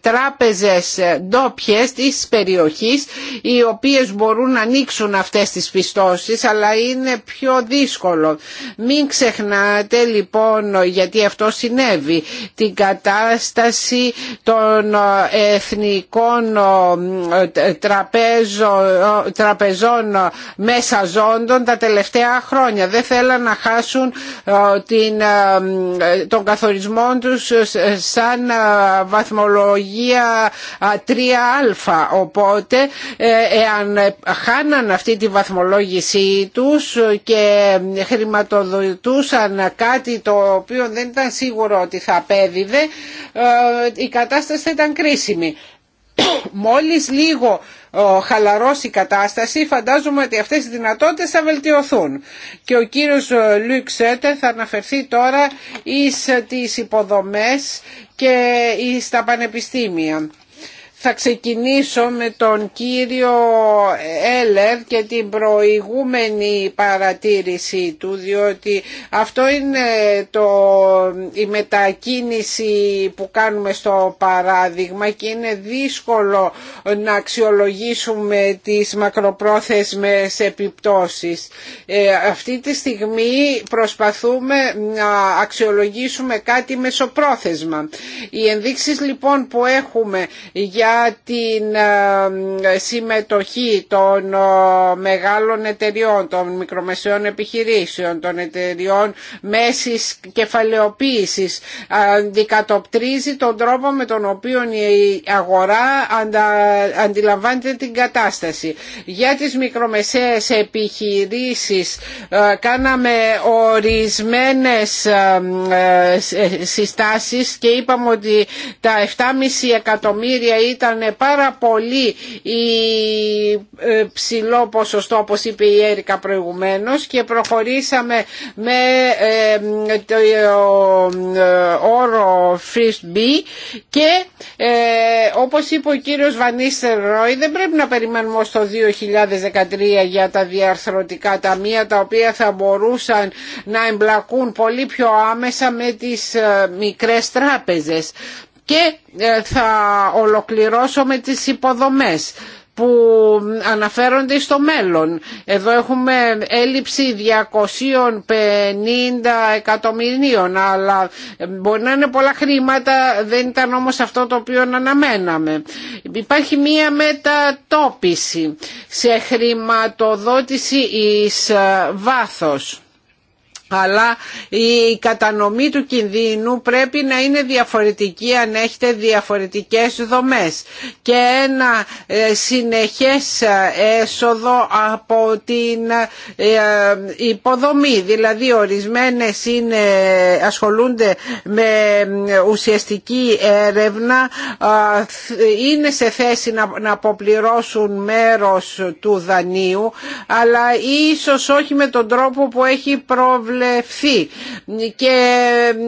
τράπεζες ντόπιε της περιοχής οι οποίες μπορούν να ανοίξουν αυτές τις πιστώσεις αλλά είναι πιο δύσκολο. Μην ξεχνάτε λοιπόν Λοιπόν, γιατί αυτό συνέβη την κατάσταση των ε, εθνικών ε, τραπέζων, ε, τραπεζών μέσα ζώντων τα τελευταία χρόνια. Δεν θέλαν να χάσουν την, τον καθορισμό τους σαν βαθμολογία 3α. Οπότε εάν χάναν αυτή τη βαθμολόγησή τους και χρηματοδοτούσαν κάτι το οποίο δεν ήταν σίγουρο ότι θα απέδιδε, ε, η κατάσταση θα ήταν κρίσιμη. Μόλις λίγο ε, χαλαρώσει η κατάσταση, φαντάζομαι ότι αυτές οι δυνατότητες θα βελτιωθούν. Και ο κύριος ε, Λουίκ Σέτερ θα αναφερθεί τώρα εις τις υποδομές και στα πανεπιστήμια. Θα ξεκινήσω με τον κύριο Έλερ και την προηγούμενη παρατήρηση του διότι αυτό είναι το, η μετακίνηση που κάνουμε στο παράδειγμα και είναι δύσκολο να αξιολογήσουμε τις μακροπρόθεσμες επιπτώσεις. Ε, αυτή τη στιγμή προσπαθούμε να αξιολογήσουμε κάτι μεσοπρόθεσμα. Οι ενδείξεις λοιπόν που έχουμε για την ε, συμμετοχή των ε, μεγάλων εταιριών, των μικρομεσαίων επιχειρήσεων, των εταιριών μέσης κεφαλαιοποίησης αντικατοπτρίζει τον τρόπο με τον οποίο η αγορά αντιλαμβάνεται την κατάσταση. Για τις μικρομεσαίες επιχειρήσεις ε, κάναμε ορισμένες συστάσεις και είπαμε ότι τα 7,5 εκατομμύρια ή ήταν πάρα πολύ η ε, ψηλό ποσοστό όπως είπε η Έρικα προηγουμένως και προχωρήσαμε με ε, το ε, όρο frisbee και όπως είπε ο κύριος Βανίστερ Ρόι δεν πρέπει να περιμένουμε στο 2013 για τα διαρθρωτικά ταμεία τα οποία θα μπορούσαν να εμπλακούν πολύ πιο άμεσα με τις μικρές τράπεζες και ε, θα ολοκληρώσω με τις υποδομές που αναφέρονται στο μέλλον. Εδώ έχουμε έλλειψη 250 εκατομμυρίων, αλλά μπορεί να είναι πολλά χρήματα, δεν ήταν όμως αυτό το οποίο αναμέναμε. Υπάρχει μία μετατόπιση σε χρηματοδότηση εις ε, βάθος αλλά η κατανομή του κινδύνου πρέπει να είναι διαφορετική αν έχετε διαφορετικές δομές και ένα ε, συνεχές ε, έσοδο από την ε, υποδομή δηλαδή ορισμένες ασχολούνται με ουσιαστική έρευνα είναι σε θέση να αποπληρώσουν μέρος του δανείου αλλά ίσως όχι με τον τρόπο που έχει προβλέψει και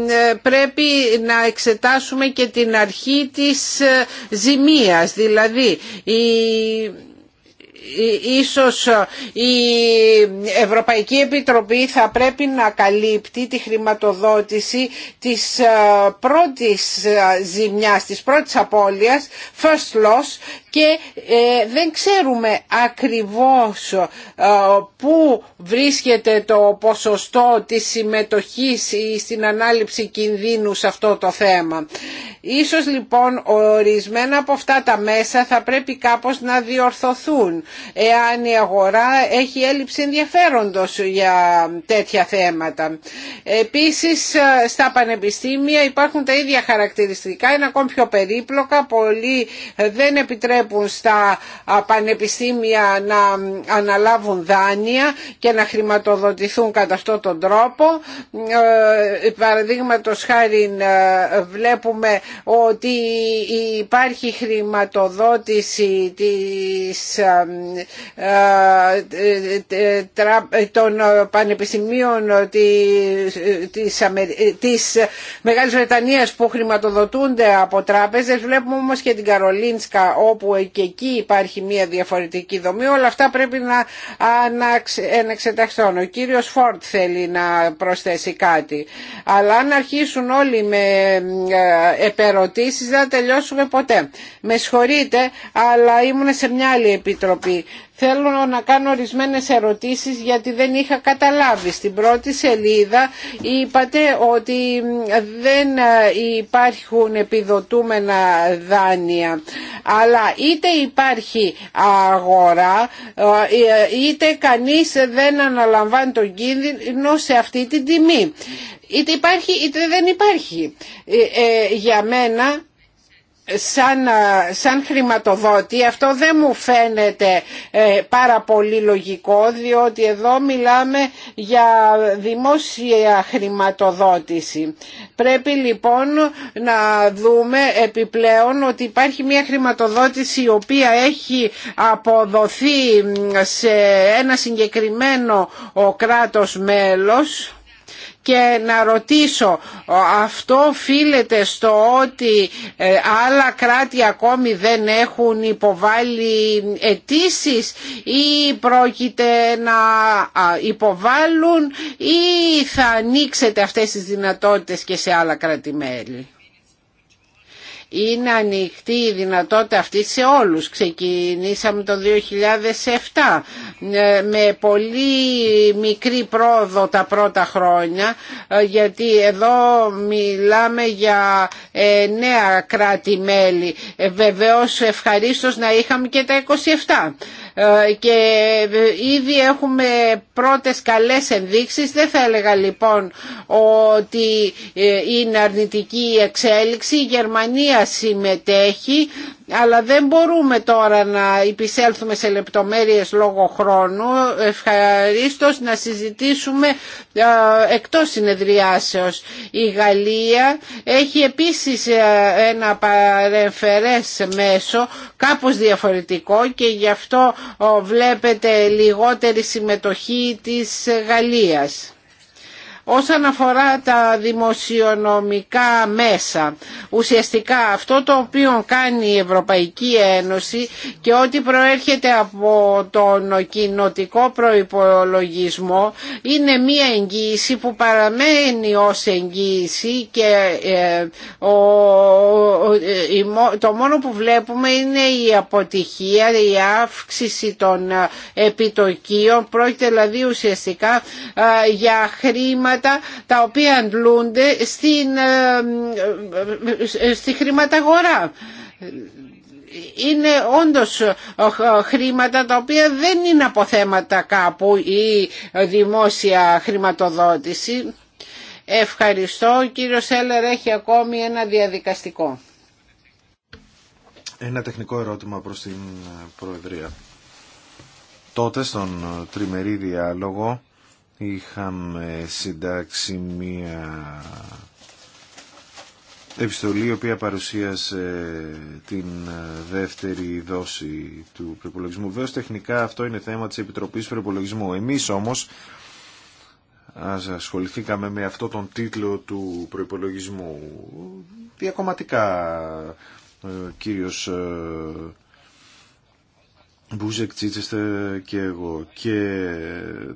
ε, πρέπει να εξετάσουμε και την αρχή της ε, ζημίας, δηλαδή η ίσως ε, η Ευρωπαϊκή Επιτροπή θα πρέπει να καλύπτει τη χρηματοδότηση της πρώτης ζημιάς, της πρώτης απώλειας, first loss και ε, δεν ξέρουμε ακριβώς ε, πού βρίσκεται το ποσοστό της συμμετοχής στην ανάληψη κινδύνου σε αυτό το θέμα. Ίσως λοιπόν ορισμένα από αυτά τα μέσα θα πρέπει κάπως να διορθωθούν εάν η αγορά έχει έλλειψη ενδιαφέροντος για τέτοια θέματα. Επίσης ε, στα πανεπιστήμια υπάρχουν τα ίδια χαρακτηριστικά, είναι ακόμη πιο περίπλοκα, πολλοί δεν επιτρέπουν που στα πανεπιστήμια να αναλάβουν δάνεια και να χρηματοδοτηθούν κατά αυτόν τον τρόπο. Ε, παραδείγματος χάρη ε, βλέπουμε ότι υπάρχει χρηματοδότηση της, ε, των πανεπιστημίων της, της Μεγάλης Βρετανίας που χρηματοδοτούνται από τράπεζες. Βλέπουμε όμως και την Καρολίνσκα όπου και εκεί υπάρχει μια διαφορετική δομή. Όλα αυτά πρέπει ε, να εξεταχθούν Ο κύριος Φόρτ θέλει να προσθέσει κάτι. Αλλά αν αρχίσουν όλοι με ε, επερωτήσεις δεν θα τελειώσουμε ποτέ. Με συγχωρείτε, αλλά ήμουν σε μια άλλη επιτροπή. Θέλω να κάνω ορισμένες ερωτήσεις γιατί δεν είχα καταλάβει. Στην πρώτη σελίδα είπατε ότι δεν υπάρχουν επιδοτούμενα δάνεια. Αλλά είτε υπάρχει αγορά, είτε κανείς δεν αναλαμβάνει τον κίνδυνο σε αυτή την τιμή. Είτε υπάρχει είτε δεν υπάρχει. Ε, ε, για μένα σαν, σαν χρηματοδότη αυτό δεν μου φαίνεται ε, πάρα πολύ λογικό διότι εδώ μιλάμε για δημόσια χρηματοδότηση. Πρέπει λοιπόν να δούμε επιπλέον ότι υπάρχει μια χρηματοδότηση η οποία έχει αποδοθεί σε ένα συγκεκριμένο ο κράτος μέλος και να ρωτήσω αυτό οφείλεται στο ότι ε, άλλα κράτη ακόμη δεν έχουν υποβάλει αιτήσει ή πρόκειται να υποβάλουν ή θα ανοίξετε αυτές τις δυνατότητες και σε άλλα κράτη-μέλη είναι ανοιχτή η δυνατότητα αυτή σε όλους. Ξεκινήσαμε το 2007 ε, με πολύ μικρή πρόοδο τα πρώτα χρόνια ε, γιατί εδώ μιλάμε για ε, νέα κράτη-μέλη. Βεβαίως ευχαρίστως να είχαμε και τα 27. Ε, και ήδη έχουμε πρώτες καλές ενδείξεις. Δεν θα έλεγα λοιπόν ότι ε, είναι αρνητική η εξέλιξη. Η Γερμανία συμμετέχει αλλά δεν μπορούμε τώρα να υπησέλθουμε σε λεπτομέρειες λόγω χρόνου. Ευχαρίστως να συζητήσουμε εκτός συνεδριάσεως. Η Γαλλία έχει επίσης ένα παρεμφερές μέσο, κάπως διαφορετικό και γι' αυτό βλέπετε λιγότερη συμμετοχή της Γαλλίας. Όσον αφορά τα δημοσιονομικά μέσα, ουσιαστικά αυτό το οποίο κάνει η Ευρωπαϊκή Ένωση και ό,τι προέρχεται από τον κοινοτικό προϋπολογισμό είναι μία εγγύηση που παραμένει ως εγγύηση και ε, το μόνο που βλέπουμε είναι η αποτυχία, η αύξηση των επιτοκίων, πρόκειται δηλαδή ουσιαστικά ε, για χρήμα χρήματα τα οποία αντλούνται στην, ε, ε, ε, στη χρηματαγορά είναι όντως χρήματα τα οποία δεν είναι αποθέματα κάπου ή δημόσια χρηματοδότηση. Ευχαριστώ. Ο κύριος Έλερ έχει ακόμη ένα διαδικαστικό. Ένα τεχνικό ερώτημα προς την Προεδρία. Τότε στον τριμερή διάλογο είχαμε συντάξει μία επιστολή η οποία παρουσίασε την δεύτερη δόση του προπολογισμού. Βέβαια τεχνικά αυτό είναι θέμα της Επιτροπής Προπολογισμού. Εμείς όμως ας ασχοληθήκαμε με αυτό τον τίτλο του προπολογισμού διακομματικά ο κύριος ε, Μπούζεκ τσίτσεστε και εγώ. Και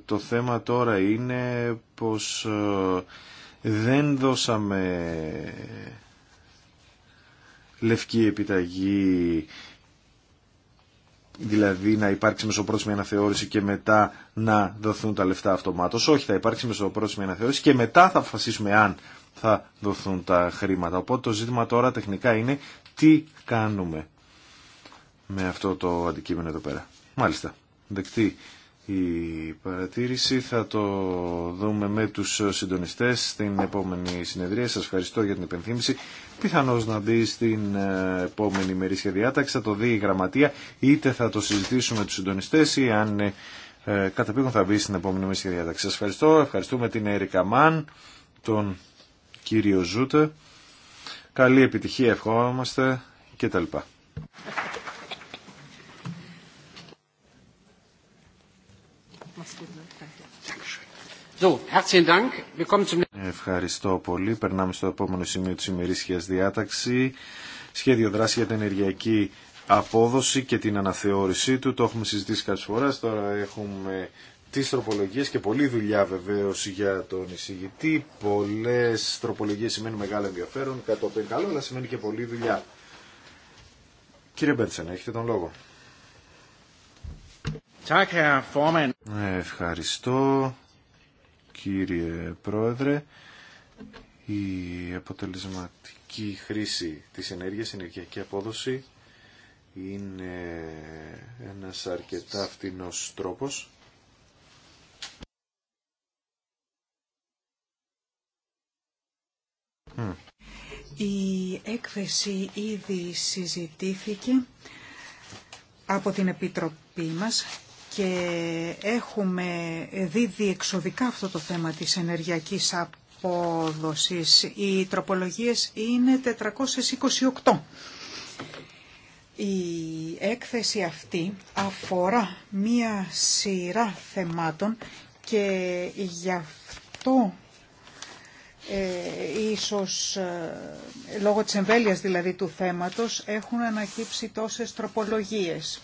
το θέμα τώρα είναι πως ε, δεν δώσαμε λευκή επιταγή δηλαδή να υπάρξει μεσοπρόθεσμη αναθεώρηση και μετά να δοθούν τα λεφτά αυτομάτως. Όχι, θα υπάρξει μεσοπρόθεσμη αναθεώρηση και μετά θα αποφασίσουμε αν θα δοθούν τα χρήματα. Οπότε το ζήτημα τώρα τεχνικά είναι τι κάνουμε με αυτό το αντικείμενο εδώ πέρα. Μάλιστα, δεκτή η παρατήρηση. Θα το δούμε με τους συντονιστές στην επόμενη συνεδρία. Σας ευχαριστώ για την υπενθύμηση. Πιθανώς να μπει στην ε, επόμενη ημερήσια διάταξη. Θα το δει η γραμματεία. Είτε θα το συζητήσουμε με τους συντονιστές ή αν ε, ε θα μπει στην επόμενη ημερήσια διάταξη. Σας ευχαριστώ. Ευχαριστούμε την Ερικα Μαν, τον κύριο Ζούτε. Καλή επιτυχία ευχόμαστε κτλ. Ευχαριστώ πολύ. Περνάμε στο επόμενο σημείο της ημερήσιας διάταξη. Σχέδιο δράση για την ενεργειακή απόδοση και την αναθεώρησή του. Το έχουμε συζητήσει κάποιε φορέ. Τώρα έχουμε τις τροπολογίες και πολλή δουλειά βεβαίω για τον εισηγητή. Πολλές τροπολογίες σημαίνει μεγάλο ενδιαφέρον, κατοπιν καλό, αλλά σημαίνει και πολλή δουλειά. Κύριε Μπέντσεν, έχετε τον λόγο. Ευχαριστώ κύριε Πρόεδρε. Η αποτελεσματική χρήση της ενέργειας, η ενεργειακή απόδοση, είναι ένας αρκετά φτηνός τρόπος Η έκθεση ήδη συζητήθηκε από την Επιτροπή μας και έχουμε δει διεξοδικά αυτό το θέμα της ενεργειακής απόδοσης. Οι τροπολογίες είναι 428. Η έκθεση αυτή αφορά μία σειρά θεμάτων και γι' αυτό ε, ίσως ε, λόγω της εμβέλειας δηλαδή του θέματος έχουν ανακύψει τόσες τροπολογίες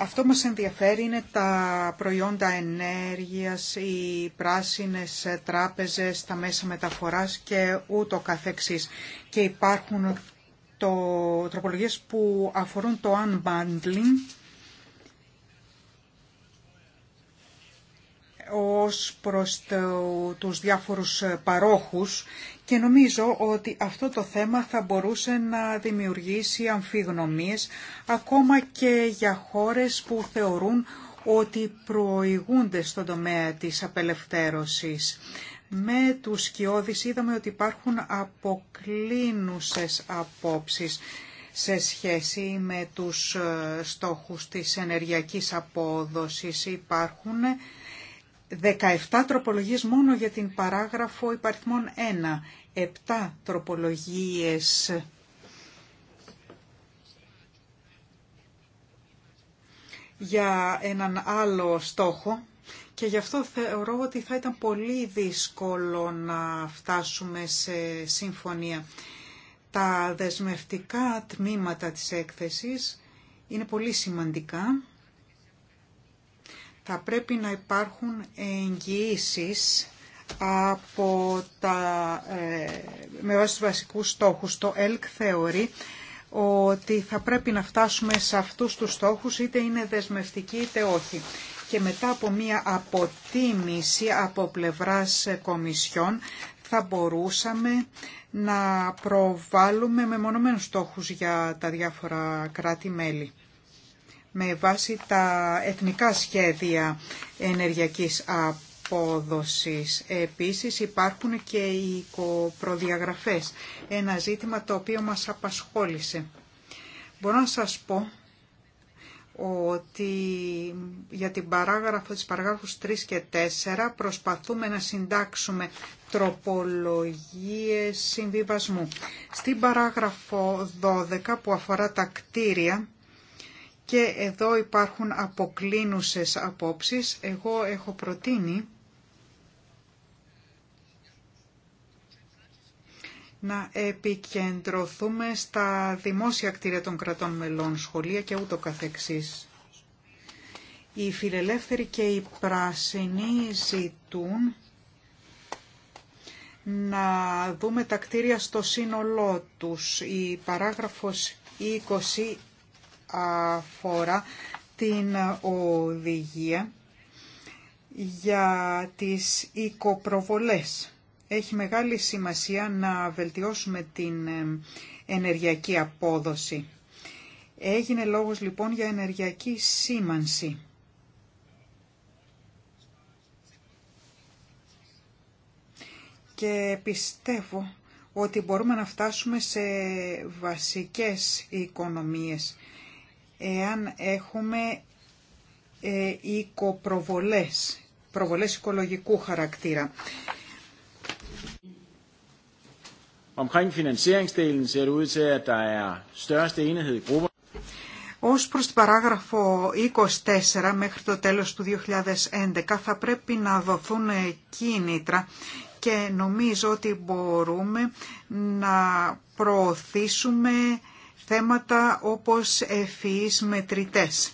αυτό μας ενδιαφέρει είναι τα προϊόντα ενέργειας, οι πράσινες τράπεζες, τα μέσα μεταφοράς και ούτω καθεξής. Και υπάρχουν το, τροπολογίες που αφορούν το unbundling ως προς τους διάφορους παρόχους και νομίζω ότι αυτό το θέμα θα μπορούσε να δημιουργήσει αμφιγνωμίες ακόμα και για χώρες που θεωρούν ότι προηγούνται στον τομέα της απελευθέρωσης. Με τους σκιώδεις είδαμε ότι υπάρχουν αποκλίνουσες απόψεις σε σχέση με τους ε, στόχους της ενεργειακής απόδοσης. Υπάρχουν 17 τροπολογίες μόνο για την παράγραφο υπαριθμών 1, 7 τροπολογίες για έναν άλλο στόχο και γι' αυτό θεωρώ ότι θα ήταν πολύ δύσκολο να φτάσουμε σε συμφωνία. Τα δεσμευτικά τμήματα της έκθεσης είναι πολύ σημαντικά θα πρέπει να υπάρχουν εγγυήσει από τα, ε, με βάση τους βασικούς στόχους. Το ΕΛΚ θεωρεί ότι θα πρέπει να φτάσουμε σε αυτούς τους στόχους είτε είναι δεσμευτικοί είτε όχι. Και μετά από μία αποτίμηση από πλευράς κομισιών θα μπορούσαμε να προβάλλουμε μεμονωμένους στόχους για τα διάφορα κράτη-μέλη με βάση τα εθνικά σχέδια ενεργειακής απόδοσης. Επίσης υπάρχουν και οι προδιαγραφές. ένα ζήτημα το οποίο μας απασχόλησε. Μπορώ να σας πω ότι για την παράγραφο της παράγραφους 3 και 4 προσπαθούμε να συντάξουμε τροπολογίες συμβιβασμού. Στην παράγραφο 12 που αφορά τα κτίρια και εδώ υπάρχουν αποκλίνουσες απόψεις. Εγώ έχω προτείνει να επικεντρωθούμε στα δημόσια κτίρια των κρατών μελών, σχολεία και ούτω καθεξής. Οι φιλελεύθεροι και οι πράσινοι ζητούν να δούμε τα κτίρια στο σύνολό τους. Η παράγραφος αφορά την οδηγία για τις οικοπροβολές. Έχει μεγάλη σημασία να βελτιώσουμε την ε, ενεργειακή απόδοση. Έγινε λόγος λοιπόν για ενεργειακή σήμανση. Και πιστεύω ότι μπορούμε να φτάσουμε σε βασικές οικονομίες εάν έχουμε ε, οικοπροβολές, προβολές οικολογικού χαρακτήρα. Omkring finansieringsdelen ser det ud til, at der er største enighed i Ως προς την παράγραφο 24 μέχρι το τέλος του 2011 θα πρέπει να δοθούν ε, κίνητρα και νομίζω ότι μπορούμε να προωθήσουμε θέματα όπως ευφυείς μετρητές.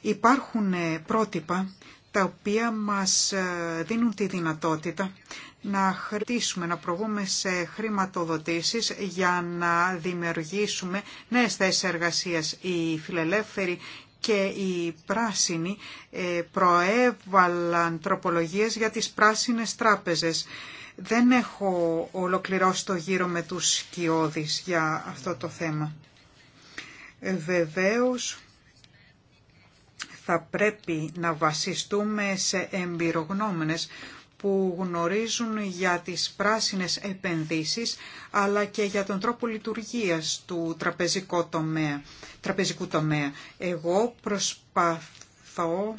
Υπάρχουν ε, πρότυπα τα οποία μας ε, δίνουν τη δυνατότητα να χρησιμοποιήσουμε, να προβούμε σε χρηματοδοτήσεις για να δημιουργήσουμε νέες θέσεις εργασίας. Οι φιλελεύθεροι και οι πράσινοι ε, προέβαλαν τροπολογίες για τις πράσινες τράπεζες δεν έχω ολοκληρώσει το γύρο με τους σκιώδεις για αυτό το θέμα. Ε, βεβαίως θα πρέπει να βασιστούμε σε εμπειρογνώμενες που γνωρίζουν για τις πράσινες επενδύσεις αλλά και για τον τρόπο λειτουργίας του τραπεζικού τομέα. Εγώ προσπαθώ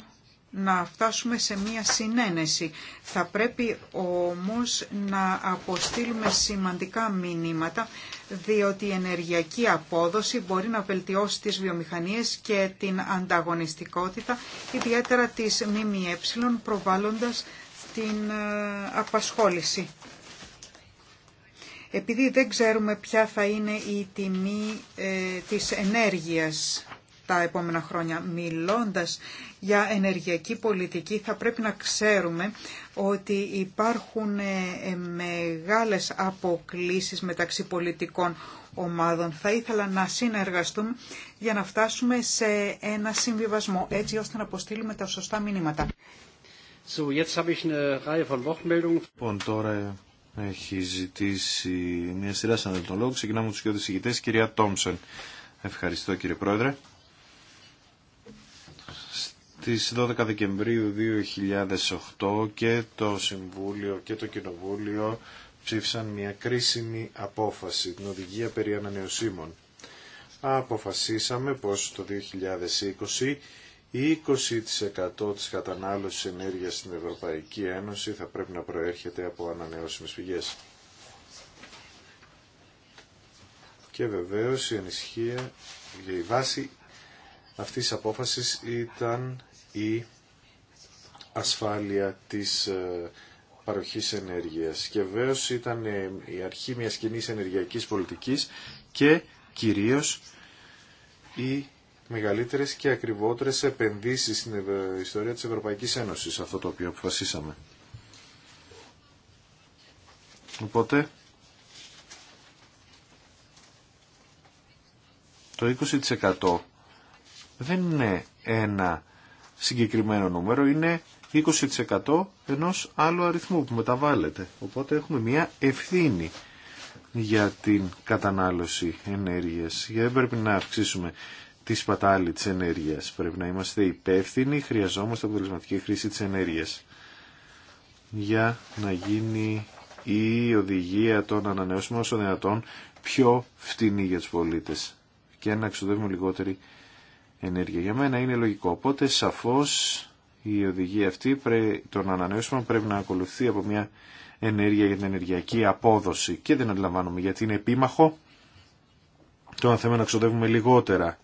να φτάσουμε σε μία συνένεση. Θα πρέπει όμως να αποστείλουμε σημαντικά μηνύματα, διότι η ενεργειακή απόδοση μπορεί να βελτιώσει τις βιομηχανίες και την ανταγωνιστικότητα, ιδιαίτερα της ΜΜΕ, προβάλλοντας την ε, απασχόληση. Επειδή δεν ξέρουμε ποια θα είναι η τιμή ε, της ενέργειας τα επόμενα χρόνια. Μιλώντας για ενεργειακή πολιτική θα πρέπει να ξέρουμε ότι υπάρχουν ε, ε, μεγάλες αποκλίσεις μεταξύ πολιτικών ομάδων. Θα ήθελα να συνεργαστούμε για να φτάσουμε σε ένα συμβιβασμό έτσι ώστε να αποστείλουμε τα σωστά μηνύματα. So, jetzt habe ich eine Reihe von λοιπόν, τώρα έχει ζητήσει μια σειρά σαν Ξεκινάμε με του δύο ηγητές. Κυρία Τόμσον. Ευχαριστώ κύριε Πρόεδρε. Στις 12 Δεκεμβρίου 2008 και το Συμβούλιο και το Κοινοβούλιο ψήφισαν μια κρίσιμη απόφαση, την οδηγία περί ανανεωσίμων. Αποφασίσαμε πως το 2020 20% της κατανάλωσης ενέργειας στην Ευρωπαϊκή Ένωση θα πρέπει να προέρχεται από ανανεώσιμες πηγές. Και βεβαίως η ανησυχία για η βάση αυτής της απόφασης ήταν η ασφάλεια της ε, παροχής ενέργειας. Και βέβαια ήταν ε, η αρχή μιας κοινή ενεργειακής πολιτικής και κυρίως οι μεγαλύτερες και ακριβότερες επενδύσεις στην ε, ιστορία της Ευρωπαϊκής Ένωσης, αυτό το οποίο αποφασίσαμε. Οπότε, το 20% δεν είναι ένα συγκεκριμένο νούμερο, είναι 20% ενός άλλου αριθμού που μεταβάλλεται. Οπότε έχουμε μια ευθύνη για την κατανάλωση ενέργειας. Για δεν πρέπει να αυξήσουμε τη σπατάλη της ενέργειας. Πρέπει να είμαστε υπεύθυνοι, χρειαζόμαστε αποτελεσματική χρήση της ενέργειας για να γίνει η οδηγία των ανανεώσιμων όσο δυνατόν πιο φτηνή για τους πολίτες και να εξοδεύουμε λιγότερη ενέργεια. Για μένα είναι λογικό. Οπότε σαφώς η οδηγία αυτή των ανανεώσιμων πρέπει να ακολουθεί από μια ενέργεια για την ενεργειακή απόδοση και δεν αντιλαμβάνομαι γιατί είναι επίμαχο το αν θέλουμε να ξοδεύουμε λιγότερα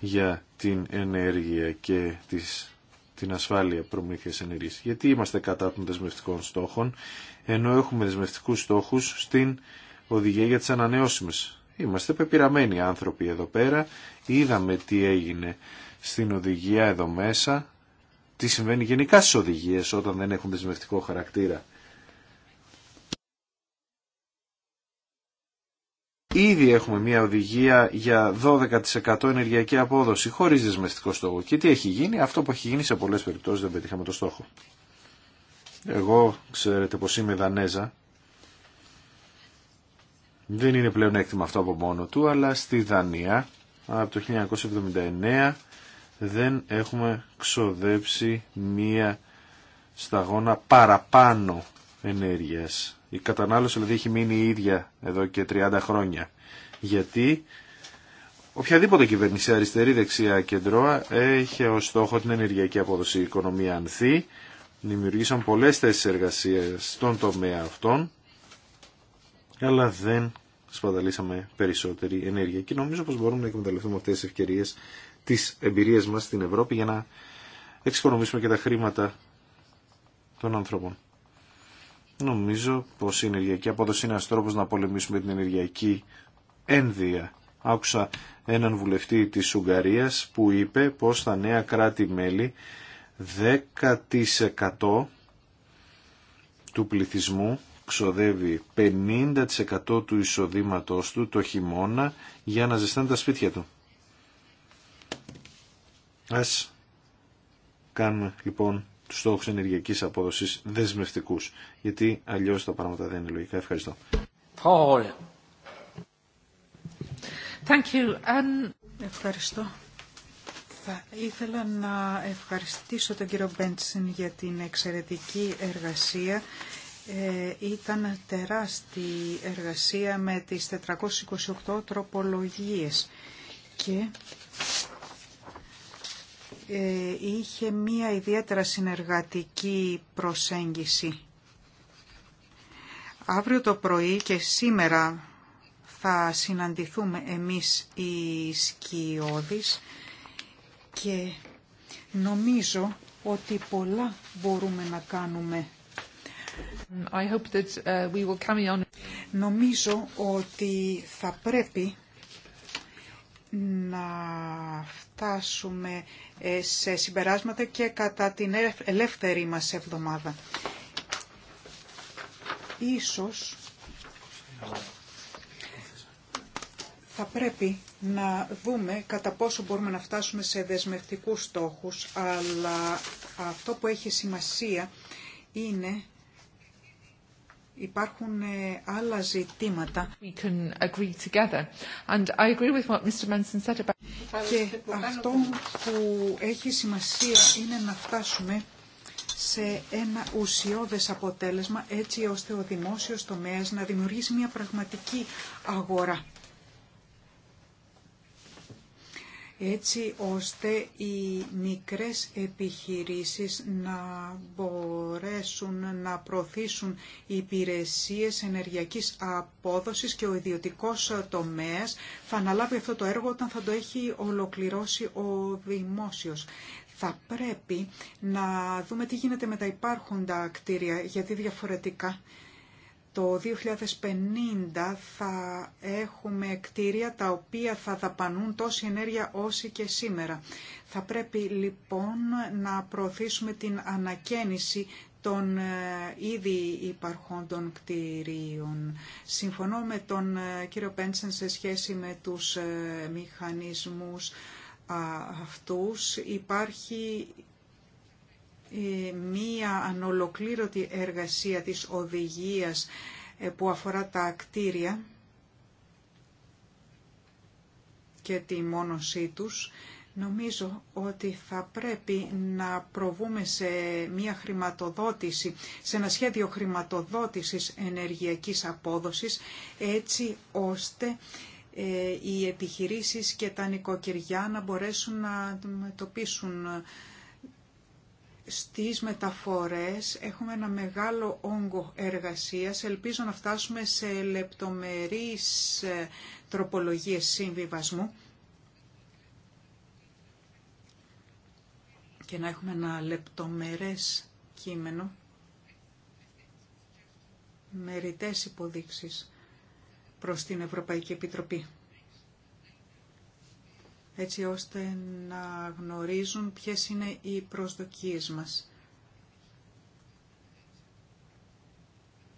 για την ενέργεια και τις, την ασφάλεια προμήθειας ενέργειας. Γιατί είμαστε κατά των δεσμευτικών στόχων ενώ έχουμε δεσμευτικούς στόχους στην οδηγία για τις ανανεώσιμες Είμαστε πεπειραμένοι άνθρωποι εδώ πέρα, είδαμε τι έγινε στην οδηγία εδώ μέσα, τι συμβαίνει γενικά στις οδηγίες όταν δεν έχουν δεσμευτικό χαρακτήρα. Ήδη έχουμε μια οδηγία για 12% ενεργειακή απόδοση χωρίς δεσμευτικό στόχο. Και τι έχει γίνει, αυτό που έχει γίνει σε πολλές περιπτώσεις δεν πετύχαμε το στόχο. Εγώ ξέρετε πως είμαι Δανέζα δεν είναι πλέον έκτημα αυτό από μόνο του, αλλά στη Δανία από το 1979 δεν έχουμε ξοδέψει μία σταγόνα παραπάνω ενέργειας. Η κατανάλωση δηλαδή έχει μείνει η ίδια εδώ και 30 χρόνια. Γιατί οποιαδήποτε κυβέρνηση αριστερή, δεξιά, κεντρώα έχει ως στόχο την ενεργειακή απόδοση. Η οικονομία ανθεί. Δημιουργήσαν πολλές θέσεις εργασίας στον τομέα αυτών αλλά δεν σπαταλήσαμε περισσότερη ενέργεια. Και νομίζω πως μπορούμε να εκμεταλλευτούμε αυτές τις ευκαιρίες της εμπειρίας μας στην Ευρώπη για να εξοικονομήσουμε και τα χρήματα των ανθρώπων. Νομίζω πως η ενεργειακή απόδοση είναι ένας τρόπος να πολεμήσουμε την ενεργειακή ένδυα. Άκουσα έναν βουλευτή της Ουγγαρίας που είπε πως τα νέα κράτη-μέλη 10% του πληθυσμού ξοδεύει 50% του εισοδήματός του το χειμώνα για να ζεστάνε τα σπίτια του. Ας κάνουμε λοιπόν τους στόχους ενεργειακής απόδοσης δεσμευτικούς, γιατί αλλιώς τα πράγματα δεν είναι λογικά. Ευχαριστώ. Thank you. Ευχαριστώ. Θα ήθελα να ευχαριστήσω τον κύριο Μπέντσιν για την εξαιρετική εργασία ε, ήταν τεράστια εργασία με τις 428 τροπολογίες και ε, είχε μία ιδιαίτερα συνεργατική προσέγγιση. Αύριο το πρωί και σήμερα θα συναντηθούμε εμείς οι σκιώδεις και νομίζω ότι πολλά μπορούμε να κάνουμε Uh, Νομίζω ότι θα πρέπει να φτάσουμε ε, σε συμπεράσματα και κατά την ελεύθερη μας εβδομάδα. Ίσως θα πρέπει να δούμε κατά πόσο μπορούμε να φτάσουμε σε δεσμευτικούς στόχους, αλλά αυτό που έχει σημασία είναι Υπάρχουν ε, άλλα ζητήματα. Και αυτό που έχει σημασία είναι να φτάσουμε σε ένα ουσιώδες αποτέλεσμα έτσι ώστε ο δημόσιος τομέας να δημιουργήσει μια πραγματική αγορά έτσι ώστε οι μικρές επιχειρήσεις να μπορέσουν να προωθήσουν υπηρεσίες ενεργειακής απόδοσης και ο ιδιωτικός τομέας θα αναλάβει αυτό το έργο όταν θα το έχει ολοκληρώσει ο δημόσιος. Θα πρέπει να δούμε τι γίνεται με τα υπάρχοντα κτίρια, γιατί διαφορετικά το 2050 θα έχουμε κτίρια τα οποία θα δαπανούν τόση ενέργεια όση και σήμερα. Θα πρέπει λοιπόν να προωθήσουμε την ανακαίνιση των ε, ήδη των κτηρίων. Συμφωνώ με τον ε, κύριο Πέντσεν σε σχέση με τους ε, μηχανισμούς αυτούς. Υπάρχει μία ανολοκλήρωτη εργασία της οδηγίας ε, που αφορά τα κτίρια και τη μόνωσή τους, νομίζω ότι θα πρέπει να προβούμε σε μια χρηματοδότηση, σε ένα σχέδιο χρηματοδότησης ενεργειακής απόδοσης, έτσι ώστε ε, οι επιχειρήσεις και τα νοικοκυριά να μπορέσουν να αντιμετωπίσουν στις μεταφορές έχουμε ένα μεγάλο όγκο εργασίας. Ελπίζω να φτάσουμε σε λεπτομερείς ε, τροπολογίες συμβιβασμού και να έχουμε ένα λεπτομερές κείμενο με ρητές υποδείξεις προς την Ευρωπαϊκή Επιτροπή έτσι ώστε να γνωρίζουν ποιες είναι οι προσδοκίες μας.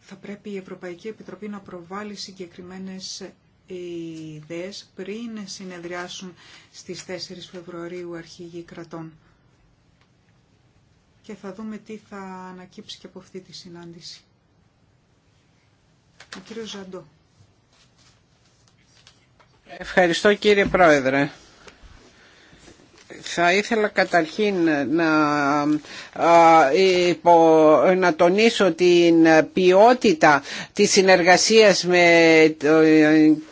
Θα πρέπει η Ευρωπαϊκή Επιτροπή να προβάλλει συγκεκριμένες ιδέες πριν συνεδριάσουν στις 4 Φεβρουαρίου αρχηγοί κρατών. Και θα δούμε τι θα ανακύψει και από αυτή τη συνάντηση. Ο κύριος Ζαντώ. Ευχαριστώ κύριε Πρόεδρε. Θα ήθελα καταρχήν να, να τονίσω την ποιότητα της συνεργασίας με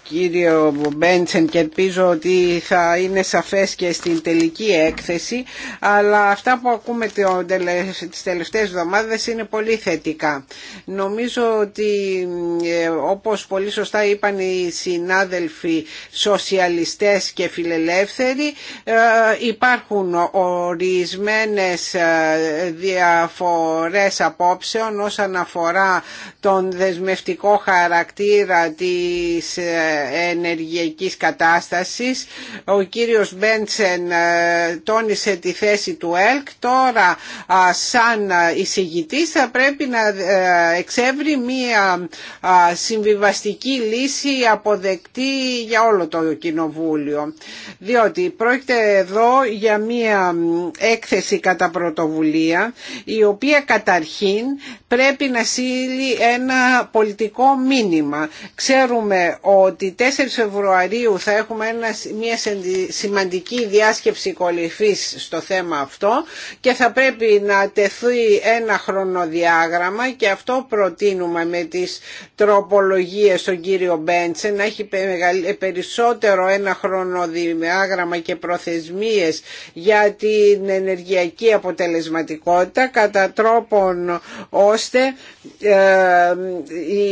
κύριο Μπέντσεν και ελπίζω ότι θα είναι σαφές και στην τελική έκθεση αλλά αυτά που ακούμε τις τελευταίες εβδομάδες είναι πολύ θετικά. Νομίζω ότι ε, όπως πολύ σωστά είπαν οι συνάδελφοι σοσιαλιστές και φιλελεύθεροι ε, υπάρχουν ορισμένες ε, διαφορές απόψεων όσον αφορά τον δεσμευτικό χαρακτήρα της ενεργειακής κατάστασης. Ο κύριος Μπέντσεν ε, τόνισε τη θέση του ΕΛΚ. Τώρα σαν εισηγητής θα πρέπει να ε, εξεύρει μία συμβιβαστική λύση αποδεκτή για όλο το Κοινοβούλιο. Διότι πρόκειται εδώ για μία έκθεση κατά πρωτοβουλία η οποία καταρχήν πρέπει να στείλει ένα πολιτικό μήνυμα. Ξέρουμε ότι τη 4 Φεβρουαρίου θα έχουμε μια σημαντική διάσκεψη κολυφής στο θέμα αυτό και θα πρέπει να τεθεί ένα χρονοδιάγραμμα και αυτό προτείνουμε με τις τροπολογίες στον κύριο Μπέντσε να έχει ε, περισσότερο ένα χρονοδιάγραμμα και προθεσμίες για την ενεργειακή αποτελεσματικότητα κατά τρόπον ώστε ε, η,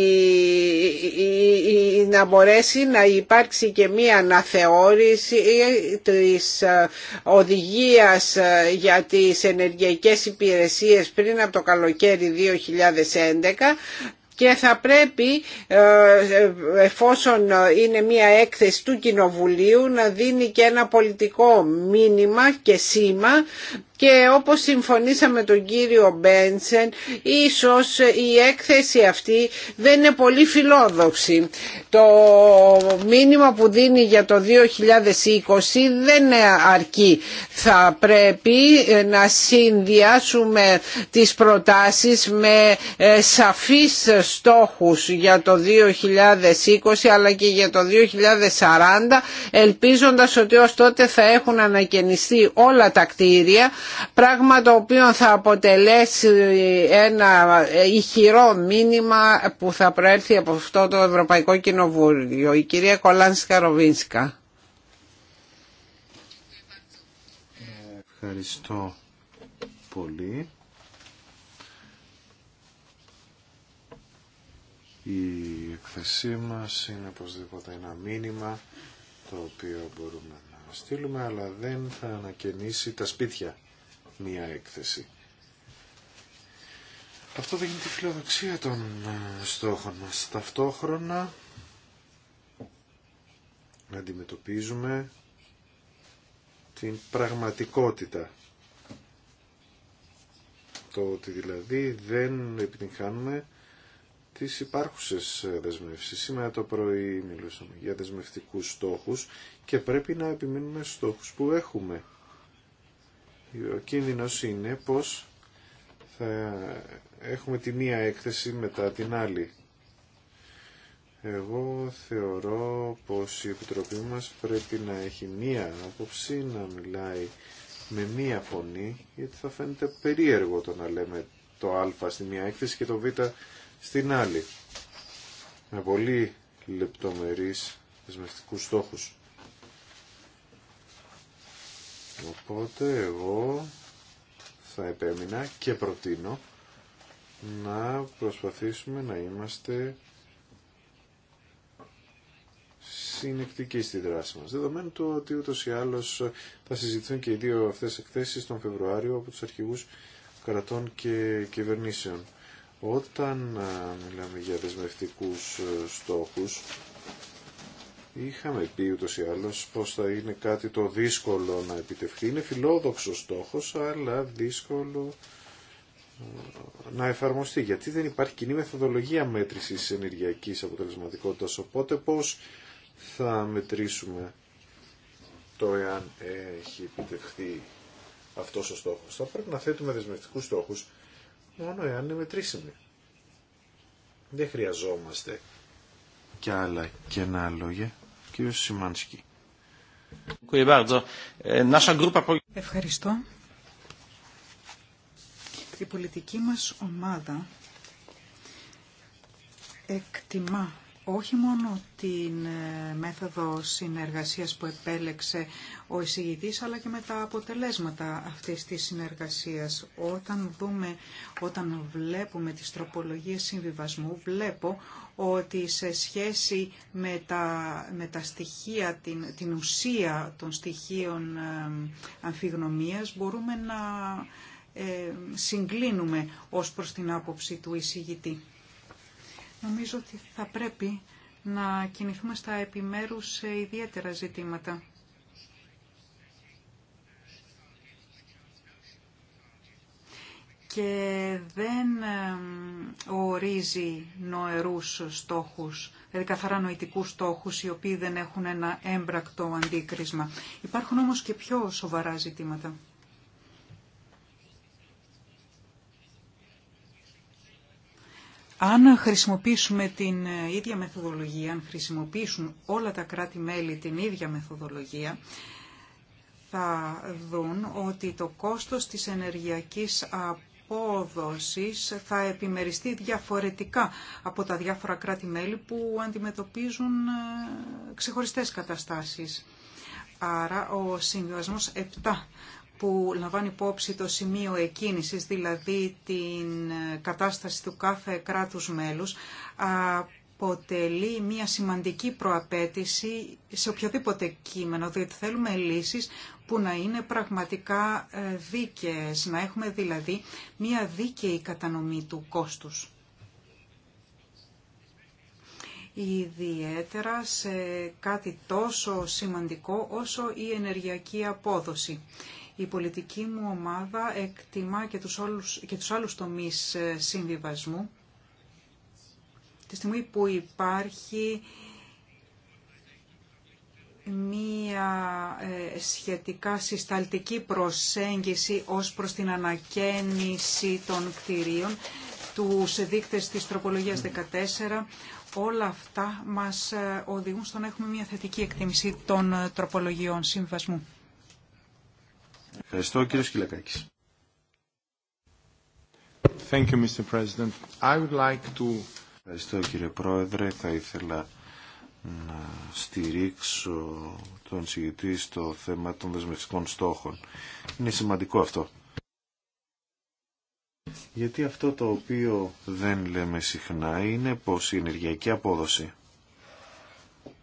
να μπορέσει μπορέσει να υπάρξει και μία αναθεώρηση της ε, οδηγίας ε, για τις ενεργειακές υπηρεσίες πριν από το καλοκαίρι 2011 και θα πρέπει ε, εφόσον είναι μια έκθεση του Κοινοβουλίου να δίνει και ένα πολιτικό μήνυμα και σήμα και όπως συμφωνήσαμε τον κύριο Μπέντσεν ίσως η έκθεση αυτή δεν είναι πολύ φιλόδοξη. Το μήνυμα που δίνει για το 2020 δεν αρκεί. Θα πρέπει να συνδυάσουμε τις προτάσεις με ε, σαφείς στόχους για το 2020 αλλά και για το 2040 ελπίζοντας ότι ως τότε θα έχουν ανακαινιστεί όλα τα κτίρια πράγμα το οποίο θα αποτελέσει ένα ηχηρό μήνυμα που θα προέρθει από αυτό το Ευρωπαϊκό Κοινοβούλιο. Η κυρία Κολάνσκα Ροβίνσκα. Ευχαριστώ πολύ. Η εκθεσή μας είναι οπωσδήποτε ένα μήνυμα το οποίο μπορούμε να στείλουμε αλλά δεν θα ανακαινήσει τα σπίτια μία έκθεση. Αυτό τη φιλοδοξία των ε, στόχων μας. Ταυτόχρονα αντιμετωπίζουμε την πραγματικότητα. Το ότι δηλαδή δεν επιτυγχάνουμε τις υπάρχουσες ε, δεσμεύσεις. Σήμερα το πρωί μιλούσαμε για δεσμευτικούς στόχους και πρέπει να επιμείνουμε στόχους που έχουμε. Ο κίνδυνος είναι πως θα έχουμε τη μία έκθεση μετά την άλλη. Εγώ θεωρώ πως η Επιτροπή μας πρέπει να έχει μία άποψη, να μιλάει με μία φωνή, γιατί θα φαίνεται περίεργο το να λέμε το α στη μία έκθεση και το β στην άλλη. Με πολύ λεπτομερείς δεσμευτικούς στόχους. Οπότε εγώ θα επέμεινα και προτείνω να προσπαθήσουμε να είμαστε συνεκτικοί στη δράση μας. Δεδομένου του ότι ούτως ή άλλως θα συζητηθούν και οι δύο αυτές εκθέσεις τον Φεβρουάριο από τους αρχηγούς κρατών και κυβερνήσεων. Όταν ε, μιλάμε για δεσμευτικούς ε, στόχους, Είχαμε πει ούτω ή άλλω πως θα είναι κάτι το δύσκολο να επιτευχθεί. Είναι φιλόδοξο στόχος, αλλά δύσκολο ε, να εφαρμοστεί. Γιατί δεν υπάρχει κοινή μεθοδολογία μέτρησης ενεργειακής αποτελεσματικότητας. Οπότε πώ θα μετρήσουμε το εάν έχει επιτευχθεί αυτός ο στόχος. Θα πρέπει να θέτουμε δεσμευτικούς στόχους μόνο εάν είναι μετρήσιμοι. Δεν χρειαζόμαστε και άλλα κενά λόγια. Κύριος Σιμάνσκι. Ε, Ευχαριστώ. Η πολιτική μας ομάδα εκτιμά όχι μόνο την ε, μέθοδο συνεργασίας που επέλεξε ο εισηγητής, αλλά και με τα αποτελέσματα αυτής της συνεργασίας. Όταν, δούμε, όταν βλέπουμε τις τροπολογίες συμβιβασμού, βλέπω ότι σε σχέση με τα, με τα στοιχεία, την, την ουσία των στοιχείων ε, αμφιγνωμίας, μπορούμε να ε, συγκλίνουμε ως προς την άποψη του εισηγητή. Νομίζω ότι θα πρέπει να κινηθούμε στα επιμέρους σε ιδιαίτερα ζητήματα. και δεν ορίζει νοερούς στόχους, δηλαδή καθαρά νοητικούς στόχους οι οποίοι δεν έχουν ένα έμπρακτο αντίκρισμα. Υπάρχουν όμως και πιο σοβαρά ζητήματα. Αν χρησιμοποιήσουμε την ε, ίδια μεθοδολογία, αν χρησιμοποιήσουν όλα τα κράτη-μέλη την ίδια μεθοδολογία, θα δουν ότι το κόστος της ενεργειακής απόδοσης θα επιμεριστεί διαφορετικά από τα διάφορα κράτη-μέλη που αντιμετωπίζουν ε, ξεχωριστές καταστάσεις. Άρα ο συνδυασμός 7 που λαμβάνει υπόψη το σημείο εκκίνησης, δηλαδή την κατάσταση του κάθε κράτους μέλους, αποτελεί μια σημαντική προαπέτηση σε οποιοδήποτε κείμενο, διότι θέλουμε λύσεις που να είναι πραγματικά ε, δίκαιες, να έχουμε δηλαδή μια δίκαιη κατανομή του κόστους. Ιδιαίτερα σε κάτι τόσο σημαντικό όσο η ενεργειακή απόδοση. Η πολιτική μου ομάδα εκτιμά και τους, όλους, και τους άλλους τομείς ε, συμβιβασμού. Τη στιγμή που υπάρχει μία ε, σχετικά συσταλτική προσέγγιση ως προς την ανακαίνιση των κτηρίων, σε δείκτες της τροπολογίας 14, όλα αυτά μας ε, οδηγούν στο να έχουμε μια θετική εκτίμηση των τροπολογιών συμβασμού. Ευχαριστώ κύριε Σκυλακάκη. Mr. President. I would like to... Ευχαριστώ κύριε Πρόεδρε. Θα ήθελα να στηρίξω τον συγκεκριτή στο θέμα των δεσμευτικών στόχων. Είναι σημαντικό αυτό. Γιατί αυτό το οποίο δεν λέμε συχνά είναι πως η ενεργειακή απόδοση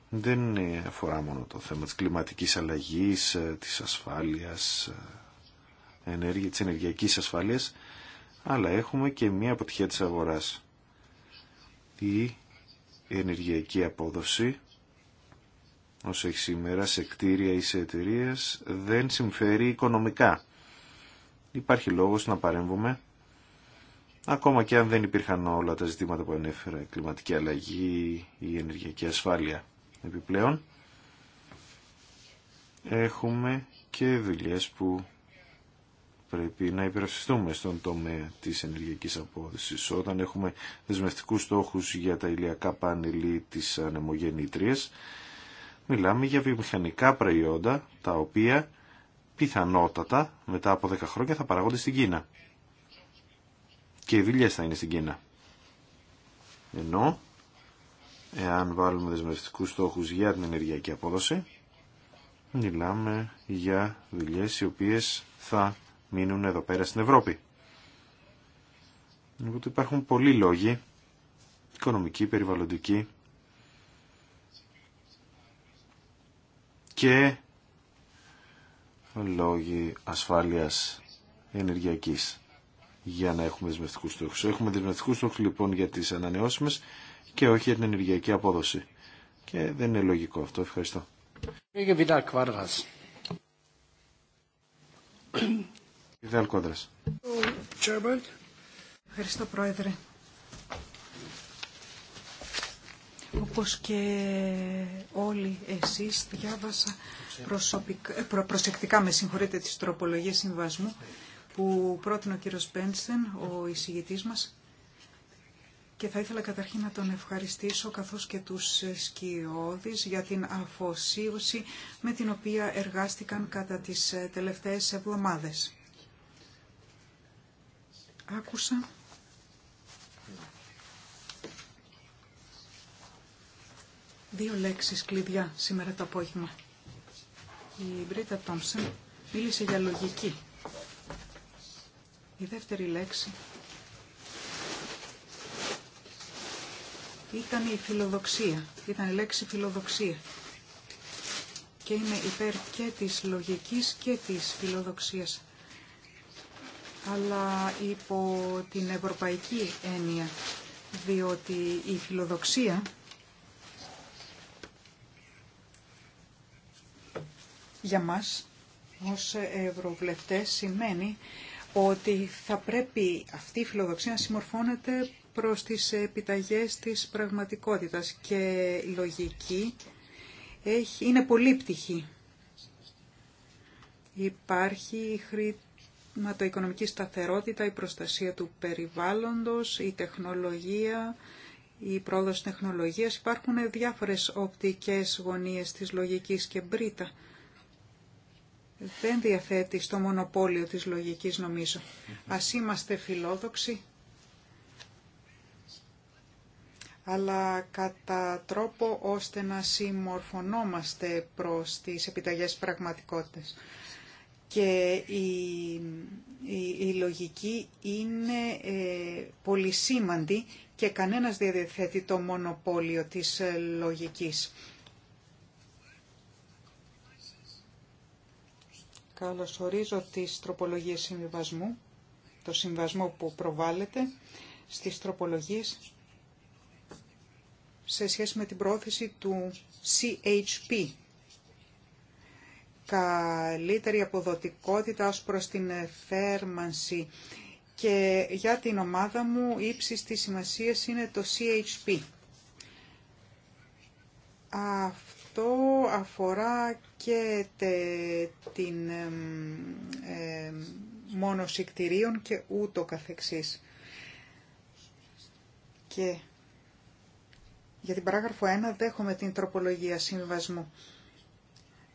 δεν αφορά μόνο το θέμα της κλιματικής αλλαγής, ε, της ασφάλειας, ε, της ενεργειακής ασφάλειας, αλλά έχουμε και μία αποτυχία της αγοράς. Η ενεργειακή απόδοση, όσο έχει σήμερα σε κτίρια ή σε εταιρείε, δεν συμφέρει οικονομικά. Υπάρχει λόγος να παρέμβουμε, ακόμα και αν δεν υπήρχαν όλα τα ζητήματα που ανέφερα, η κλιματική αλλαγή, η ενεργειακή ασφάλεια. Επιπλέον, έχουμε και δουλειές που πρέπει να υπερασπιστούμε στον τομέα της ενεργειακής απόδοσης. Όταν έχουμε δεσμευτικούς στόχους για τα ηλιακά πάνελ ή τις μιλάμε για βιομηχανικά προϊόντα, τα οποία πιθανότατα μετά από 10 χρόνια θα παραγόνται στην Κίνα. Και οι δουλειέ θα είναι στην Κίνα. Ενώ εάν βάλουμε δεσμευτικού στόχου για την ενεργειακή απόδοση, μιλάμε για δουλειέ οι οποίες θα μείνουν εδώ πέρα στην Ευρώπη. Οπότε υπάρχουν πολλοί λόγοι, οικονομικοί, περιβαλλοντικοί και λόγοι ασφάλειας ενεργειακής για να έχουμε δεσμευτικούς στόχους. Έχουμε δεσμευτικούς στόχους λοιπόν για τις ανανεώσιμες και όχι για την ενεργειακή απόδοση. Και δεν είναι λογικό αυτό. Ευχαριστώ. Ευχαριστώ Πρόεδρε. Όπως και όλοι εσείς διάβασα ε, προσεκτικά με συγχωρείτε τις τροπολογίες συμβασμού που πρότεινε ο κύριος Πένσεν, ο εισηγητής μας και θα ήθελα καταρχήν να τον ευχαριστήσω καθώς και τους σκιώδεις για την αφοσίωση με την οποία εργάστηκαν κατά τις ε, τελευταίες εβδομάδες. Άκουσα. Δύο λέξεις κλειδιά σήμερα το απόγευμα. Η Μπρίτα Τόμσεν μίλησε για λογική. Η δεύτερη λέξη ήταν η φιλοδοξία, ήταν η λέξη φιλοδοξία. Και είναι υπέρ και της λογικής και της φιλοδοξίας, αλλά υπό την ευρωπαϊκή έννοια, διότι η φιλοδοξία για μας ως ευρωβλεπτές σημαίνει ότι θα πρέπει αυτή η φιλοδοξία να συμμορφώνεται προς τις επιταγές της πραγματικότητας και λογική έχει, είναι πτυχή. Υπάρχει η χρηματοοικονομική σταθερότητα, η προστασία του περιβάλλοντος, η τεχνολογία, η πρόοδος τεχνολογίας. Υπάρχουν διάφορες οπτικές γωνίες της λογικής και μπρίτα. Δεν διαθέτει στο μονοπόλιο της λογικής νομίζω. Ας είμαστε φιλόδοξοι αλλά κατά τρόπο ώστε να συμμορφωνόμαστε προς τις επιταγές πραγματικότητες. Και η, λογική είναι ε, πολύ σήμαντη και κανένας διαθέτει το μονοπόλιο της ε, λογικής. Καλωσορίζω τις τροπολογίες συμβιβασμού, το συμβασμό που προβάλλεται στις τροπολογίες σε σχέση με την πρόθεση του CHP. Καλύτερη αποδοτικότητα ως προς την θέρμανση και για την ομάδα μου ύψης της σημασίας είναι το CHP. Αυτό αφορά και την ε, κτηρίων και ούτω καθεξής. Και για την παράγραφο 1 δέχομαι την τροπολογία συμβασμού,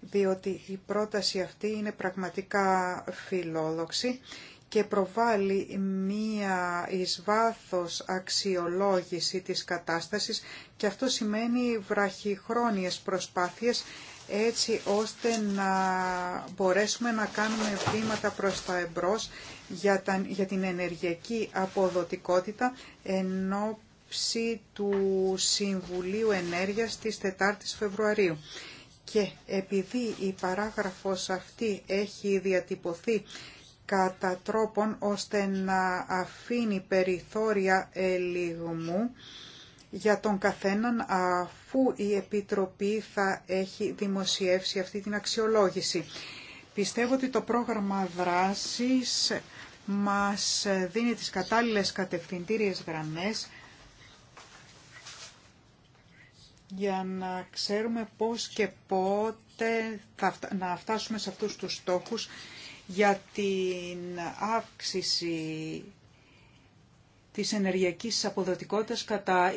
διότι η πρόταση αυτή είναι πραγματικά φιλόδοξη και προβάλλει μία εις βάθος αξιολόγηση της κατάστασης και αυτό σημαίνει βραχυχρόνιες προσπάθειες έτσι ώστε να μπορέσουμε να κάνουμε βήματα προς τα εμπρός για την ενεργειακή αποδοτικότητα ενώ του Συμβουλίου Ενέργειας της 4 η Φεβρουαρίου. Και επειδή η παράγραφος αυτή έχει διατυπωθεί κατά τρόπον ώστε να αφήνει περιθώρια ελιγμού για τον καθέναν αφού η Επιτροπή θα έχει δημοσιεύσει αυτή την αξιολόγηση. Πιστεύω ότι το πρόγραμμα δράσης μας δίνει τις κατάλληλες κατευθυντήριες γραμμές για να ξέρουμε πώς και πότε θα να φτάσουμε σε αυτούς τους στόχους για την αύξηση της ενεργειακής αποδοτικότητας κατά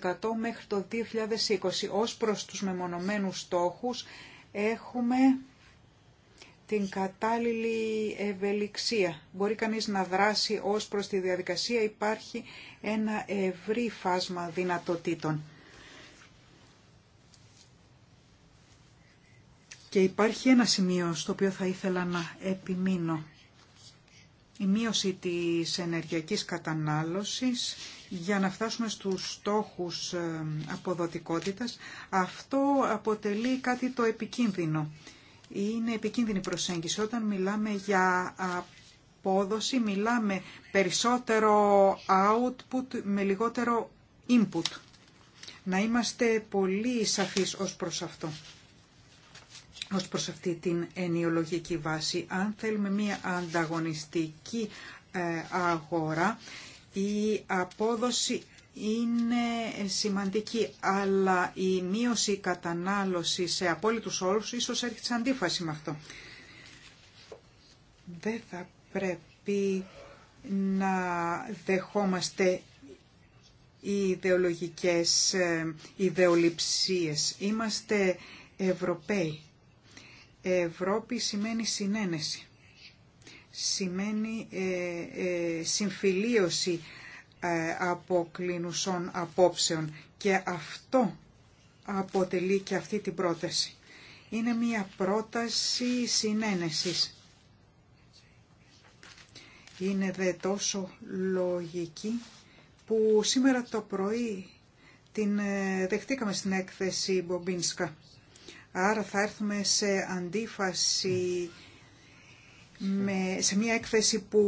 20% μέχρι το 2020. Ως προς τους μεμονωμένους στόχους έχουμε την κατάλληλη ευελιξία. Μπορεί κανείς να δράσει ως προς τη διαδικασία. Υπάρχει ένα ευρύ φάσμα δυνατοτήτων. Και υπάρχει ένα σημείο στο οποίο θα ήθελα να επιμείνω. Η μείωση της ενεργειακής κατανάλωσης για να φτάσουμε στους στόχους ε, αποδοτικότητας, αυτό αποτελεί κάτι το επικίνδυνο. Είναι επικίνδυνη προσέγγιση. Όταν μιλάμε για απόδοση, μιλάμε περισσότερο output με λιγότερο input. Να είμαστε πολύ σαφείς ως προς αυτό ως προς αυτή την ενιολογική βάση. Αν θέλουμε μία ανταγωνιστική ε, αγορά, η απόδοση είναι σημαντική, αλλά η μείωση κατανάλωση σε απόλυτους όρους ίσως έρχεται σε αντίφαση με αυτό. Δεν θα πρέπει να δεχόμαστε ιδεολογικές ε, ιδεολειψίες. Είμαστε Ευρωπαίοι Ευρώπη σημαίνει συνένεση, σημαίνει ε, ε, συμφιλίωση ε, αποκλίνουσων απόψεων και αυτό αποτελεί και αυτή την πρόταση. Είναι μια πρόταση συνένεσης. Είναι δε τόσο λογική που σήμερα το πρωί την δεχτήκαμε στην έκθεση Μπομπίνσκα Άρα θα έρθουμε σε αντίφαση με, σε μια έκθεση που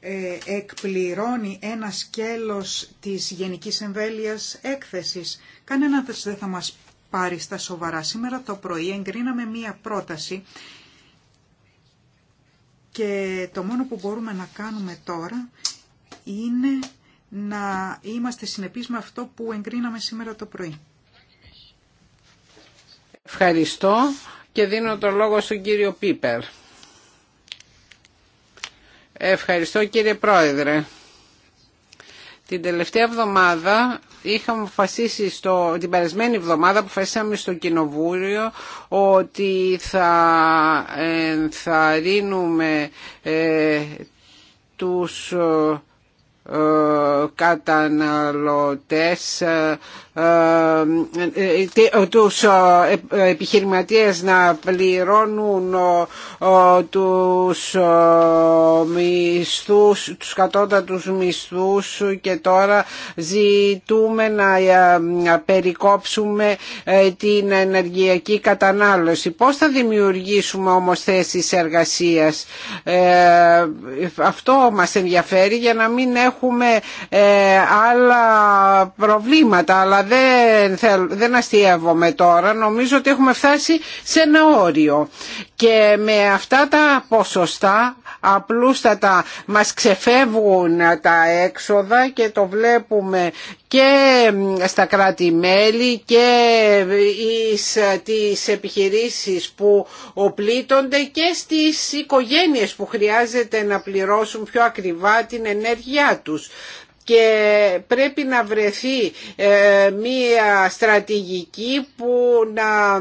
ε, εκπληρώνει ένα σκέλος της γενικής εμβέλειας έκθεσης. Κανένα δεν θα μας πάρει στα σοβαρά. Σήμερα το πρωί εγκρίναμε μια πρόταση και το μόνο που μπορούμε να κάνουμε τώρα είναι να είμαστε συνεπείς με αυτό που εγκρίναμε σήμερα το πρωί. Ευχαριστώ και δίνω το λόγο στον κύριο Πίπερ. Ευχαριστώ κύριε Πρόεδρε. Την τελευταία εβδομάδα είχαμε αποφασίσει στο, την περασμένη εβδομάδα αποφασίσαμε στο Κοινοβούριο ότι θα ενθαρρύνουμε ε, τους ε, καταναλωτές ε, ε, ε, τους επιχειρηματίες να πληρώνουν τους μισθούς, τους κατώτατους μισθούς και τώρα ζητούμε να περικόψουμε την ενεργειακή κατανάλωση. Πώς θα δημιουργήσουμε όμως θέσεις εργασίας. Αυτό μας ενδιαφέρει για να μην έχουμε έχουμε ε, άλλα προβλήματα αλλά δεν, θέλ, δεν αστείευομαι τώρα νομίζω ότι έχουμε φτάσει σε ένα όριο και με αυτά τα ποσοστά απλούστατα μας ξεφεύγουν τα έξοδα και το βλέπουμε και στα κράτη-μέλη και εις τις επιχειρήσεις που οπλίτονται και στις οικογένειες που χρειάζεται να πληρώσουν πιο ακριβά την ενέργειά τους και πρέπει να βρεθεί ε, μία στρατηγική που να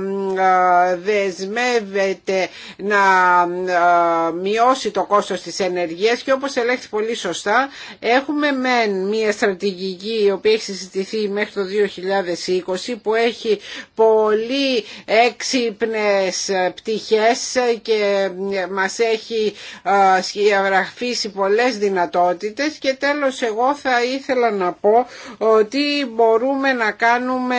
δεσμεύεται να μειώσει το κόστος της ενεργείας και όπως ελέγχθη πολύ σωστά έχουμε μεν μία στρατηγική η οποία έχει συζητηθεί μέχρι το 2020 που έχει πολύ έξυπνες πτυχές και μας έχει σχεδιαγραφίσει πολλές δυνατότητες και τέλος εγώ θα ήθελα να πω ότι μπορούμε να κάνουμε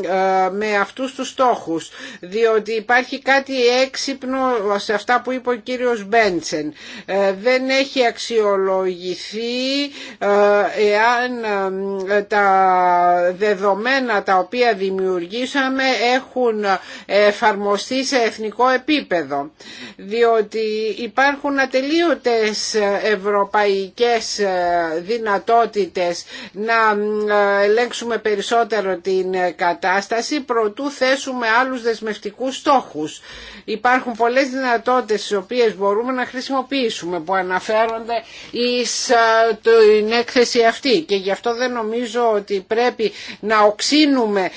ε, με αυτούς τους στόχους διότι υπάρχει κάτι έξυπνο σε αυτά που είπε ο κύριος Μπέντσεν ε, δεν έχει αξιολογηθεί ε, εάν τα δεδομένα τα οποία δημιουργήσαμε έχουν εφαρμοστεί σε εθνικό επίπεδο διότι υπάρχουν ατελείωτες ευρωπαϊκές δυνατότητες να ε, ελέγξουμε περισσότερο την ε, κατάσταση προτού θέσουμε άλλους δεσμευτικούς στόχους. Υπάρχουν πολλές δυνατότητες τις οποίες μπορούμε να χρησιμοποιήσουμε που αναφέρονται εις ε, την έκθεση αυτή και γι' αυτό δεν νομίζω ότι πρέπει να οξύνουμε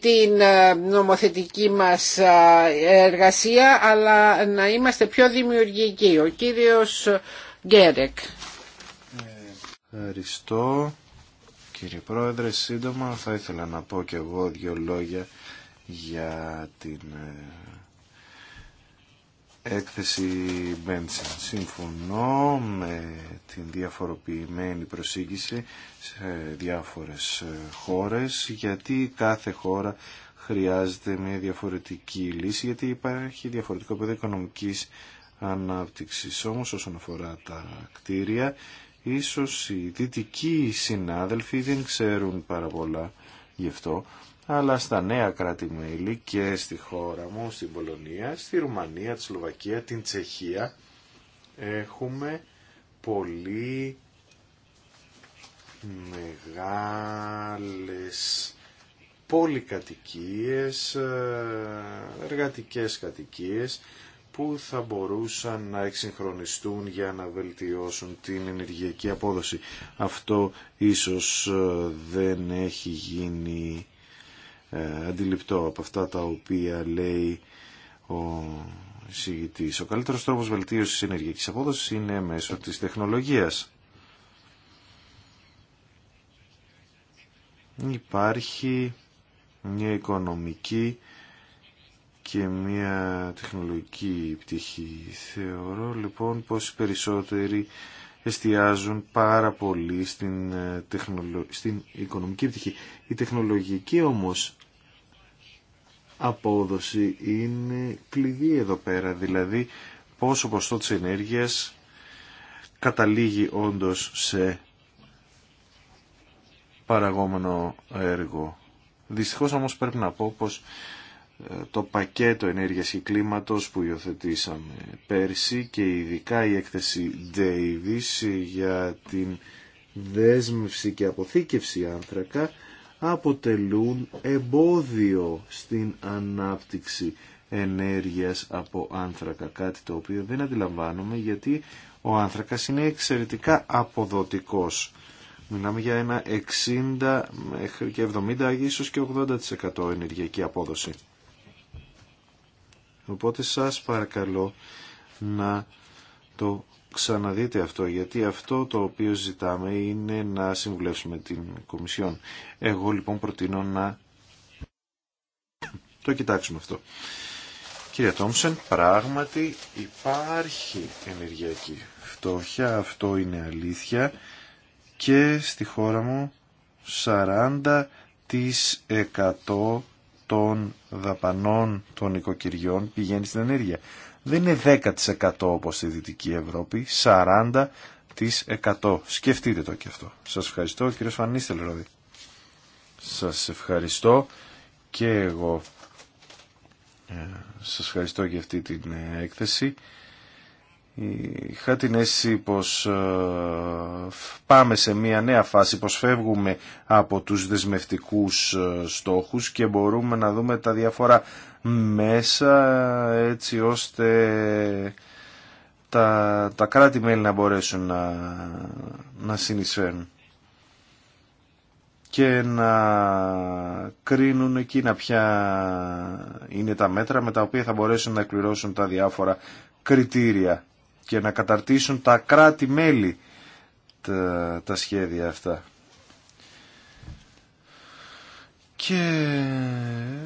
την νομοθετική μας εργασία αλλά να είμαστε πιο δημιουργικοί. Ο κύριος Γκέρεκ. Ευχαριστώ. Κύριε Πρόεδρε, σύντομα θα ήθελα να πω και εγώ δύο λόγια για την ε, έκθεση Μπέντσεν. Συμφωνώ με την διαφοροποιημένη προσήγηση σε διάφορες ε, χώρες γιατί κάθε χώρα χρειάζεται μια διαφορετική λύση γιατί υπάρχει διαφορετικό πεδίο οικονομικής ανάπτυξης. Όμως όσον αφορά τα κτίρια Ίσως οι δυτικοί συνάδελφοι δεν ξέρουν πάρα πολλά γι' αυτό, αλλά στα νέα κράτη-μέλη και στη χώρα μου, στην Πολωνία, στη Ρουμανία, τη Σλοβακία, την Τσεχία, έχουμε πολύ μεγάλες πολυκατοικίες, ε, εργατικές κατοικίες που θα μπορούσαν να εξυγχρονιστούν για να βελτιώσουν την ενεργειακή απόδοση. Αυτό ίσως ε, δεν έχει γίνει ε, αντιληπτό από αυτά τα οποία λέει ο εισηγητής. Ο καλύτερος τρόπος βελτίωσης ενεργειακής απόδοσης είναι μέσω της τεχνολογίας. Υπάρχει μια οικονομική και μια τεχνολογική πτυχή. Θεωρώ λοιπόν πως οι περισσότεροι εστιάζουν πάρα πολύ στην, ε, στην οικονομική πτυχή. Η τεχνολογική όμως απόδοση είναι κλειδί εδώ πέρα, δηλαδή πόσο ποστό της ενέργειας καταλήγει όντως σε παραγόμενο έργο. Δυστυχώς όμως πρέπει να πω πως το πακέτο ενέργειας και κλίματος που υιοθετήσαμε πέρσι και ειδικά η έκθεση Davis για την δέσμευση και αποθήκευση άνθρακα αποτελούν εμπόδιο στην ανάπτυξη ενέργειας από άνθρακα, κάτι το οποίο δεν αντιλαμβάνομαι γιατί ο άνθρακας είναι εξαιρετικά αποδοτικός. Μιλάμε για ένα 60 μέχρι και 70, ίσως και 80% ενεργειακή απόδοση. Οπότε σας παρακαλώ να το ξαναδείτε αυτό, γιατί αυτό το οποίο ζητάμε είναι να συμβουλεύσουμε την Κομισιόν. Εγώ λοιπόν προτείνω να το κοιτάξουμε αυτό. Κύριε Τόμσεν, πράγματι υπάρχει ενεργειακή φτώχεια, αυτό είναι αλήθεια και στη χώρα μου 40% των δαπανών των οικοκυριών πηγαίνει στην ενέργεια. Δεν είναι 10% όπως στη Δυτική Ευρώπη, 40% Σκεφτείτε το και αυτό. Σας ευχαριστώ κύριε Φανίστελ Ροδί. Σας ευχαριστώ και εγώ ε, σας ευχαριστώ για αυτή την ε, έκθεση είχα την αίσθηση πως ε, πάμε σε μια νέα φάση, πως φεύγουμε από τους δεσμευτικούς ε, στόχους και μπορούμε να δούμε τα διάφορα μέσα ε, έτσι ώστε τα, τα κράτη-μέλη να μπορέσουν να, να συνεισφέρουν και να κρίνουν εκείνα ποια είναι τα μέτρα με τα οποία θα μπορέσουν να εκπληρώσουν τα διάφορα κριτήρια και να καταρτήσουν τα κράτη-μέλη τα, σχέδια αυτά. Και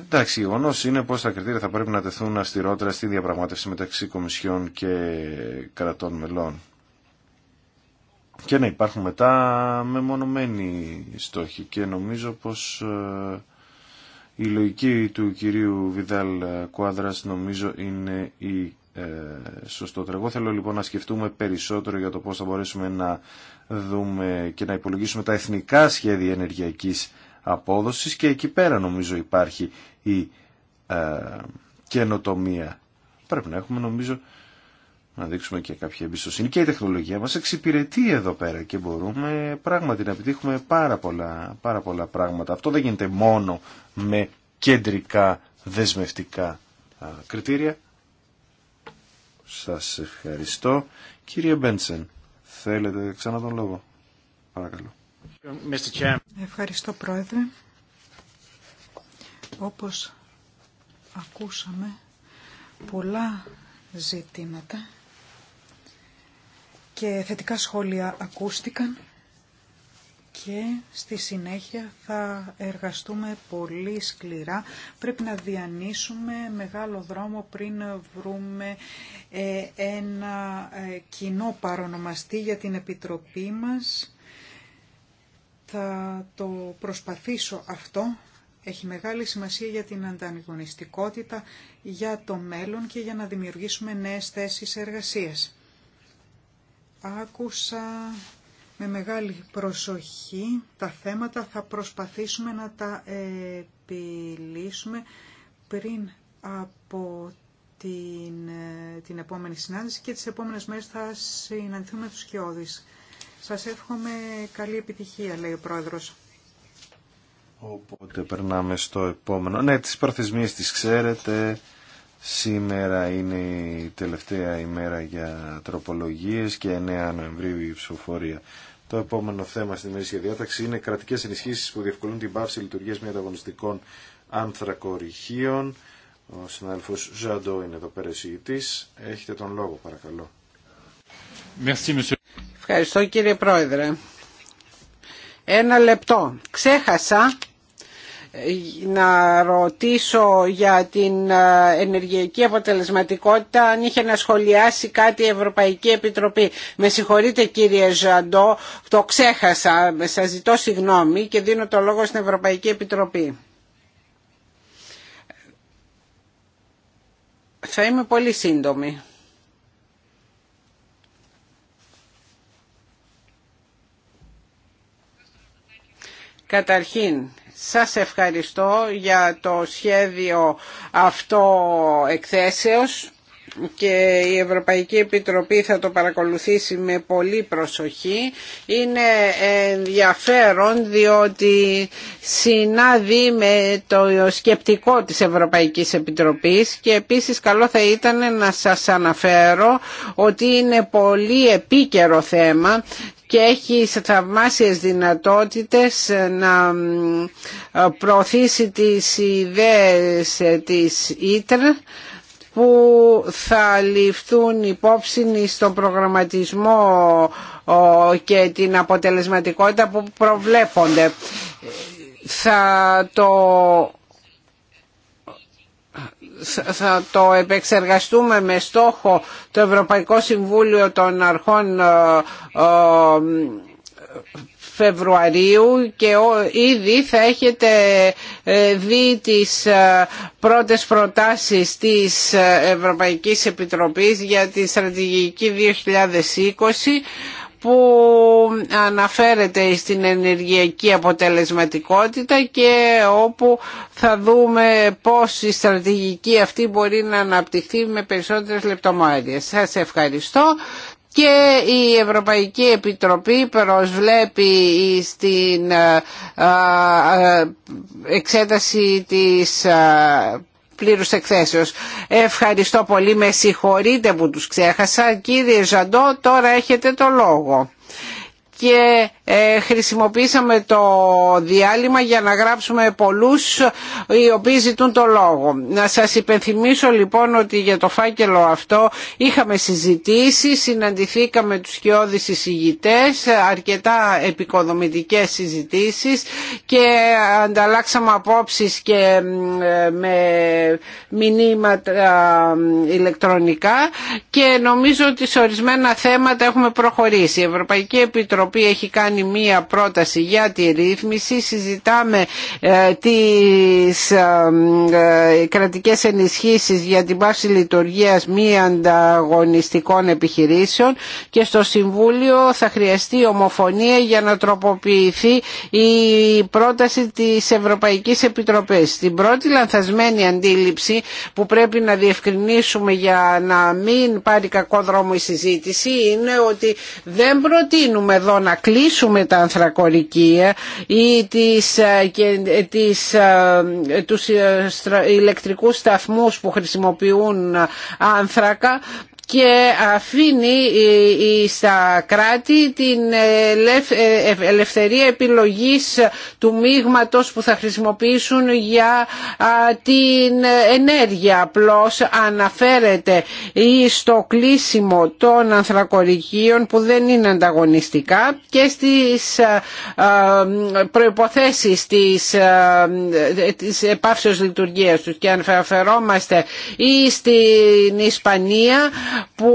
εντάξει, γεγονό είναι πω τα κριτήρια θα πρέπει να τεθούν αυστηρότερα στη διαπραγμάτευση μεταξύ Κομισιών και κρατών μελών. Και να υπάρχουν μετά μεμονωμένοι στόχοι. Και νομίζω πως ε, η λογική του κυρίου Βιδάλ Κουάδρας νομίζω είναι η ε, σωστότερο. Εγώ θέλω λοιπόν να σκεφτούμε περισσότερο για το πώς θα μπορέσουμε να δούμε και να υπολογίσουμε τα εθνικά σχέδια ενεργειακής απόδοσης και εκεί πέρα νομίζω υπάρχει η ε, καινοτομία. Πρέπει να έχουμε νομίζω να δείξουμε και κάποια εμπιστοσύνη και η τεχνολογία μας εξυπηρετεί εδώ πέρα και μπορούμε πράγματι να επιτύχουμε πάρα πολλά πράγματα. Αυτό δεν γίνεται μόνο με κεντρικά δεσμευτικά ε, κριτήρια σας ευχαριστώ. Κύριε Μπέντσεν, θέλετε ξανά τον λόγο. Παρακαλώ. Ευχαριστώ Πρόεδρε. Όπως ακούσαμε πολλά ζητήματα και θετικά σχόλια ακούστηκαν και στη συνέχεια θα εργαστούμε πολύ σκληρά. Πρέπει να διανύσουμε μεγάλο δρόμο πριν βρούμε ε, ένα ε, κοινό παρονομαστή για την Επιτροπή μας. Θα το προσπαθήσω αυτό. Έχει μεγάλη σημασία για την ανταγωνιστικότητα, για το μέλλον και για να δημιουργήσουμε νέες θέσεις εργασίας. Άκουσα με μεγάλη προσοχή τα θέματα, θα προσπαθήσουμε να τα επιλύσουμε πριν από την, την επόμενη συνάντηση και τις επόμενες μέρες θα συναντηθούμε τους Κιώδης. Σας εύχομαι καλή επιτυχία, λέει ο Πρόεδρος. Οπότε περνάμε στο επόμενο. Ναι, τις προθεσμίες τις ξέρετε. Σήμερα είναι η τελευταία ημέρα για τροπολογίες και 9 Νοεμβρίου η ψηφοφορία. Το επόμενο θέμα στην ημερήσια διάταξη είναι κρατικέ ενισχύσει που διευκολύνουν την πάυση λειτουργία μη ανταγωνιστικών ανθρακοριχείων. Ο συνάδελφο Ζαντό είναι εδώ πέρα εισηγητή. Έχετε τον λόγο, παρακαλώ. Ευχαριστώ κύριε Πρόεδρε. Ένα λεπτό. Ξέχασα να ρωτήσω για την ε, ενεργειακή αποτελεσματικότητα αν είχε να σχολιάσει κάτι η Ευρωπαϊκή Επιτροπή. Με συγχωρείτε κύριε Ζαντό, το ξέχασα, σας ζητώ συγγνώμη και δίνω το λόγο στην Ευρωπαϊκή Επιτροπή. Θα είμαι πολύ σύντομη. Καταρχήν, σας ευχαριστώ για το σχέδιο αυτό εκθέσεως και η Ευρωπαϊκή Επιτροπή θα το παρακολουθήσει με πολύ προσοχή είναι ενδιαφέρον διότι συνάδει με το σκεπτικό της Ευρωπαϊκής Επιτροπής και επίσης καλό θα ήταν να σας αναφέρω ότι είναι πολύ επίκαιρο θέμα και έχει θαυμάσιες δυνατότητες να ε, προωθήσει τις ιδέες ε, της ΙΤΡ που θα ληφθούν υπόψη στον προγραμματισμό και την αποτελεσματικότητα που προβλέπονται. Θα το θα το επεξεργαστούμε με στόχο το Ευρωπαϊκό Συμβούλιο των Αρχών ε, ε, Φεβρουαρίου και ήδη θα έχετε ε, δει τις πρώτες προτάσεις της Ευρωπαϊκής Επιτροπής για τη στρατηγική 2020 που αναφέρεται στην ενεργειακή αποτελεσματικότητα και όπου θα δούμε πώς η στρατηγική αυτή μπορεί να αναπτυχθεί με περισσότερες λεπτομέρειες. Σας ευχαριστώ και η Ευρωπαϊκή Επιτροπή προσβλέπει στην ε, ε, ε, εξέταση της πλήρους εκθέσεως. Ευχαριστώ πολύ, με συγχωρείτε που τους ξέχασα. Κύριε Ζαντό, τώρα έχετε το λόγο. Και ε, χρησιμοποίησαμε το διάλειμμα για να γράψουμε πολλούς οι οποίοι ζητούν το λόγο. Να σας υπενθυμίσω λοιπόν ότι για το φάκελο αυτό είχαμε συζητήσει, συναντηθήκαμε τους σκιώδεις εισηγητές, αρκετά επικοδομητικές συζητήσεις και ανταλλάξαμε απόψεις και με μηνύματα ηλεκτρονικά και νομίζω ότι σε ορισμένα θέματα έχουμε προχωρήσει. Η Ευρωπαϊκή Επιτροπή έχει κάνει μία πρόταση για τη ρύθμιση. Συζητάμε ε, τις ε, ε, κρατικές ενισχύσεις για την πάση λειτουργίας μη ανταγωνιστικών επιχειρήσεων και στο Συμβούλιο θα χρειαστεί ομοφωνία για να τροποποιηθεί η πρόταση της Ευρωπαϊκής Επιτροπής. Την πρώτη λανθασμένη αντίληψη που πρέπει να διευκρινίσουμε για να μην πάρει κακό δρόμο η συζήτηση είναι ότι δεν προτείνουμε εδώ να κλείσουμε με τα ανθρακορικεία ή τις, ε, και, ε, τις, ε, τους ηλεκτρικούς σταθμούς που χρησιμοποιούν άνθρακα και αφήνει ε, στα κράτη την ε, ε, ελευθερία επιλογής του μείγματο που θα χρησιμοποιήσουν για την ενέργεια. Απλώ αναφέρεται στο κλείσιμο των ανθρακορικίων που δεν είναι ανταγωνιστικά και στις προϋποθέσεις της, της επάυσεως λειτουργίας τους και αν αφαιρόμαστε ή στην Ισπανία που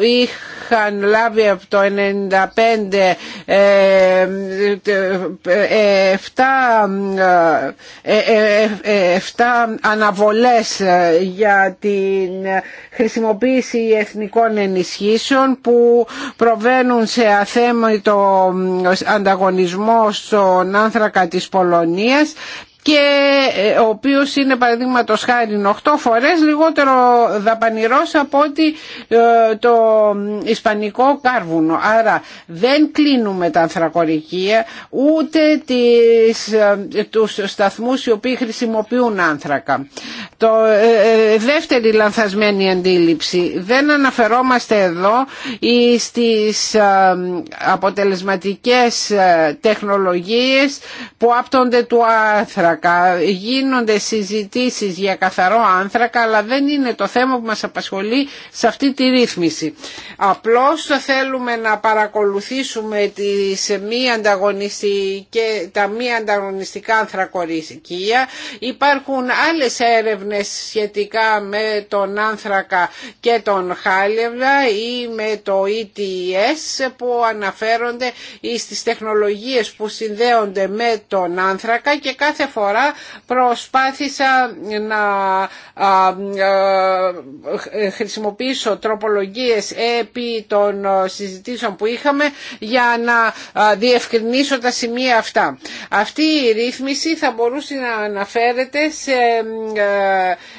είχαν λάβει από το 1995 7 ε, ε, ε, αναβολές για την χρησιμοποίηση εθνικών ενισχύσεων που προβαίνουν σε το ανταγωνισμό στον άνθρακα της Πολωνίας και ε, ο οποίος είναι παραδείγματο χάρη 8 φορές λιγότερο δαπανηρός από ότι ε, το ισπανικό κάρβουνο. Άρα δεν κλείνουμε τα ανθρακορικεία ούτε τις, ε, τους σταθμούς οι οποίοι χρησιμοποιούν άνθρακα. Το δεύτερη λανθασμένη αντίληψη. Δεν αναφερόμαστε εδώ στις αποτελεσματικές τεχνολογίες που άπτονται του άνθρακα γίνονται συζητήσεις για καθαρό άνθρακα, αλλά δεν είναι το θέμα που μας απασχολεί σε αυτή τη ρύθμιση. Απλώς θέλουμε να παρακολουθήσουμε τις μη και τα μη ανταγωνιστικά άνθρακορίσικια. Υπάρχουν άλλες έρευνες σχετικά με τον άνθρακα και τον χάλευρα ή με το ETS που αναφέρονται στις τεχνολογίες που συνδέονται με τον άνθρακα και κάθε φορά προσπάθησα να χρησιμοποιήσω τροπολογίες επί των συζητήσεων που είχαμε για να διευκρινίσω τα σημεία αυτά. Αυτή η ρύθμιση θα μπορούσε να αναφέρεται σε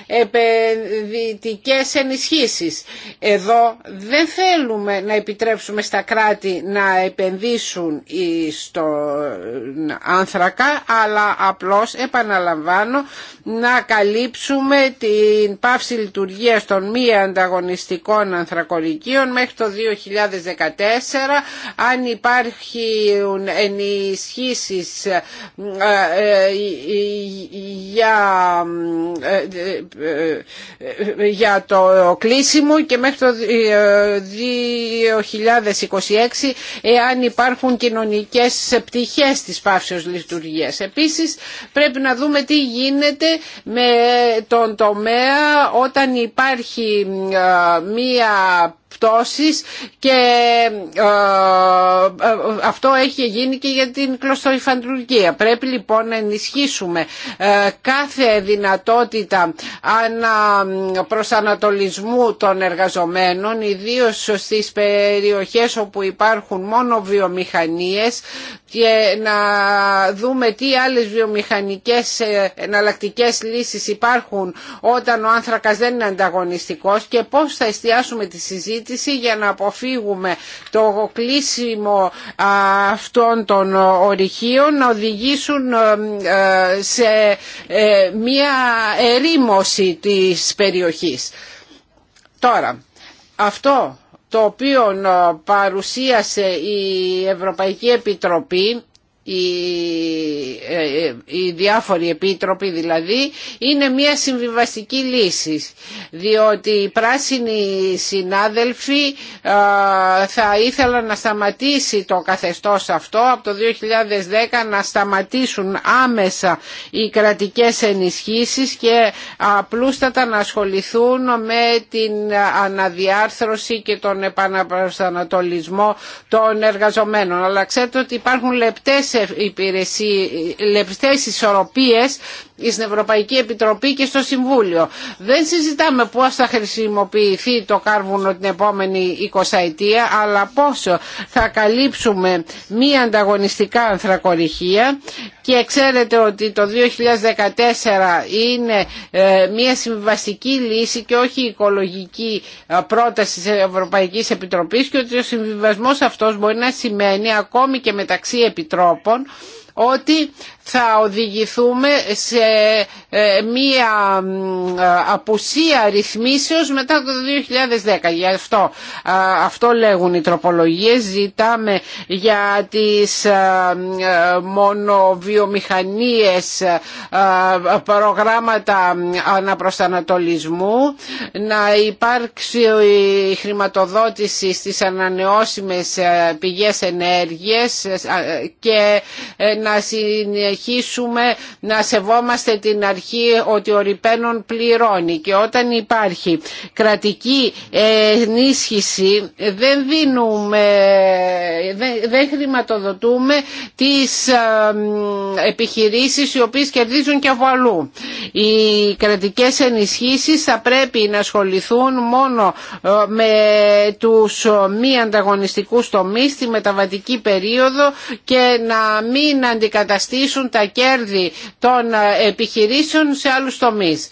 επενδυτικές ενισχύσεις. Εδώ δεν θέλουμε να επιτρέψουμε στα κράτη να επενδύσουν στο άνθρακα αλλά απλώς επαναλαμβάνω να καλύψουμε την πάυση λειτουργία των μη ανταγωνιστικών ανθρακορικίων μέχρι το 2014 αν υπάρχουν ενισχύσεις ε, ε, για, ε, για το κλείσιμο και μέχρι το 2026 εάν υπάρχουν κοινωνικές πτυχές της πάυσεως λειτουργίας. Επίσης πρέπει να δούμε τι γίνεται με τον τομέα όταν υπάρχει μία πτώσεις και ε, ε, αυτό έχει γίνει και για την κλωστοϊφαντουργία. Πρέπει λοιπόν να ενισχύσουμε ε, κάθε δυνατότητα προσανατολισμού των εργαζομένων, ιδίως στις περιοχές όπου υπάρχουν μόνο βιομηχανίες και να δούμε τι άλλες βιομηχανικές εναλλακτικέ λύσεις υπάρχουν όταν ο άνθρακας δεν είναι ανταγωνιστικός και πώς θα εστιάσουμε τη συζήτηση συζήτηση για να αποφύγουμε το κλείσιμο αυτών των ορυχείων να οδηγήσουν σε ε, μία ερήμωση της περιοχής. Τώρα, αυτό το οποίο παρουσίασε η Ευρωπαϊκή Επιτροπή οι, ε, ε, οι διάφοροι επίτροποι δηλαδή είναι μια συμβιβαστική λύση διότι οι πράσινοι συνάδελφοι θα ήθελαν να σταματήσει το καθεστώς αυτό από το 2010 να σταματήσουν άμεσα οι κρατικές ενισχύσεις και απλούστατα να ασχοληθούν με την αναδιάρθρωση και τον επαναπροσανατολισμό των εργαζομένων αλλά ξέρετε ότι υπάρχουν λεπτές ε, υπηρεσίες, λεπτές ισορροπίες στην Ευρωπαϊκή Επιτροπή και στο Συμβούλιο. Δεν συζητάμε πώς θα χρησιμοποιηθεί το κάρβουνο την επόμενη 20 ετία, αλλά πόσο θα καλύψουμε μη ανταγωνιστικά ανθρακοριχεία και ξέρετε ότι το 2014 είναι ε, μια συμβιβαστική λύση και όχι οικολογική ε, πρόταση της Ευρωπαϊκής Επιτροπής και ότι ο συμβιβασμός αυτός μπορεί να σημαίνει ακόμη και μεταξύ επιτρόπων ότι θα οδηγηθούμε σε ε, μία απουσία ρυθμίσεως μετά το 2010. Γι' αυτό, αυτό λέγουν οι τροπολογίες. Ζητάμε για τις ε, μονοβιομηχανίες προγράμματα αναπροσανατολισμού να υπάρξει η χρηματοδότηση στις ανανεώσιμες ε, πηγές ενέργειας και να συνεχίσουμε να σεβόμαστε την αρχή ότι ο Ριπένον πληρώνει και όταν υπάρχει κρατική ενίσχυση δεν δίνουμε, δεν χρηματοδοτούμε τις επιχειρήσεις οι οποίες κερδίζουν και από αλλού. Οι κρατικές ενισχύσεις θα πρέπει να ασχοληθούν μόνο ε, με τους ε, μη ανταγωνιστικούς τομείς στη μεταβατική περίοδο και να μην αντικαταστήσουν τα κέρδη των ε, επιχειρήσεων σε άλλους τομείς.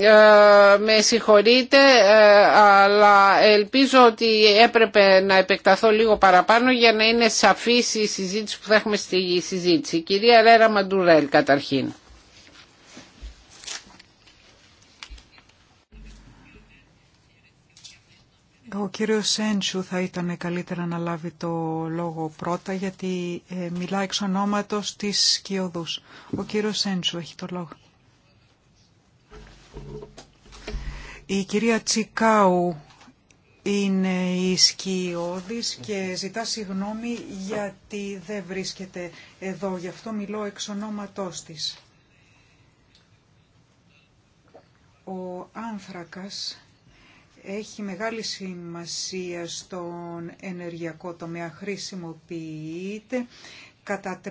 Ε, με συγχωρείτε, ε, αλλά ελπίζω ότι έπρεπε να επεκταθώ λίγο παραπάνω για να είναι σαφής η συζήτηση που θα έχουμε στη συζήτηση. Κυρία Ρέρα Μαντουρέλ καταρχήν. Ο κύριος Σέντσου θα ήταν καλύτερα να λάβει το λόγο πρώτα γιατί ε, μιλά εξ ονόματος της Σκιωδούς. Ο κύριος Σέντσου έχει το λόγο. Η κυρία Τσικάου είναι η Σκιώδης και ζητά συγγνώμη γιατί δεν βρίσκεται εδώ. Γι' αυτό μιλώ εξ ονόματός της. Ο άνθρακας έχει μεγάλη σημασία στον ενεργειακό τομέα. Χρησιμοποιείται κατά 30%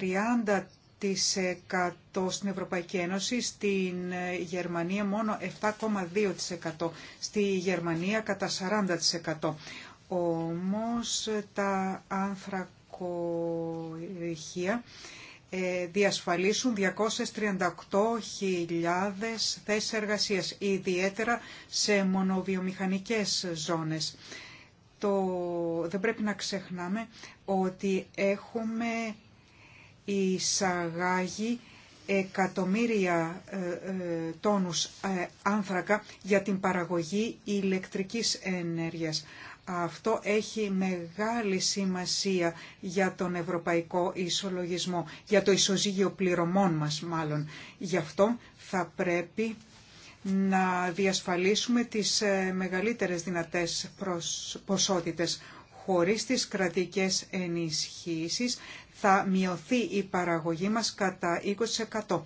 στην Ευρωπαϊκή Ένωση, στην Γερμανία μόνο 7,2%, στη Γερμανία κατά 40%. Όμως τα άνθρακοχεία ε, διασφαλίσουν 238.000 θέσεις εργασίας, ιδιαίτερα σε μονοβιομηχανικές ζώνες. Το, δεν πρέπει να ξεχνάμε ότι έχουμε εισαγάγει εκατομμύρια ε, ε τόνους ε, άνθρακα για την παραγωγή ηλεκτρικής ενέργειας. Αυτό έχει μεγάλη σημασία για τον ευρωπαϊκό ισολογισμό, για το ισοζύγιο πληρωμών μας μάλλον. Γι' αυτό θα πρέπει να διασφαλίσουμε τις ε, μεγαλύτερες δυνατές ποσότητες. Χωρίς τις κρατικές ενισχύσεις θα μειωθεί η παραγωγή μας κατά 20%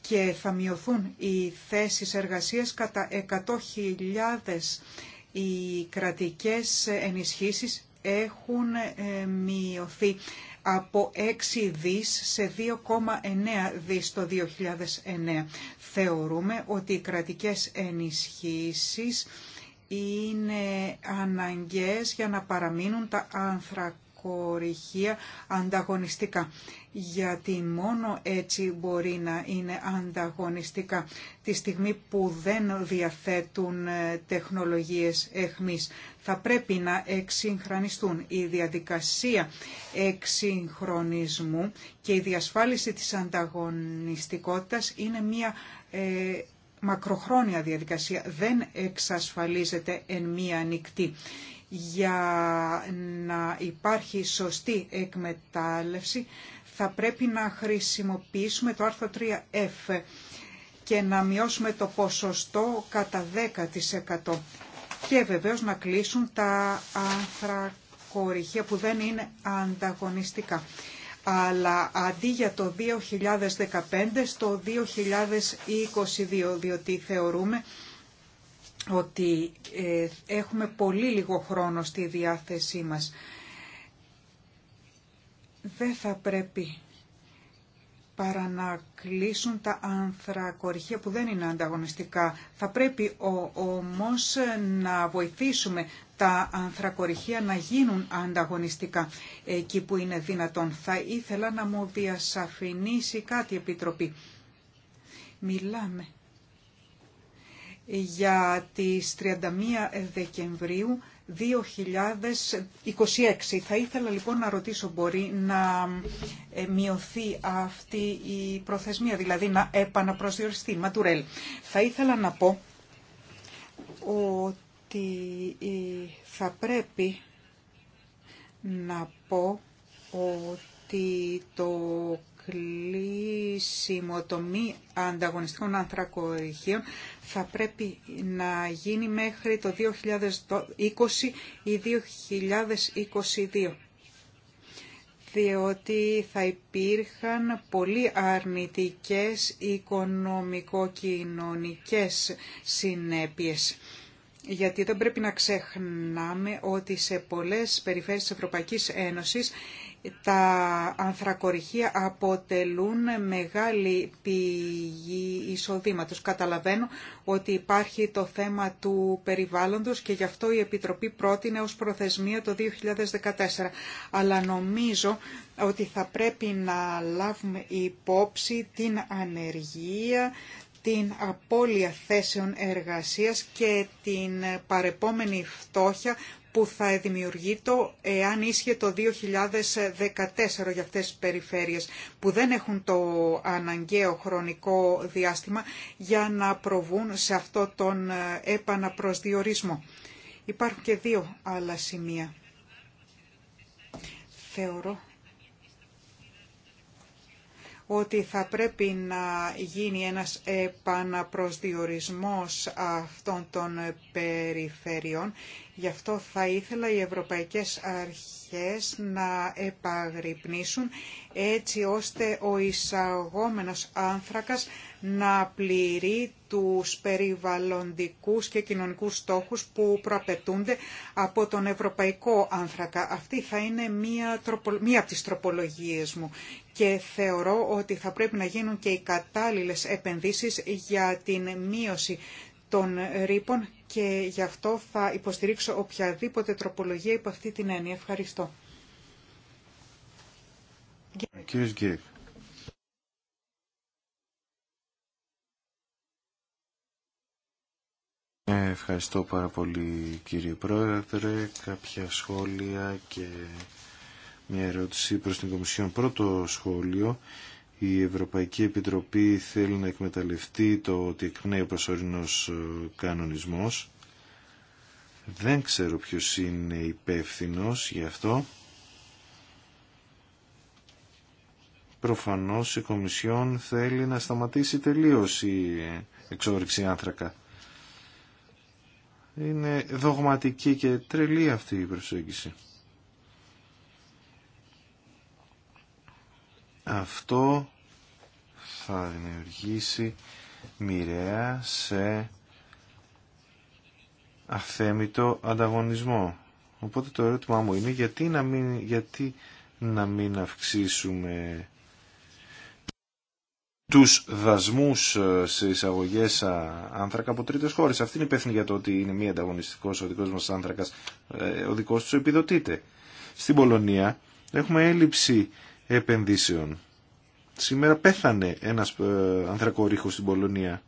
και θα μειωθούν οι θέσεις εργασίας κατά 100.000 οι κρατικές ενισχύσεις έχουν ε, μειωθεί από 6 δις σε 2,9 δις το 2009. Θεωρούμε ότι οι κρατικές ενισχύσεις είναι αναγκαίες για να παραμείνουν τα άνθρακα ανταγωνιστικά. Γιατί μόνο έτσι μπορεί να είναι ανταγωνιστικά τη στιγμή που δεν διαθέτουν ε, τεχνολογίες εχμής. Θα πρέπει να εξυγχρονιστούν. Η διαδικασία εξυγχρονισμού και η διασφάλιση της ανταγωνιστικότητας είναι μια ε, μακροχρόνια διαδικασία. Δεν εξασφαλίζεται εν μία νυχτή για να υπάρχει σωστή εκμετάλλευση θα πρέπει να χρησιμοποιήσουμε το άρθρο 3F και να μειώσουμε το ποσοστό κατά 10% και βεβαίως να κλείσουν τα ανθρακοριχεία που δεν είναι ανταγωνιστικά. Αλλά αντί για το 2015, στο 2022, διότι θεωρούμε ότι ε, έχουμε πολύ λίγο χρόνο στη διάθεσή μας. Δεν θα πρέπει παρά να κλείσουν τα ανθρακοριχεία που δεν είναι ανταγωνιστικά. Θα πρέπει ο όμως να βοηθήσουμε τα ανθρακοριχεία να γίνουν ανταγωνιστικά εκεί που είναι δυνατόν. Θα ήθελα να μου διασαφηνίσει κάτι, Επιτροπή. Μιλάμε για τις 31 Δεκεμβρίου 2026. Θα ήθελα λοιπόν να ρωτήσω, μπορεί να ε, μειωθεί αυτή η προθεσμία, δηλαδή να επαναπροσδιοριστεί. Ματουρέλ, θα ήθελα να πω ότι ε, θα πρέπει να πω ότι το κλείσιμο το μη ανταγωνιστικών ανθρακοριχείων θα πρέπει να γίνει μέχρι το 2020 ή 2022 διότι θα υπήρχαν πολύ αρνητικές οικονομικοκοινωνικές συνέπειες. Γιατί δεν πρέπει να ξεχνάμε ότι σε πολλές περιφέρειες της Ευρωπαϊκής Ένωσης τα ανθρακοριχεία αποτελούν μεγάλη πηγή εισοδήματος. Καταλαβαίνω ότι υπάρχει το θέμα του περιβάλλοντος και γι' αυτό η Επιτροπή πρότεινε ως προθεσμία το 2014. Αλλά νομίζω ότι θα πρέπει να λάβουμε υπόψη την ανεργία, την απώλεια θέσεων εργασίας και την παρεπόμενη φτώχεια που θα δημιουργεί το εάν ίσχυε το 2014 για αυτές τις περιφέρειες που δεν έχουν το αναγκαίο χρονικό διάστημα για να προβούν σε αυτό τον ε, επαναπροσδιορισμό. Υπάρχουν και δύο άλλα σημεία. Θεωρώ ότι θα πρέπει να γίνει ένας επαναπροσδιορισμός αυτών των περιφερειών Γι' αυτό θα ήθελα οι ευρωπαϊκές αρχές να επαγρυπνήσουν έτσι ώστε ο εισαγόμενος άνθρακας να πληρεί τους περιβαλλοντικούς και κοινωνικούς στόχους που προαπαιτούνται από τον ευρωπαϊκό άνθρακα. Αυτή θα είναι μία, μία από τις τροπολογίες μου και θεωρώ ότι θα πρέπει να γίνουν και οι κατάλληλες επενδύσεις για την μείωση των ρήπων και γι' αυτό θα υποστηρίξω οποιαδήποτε τροπολογία υπό αυτή την έννοια. Ευχαριστώ. Κύριος ε, Ευχαριστώ πάρα πολύ κύριε Πρόεδρε. Κάποια σχόλια και μια ερώτηση προς την Κομισιόν. Πρώτο σχόλιο η Ευρωπαϊκή Επιτροπή θέλει να εκμεταλλευτεί το ότι εκπνέει ο προσωρινός ε, κανονισμός. Δεν ξέρω ποιος είναι υπεύθυνο γι' αυτό. Προφανώς η Κομισιόν θέλει να σταματήσει τελείως η ε, εξόρυξη άνθρακα. Είναι δογματική και τρελή αυτή η προσέγγιση. Αυτό θα δημιουργήσει μοιραία σε αθέμητο ανταγωνισμό. Οπότε το ερώτημά μου είναι γιατί να μην, γιατί να μην αυξήσουμε τους δασμούς ε, σε εισαγωγές άνθρακα από τρίτες χώρες. Αυτή είναι υπεύθυνη για το ότι είναι μη ανταγωνιστικός ο δικός μας άνθρακας, ε, ο δικός τους επιδοτείται. Στην Πολωνία έχουμε έλλειψη επενδύσεων. Σήμερα πέθανε ένας ε, ανθρακορίχος στην Πολωνία.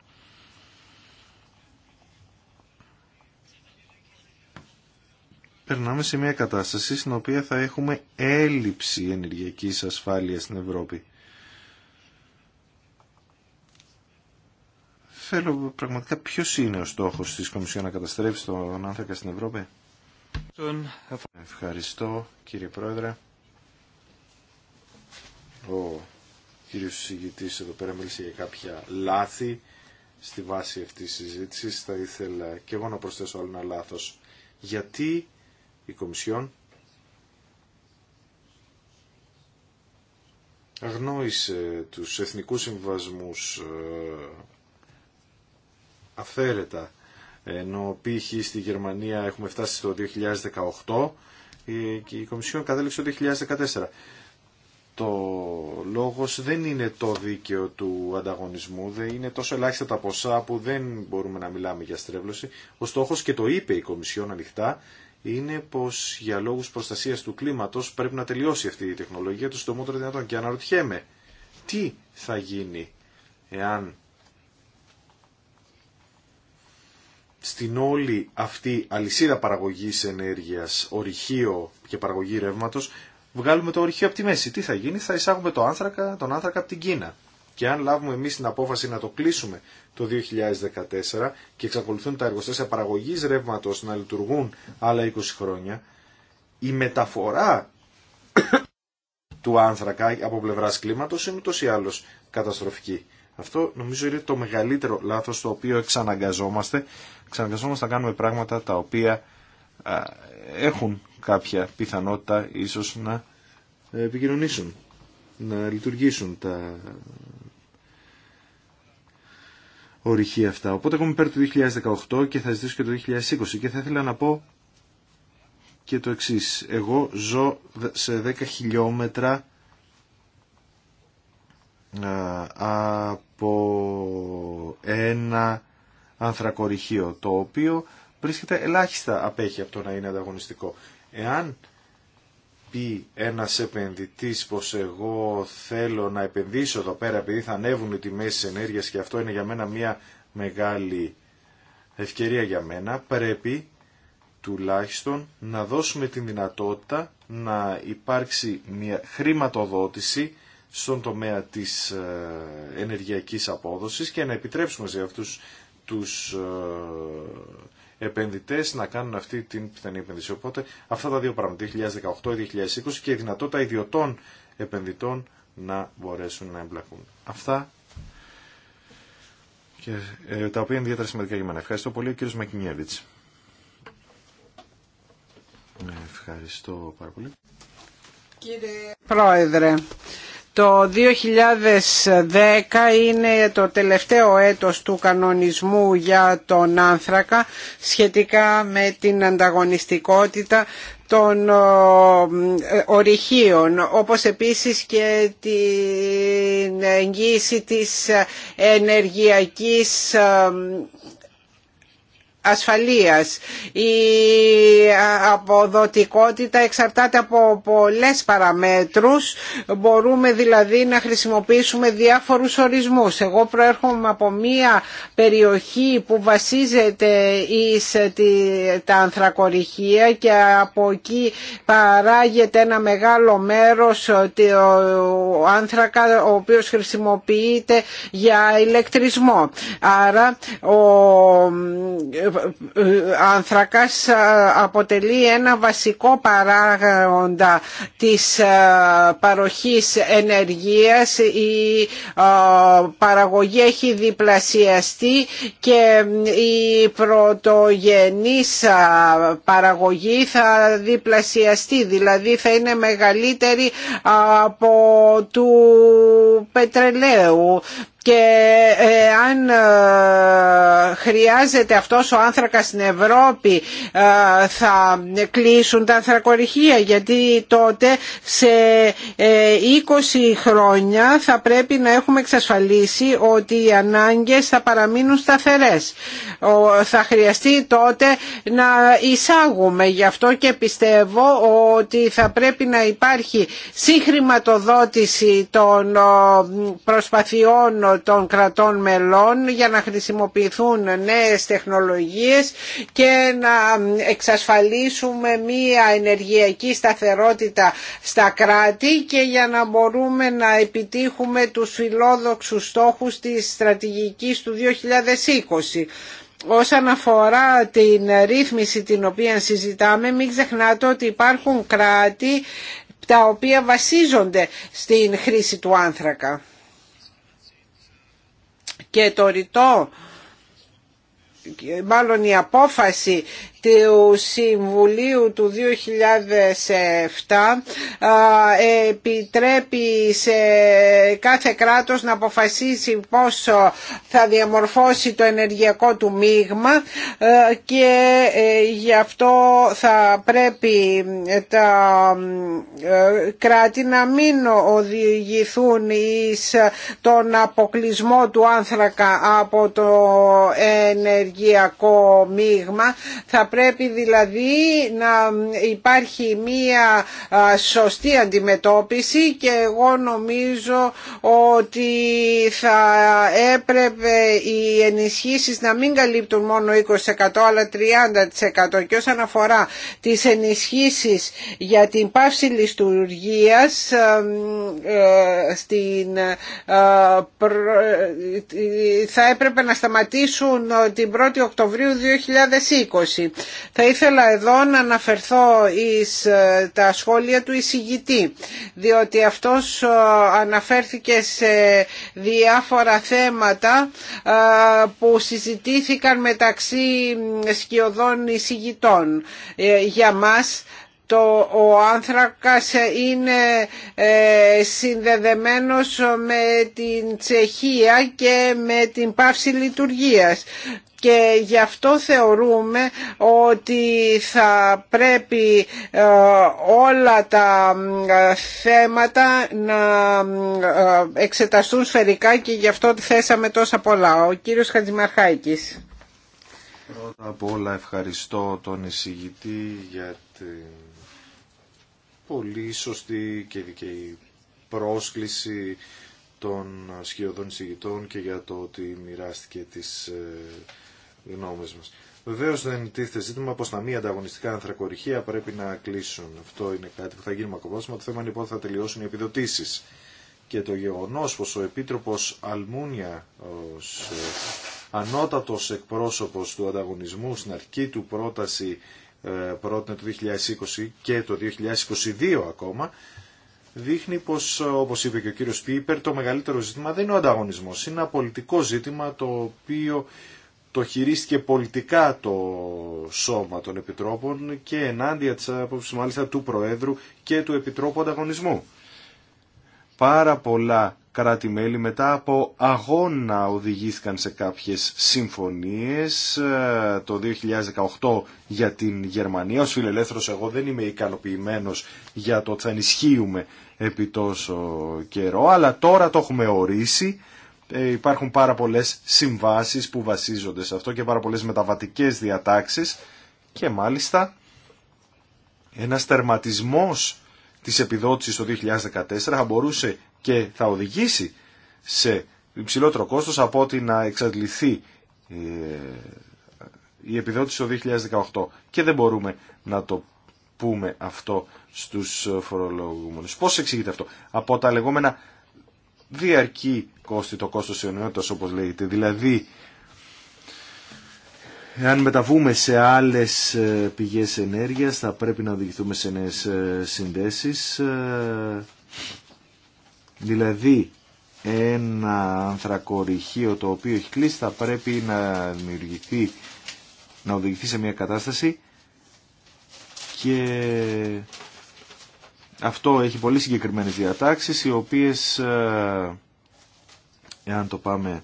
περνάμε σε μια κατάσταση στην οποία θα έχουμε έλλειψη ενεργειακής ασφάλειας στην Ευρώπη. Θέλω πραγματικά ποιος είναι ο στόχος της Κομισιόν να καταστρέψει τον άνθρακα στην Ευρώπη. Ευχαριστώ κύριε Πρόεδρε. Ο κύριος συγητής εδώ πέρα μίλησε για κάποια λάθη στη βάση αυτής της συζήτησης. Θα ήθελα και εγώ να προσθέσω άλλο ένα λάθος. Γιατί η Κομισιόν αγνόησε τους εθνικούς συμβασμούς ε, αφαίρετα ενώ π.χ. στη Γερμανία έχουμε φτάσει στο 2018 ε, και η Κομισιόν κατέληξε το 2014. Το λόγος δεν είναι το δίκαιο του ανταγωνισμού, δεν είναι τόσο ελάχιστα τα ποσά που δεν μπορούμε να μιλάμε για στρέβλωση. Ο στόχος και το είπε η Κομισιόν ανοιχτά είναι πως για λόγους προστασίας του κλίματος πρέπει να τελειώσει αυτή η τεχνολογία του στομότερο δυνατόν. Και αναρωτιέμαι τι θα γίνει εάν στην όλη αυτή αλυσίδα παραγωγής ενέργειας, ορυχείο και παραγωγή ρεύματος βγάλουμε το ορυχείο από τη μέση. Τι θα γίνει, θα εισάγουμε το άνθρακα, τον άνθρακα από την Κίνα. Και αν λάβουμε εμεί την απόφαση να το κλείσουμε το 2014 και εξακολουθούν τα εργοστάσια παραγωγή ρεύματο να λειτουργούν άλλα 20 χρόνια, η μεταφορά του άνθρακα από πλευρά κλίματο είναι ούτω ή άλλω καταστροφική. Αυτό νομίζω είναι το μεγαλύτερο λάθο στο οποίο εξαναγκαζόμαστε. Εξαναγκαζόμαστε να κάνουμε πράγματα τα οποία έχουν κάποια πιθανότητα ίσως να επικοινωνήσουν, να λειτουργήσουν τα ορυχεία αυτά. Οπότε έχουμε πέρα του 2018 και θα ζητήσω και το 2020 και θα ήθελα να πω και το εξής. Εγώ ζω σε 10 χιλιόμετρα από ένα ανθρακοριχείο το οποίο βρίσκεται ελάχιστα απέχει από το να είναι ανταγωνιστικό. Εάν πει ένας επενδυτής πως εγώ θέλω να επενδύσω εδώ πέρα επειδή θα ανέβουν οι τιμές της ενέργειας και αυτό είναι για μένα μια μεγάλη ευκαιρία για μένα, πρέπει τουλάχιστον να δώσουμε την δυνατότητα να υπάρξει μια χρηματοδότηση στον τομέα της ε, ενεργειακής απόδοσης και να επιτρέψουμε σε αυτούς τους ε, επενδυτές να κάνουν αυτή την πιθανή επενδύση. Οπότε αυτά τα δύο πράγματα, 2018-2020 και η δυνατότητα ιδιωτών επενδυτών να μπορέσουν να εμπλακούν. Αυτά και, ε, τα οποία είναι ιδιαίτερα σημαντικά για μένα. Ευχαριστώ πολύ ο κύριος Μακινιέβιτ. Ευχαριστώ πάρα πολύ. Κύριε Πρόεδρε, το 2010 είναι το τελευταίο έτος του κανονισμού για τον άνθρακα σχετικά με την ανταγωνιστικότητα των ε, ορυχείων, όπως επίσης και την εγγύηση της ενεργειακής ε, ασφαλείας. Η αποδοτικότητα εξαρτάται από πολλές παραμέτρους. Μπορούμε δηλαδή να χρησιμοποιήσουμε διάφορους ορισμούς. Εγώ προέρχομαι από μία περιοχή που βασίζεται εις τα ανθρακοριχεία και από εκεί παράγεται ένα μεγάλο μέρος ε, ο άνθρακα ο οποίος χρησιμοποιείται για ηλεκτρισμό. Άρα ο άνθρακας ε, αποτελεί ένα βασικό παράγοντα της ε, παροχής ενεργείας. Η ε, παραγωγή έχει διπλασιαστεί και η πρωτογενής παραγωγή θα διπλασιαστεί, δηλαδή θα είναι μεγαλύτερη από του πετρελαίου και ε, αν ε, χρειάζεται αυτός ο άνθρακας στην Ευρώπη ε, θα κλείσουν τα ανθρακοριχεία γιατί τότε σε 20 χρόνια θα πρέπει να έχουμε εξασφαλίσει ότι οι ανάγκες θα παραμείνουν σταθερές. Θα χρειαστεί τότε να εισάγουμε γι' αυτό και πιστεύω ότι θα πρέπει να υπάρχει συγχρηματοδότηση των προσπαθειών των κρατών μελών για να χρησιμοποιηθούν νέες τεχνολογίες και να εξασφαλίσουμε μία ενεργειακή σταθερότητα στα κράτη και για να μπορούμε να επιτύχουμε τους φιλόδοξους στόχους της στρατηγικής του 2020. Όσον αφορά την ρύθμιση την οποία συζητάμε, μην ξεχνάτε ότι υπάρχουν κράτη τα οποία βασίζονται στην χρήση του άνθρακα και το ρητό μάλλον η απόφαση του Συμβουλίου του 2007 επιτρέπει σε κάθε κράτος να αποφασίσει πόσο θα διαμορφώσει το ενεργειακό του μείγμα ε, και ε, γι' αυτό θα πρέπει τα ε, κράτη να μην οδηγηθούν εις τον αποκλεισμό του άνθρακα από το ενεργειακό μείγμα θα πρέπει δηλαδή να υπάρχει μία σωστή αντιμετώπιση και εγώ νομίζω ότι θα έπρεπε οι ενισχύσεις να μην καλύπτουν μόνο 20% αλλά 30% και όσον αφορά τις ενισχύσεις για την πάυση λειτουργίας ε, στην, ε, θα έπρεπε να σταματήσουν την 1η Οκτωβρίου 2020 θα ήθελα εδώ να αναφερθώ εις ε, τα σχόλια του εισηγητή, διότι αυτός ε, αναφέρθηκε σε διάφορα θέματα ε, που συζητήθηκαν μεταξύ σκιωδών εισηγητών. Για μας το, ο άνθρακας είναι ε, συνδεδεμένος με την Τσεχία και με την πάυση λειτουργίας και γι' αυτό θεωρούμε ότι θα πρέπει ε, όλα τα ε, θέματα να ε, εξεταστούν σφαιρικά και γι' αυτό θέσαμε τόσα πολλά. Ο κύριος Χατζημαρχάκης. Πρώτα απ' όλα ευχαριστώ τον εισηγητή για την πολύ σωστή και δικαιή πρόσκληση των σκιωδών εισηγητών και για το ότι μοιράστηκε τις γνώμες μας. Βεβαίω δεν τίθε ζήτημα πω τα μη ανταγωνιστικά ανθρακοριχεία πρέπει να κλείσουν. Αυτό είναι κάτι που θα γίνει μακροπρόθεσμα. Το θέμα είναι πότε λοιπόν θα τελειώσουν οι επιδοτήσει. Και το γεγονό πω ο επίτροπο Αλμούνια, ω ε, ανώτατο εκπρόσωπο του ανταγωνισμού στην αρχή του πρόταση, ε, πρότεινε το 2020 και το 2022 ακόμα, δείχνει πως, όπως είπε και ο κύριο Πίπερ, το μεγαλύτερο ζήτημα δεν είναι ο ανταγωνισμό, είναι ένα πολιτικό ζήτημα το οποίο το χειρίστηκε πολιτικά το σώμα των Επιτρόπων και ενάντια της άποψης μάλιστα του Προέδρου και του Επιτρόπου Ανταγωνισμού. Πάρα πολλά κράτη-μέλη μετά από αγώνα οδηγήθηκαν σε κάποιες συμφωνίες ε, το 2018 για την Γερμανία. Ως φιλελεύθερος εγώ δεν είμαι ικανοποιημένος για το ότι θα ενισχύουμε επί τόσο καιρό, αλλά τώρα το έχουμε ορίσει ε, υπάρχουν πάρα πολλές συμβάσεις που βασίζονται σε αυτό και πάρα πολλές μεταβατικές διατάξεις και μάλιστα ένας τερματισμός της επιδότησης το 2014 θα μπορούσε και θα οδηγήσει σε υψηλότερο κόστος από ότι να εξαντληθεί ε, η επιδότηση το 2018 και δεν μπορούμε να το πούμε αυτό στους φορολογούμενους. Πώς εξηγείται αυτό. Από τα λεγόμενα διαρκή κόστη, το κόστος ιονιότητας όπως λέγεται. Δηλαδή, εάν μεταβούμε σε άλλες ε, πηγές ενέργειας θα πρέπει να οδηγηθούμε σε νέες ε, συνδέσεις. Ε, δηλαδή, ένα ανθρακοριχείο το οποίο έχει κλείσει θα πρέπει να δημιουργηθεί, να οδηγηθεί σε μια κατάσταση και αυτό έχει πολύ συγκεκριμένες διατάξεις οι οποίες ε, εάν το πάμε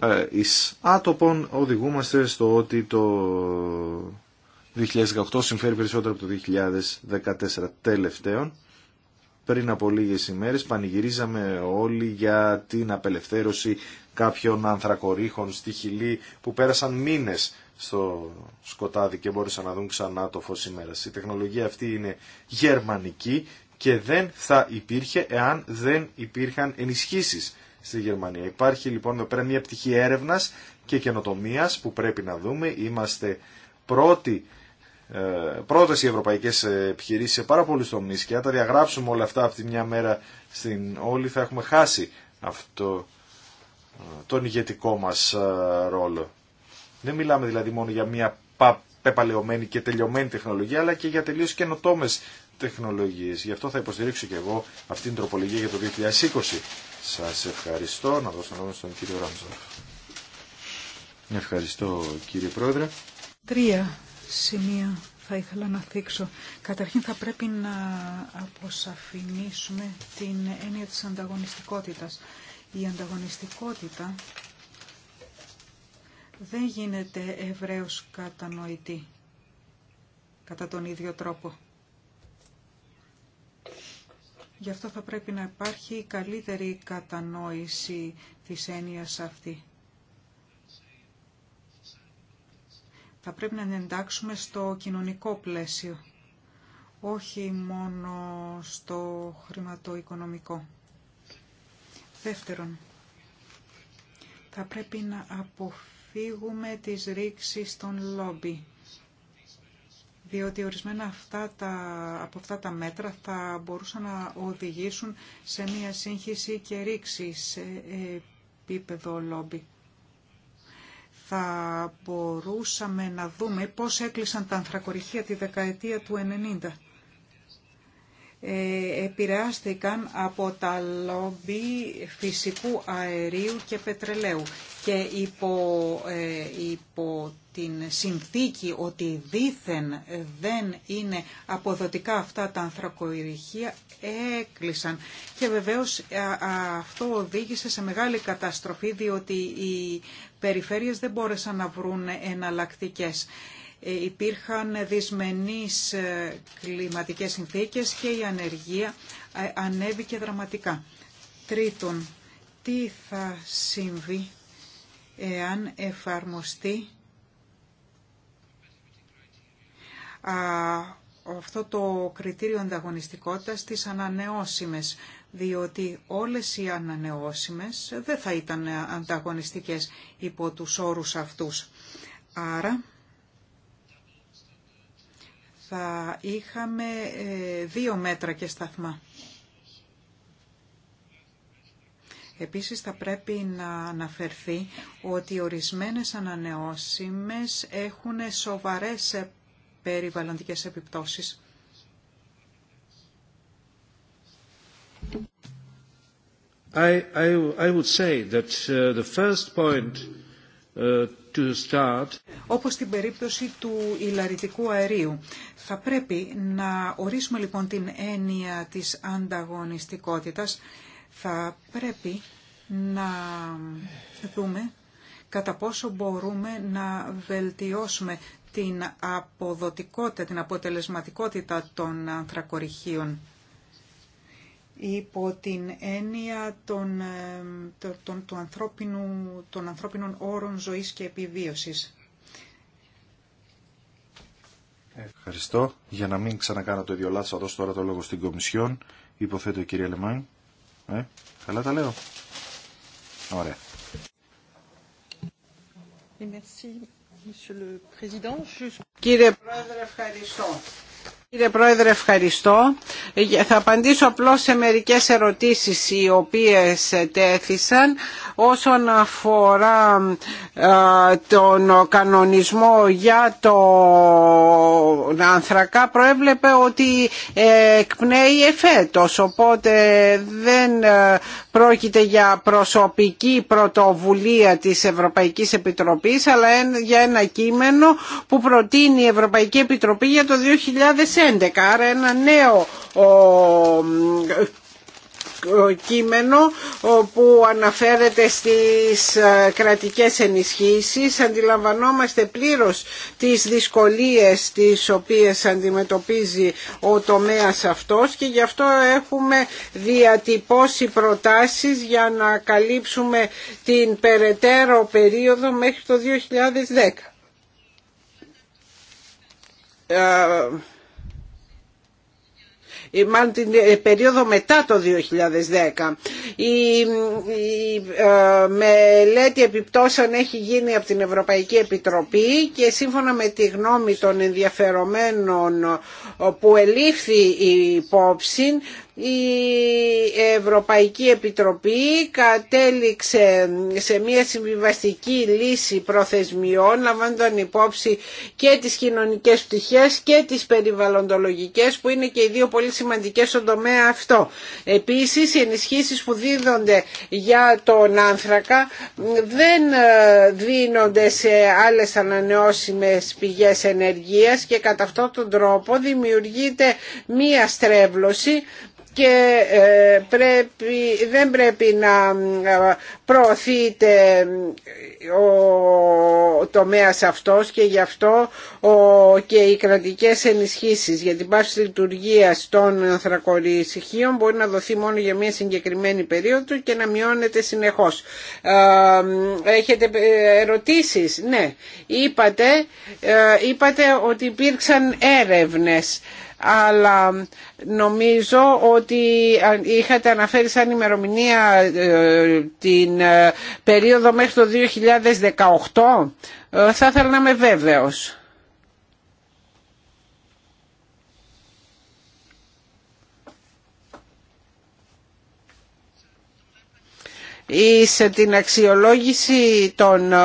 ε, εις άτοπον οδηγούμαστε στο ότι το 2018 συμφέρει περισσότερο από το 2014 τελευταίων. Πριν από λίγες ημέρες πανηγυρίζαμε όλοι για την απελευθέρωση κάποιων ανθρακορίχων στη Χιλή που πέρασαν μήνες στο σκοτάδι και μπόρεσαν να δουν ξανά το φως σήμερα. Η τεχνολογία αυτή είναι γερμανική και δεν θα υπήρχε εάν δεν υπήρχαν ενισχύσεις στη Γερμανία. Υπάρχει λοιπόν εδώ πέρα μια πτυχή έρευνας και καινοτομία που πρέπει να δούμε. Είμαστε πρώτοι ε, πρώτες οι ευρωπαϊκές επιχειρήσεις σε πάρα πολλούς τομείς και αν τα διαγράψουμε όλα αυτά από τη μια μέρα στην όλη θα έχουμε χάσει αυτό ε, τον ηγετικό μας ε, ρόλο. Δεν μιλάμε δηλαδή μόνο για μια πεπαλαιωμένη και τελειωμένη τεχνολογία, αλλά και για τελείως καινοτόμες τεχνολογίες. Γι' αυτό θα υποστηρίξω και εγώ αυτήν την τροπολογία για το 2020. Σας ευχαριστώ. Να δώσω λόγο στον κύριο Ράμζοφ. Ευχαριστώ κύριε Πρόεδρε. Τρία σημεία θα ήθελα να θίξω. Καταρχήν θα πρέπει να αποσαφηνίσουμε την έννοια της ανταγωνιστικότητας. Η ανταγωνιστικότητα δεν γίνεται ευρέως κατανοητή κατά τον ίδιο τρόπο. Γι' αυτό θα πρέπει να υπάρχει καλύτερη κατανόηση της έννοιας αυτή. Θα πρέπει να εντάξουμε στο κοινωνικό πλαίσιο, όχι μόνο στο χρηματοοικονομικό. Δεύτερον, θα πρέπει να αποφύγουμε αποφύγουμε τις ρήξεις των λόμπι. Διότι ορισμένα αυτά τα, από αυτά τα μέτρα θα μπορούσαν να οδηγήσουν σε μια σύγχυση και ρήξη σε επίπεδο λόμπι. Θα μπορούσαμε να δούμε πώς έκλεισαν τα ανθρακοριχεία τη δεκαετία του 90 ε, επηρεάστηκαν από τα λόμπι φυσικού αερίου και πετρελαίου και ε, υπό, την συνθήκη ότι δήθεν δεν είναι αποδοτικά αυτά τα ανθρακοειρηχεία, έκλεισαν. Και βεβαίως αυτό οδήγησε σε μεγάλη καταστροφή διότι οι περιφέρειες δεν μπόρεσαν να βρουν εναλλακτικές. Ε, υπήρχαν δυσμενείς ε, κλιματικές συνθήκες και η ανεργία ανέβηκε δραματικά. Τρίτον, τι θα συμβεί εάν εφαρμοστεί αυτό το κριτήριο ανταγωνιστικότητας στις ανανεώσιμες, διότι όλες οι ανανεώσιμες δεν θα ήταν ανταγωνιστικές υπό τους όρους αυτούς. Άρα θα είχαμε ε, δύο μέτρα και σταθμά. Επίσης θα πρέπει να αναφερθεί ότι ορισμένες ανανεώσιμες έχουν σοβαρές περιβαλλοντικές επιπτώσεις. I, I, would say that uh, the first point uh, to start... Όπως στην περίπτωση του ηλαρητικού αερίου. Θα πρέπει να ορίσουμε λοιπόν την έννοια της ανταγωνιστικότητας θα πρέπει να δούμε κατά πόσο μπορούμε να βελτιώσουμε την αποδοτικότητα, την αποτελεσματικότητα των ανθρακοριχείων υπό την έννοια των, ε, των, του ανθρώπινου, των ανθρώπινων όρων ζωής και επιβίωσης. Ευχαριστώ. Για να μην ξανακάνω το ίδιο λάθος, θα δώσω τώρα το λόγο στην Κομισιόν. Υποθέτω, κυρία Λεμάν. Ε, καλά τα λέω. Ωραία. Κύριε Πρόεδρε, ευχαριστώ. Κύριε Πρόεδρε, ευχαριστώ. Ε, θα απαντήσω απλώς σε μερικές ερωτήσεις οι οποίες τέθησαν όσον αφορά ε, τον κανονισμό για το ανθρακά προέβλεπε ότι εκπνέει εφέτος οπότε δεν ε, πρόκειται για προσωπική πρωτοβουλία της Ευρωπαϊκής Επιτροπής αλλά για ένα κείμενο που προτείνει η Ευρωπαϊκή Επιτροπή για το 2011 άρα ένα νέο κείμενο που αναφέρεται στις ε, κρατικές ενισχύσεις. Αντιλαμβανόμαστε πλήρως τις δυσκολίες τις οποίες αντιμετωπίζει ο τομέας αυτός και γι' αυτό έχουμε διατυπώσει προτάσεις για να καλύψουμε την περαιτέρω περίοδο μέχρι το 2010. Ε, μάλλον την ε, περίοδο μετά το 2010. Η, η ε, μελέτη επιπτώσεων έχει γίνει από την Ευρωπαϊκή Επιτροπή και σύμφωνα με τη γνώμη των ενδιαφερομένων που ελήφθη η υπόψη η Ευρωπαϊκή Επιτροπή κατέληξε σε μια συμβιβαστική λύση προθεσμιών λαμβάνοντας υπόψη και τις κοινωνικές πτυχές και τις περιβαλλοντολογικές που είναι και οι δύο πολύ σημαντικές στον τομέα αυτό. Επίσης οι ενισχύσεις που δίδονται για τον άνθρακα δεν ε, δίνονται σε άλλες ανανεώσιμες πηγές ενεργείας και κατά αυτόν τον τρόπο δημιουργείται μία στρέβλωση και ε, πρέπει, δεν πρέπει να ε, προωθείται ε, ο τομέας αυτός και γι' αυτό ο, και οι κρατικές ενισχύσεις για την πάση λειτουργία των μπορεί να δοθεί μόνο για μια συγκεκριμένη περίοδο και να μειώνεται συνεχώς. έχετε ερωτήσεις, ναι. Είπατε, είπατε ότι υπήρξαν έρευνες αλλά νομίζω ότι είχατε αναφέρει σαν ημερομηνία ε, την ε, περίοδο μέχρι το 2018. Ε, θα ήθελα να είμαι βέβαιος. σε την αξιολόγηση των ε,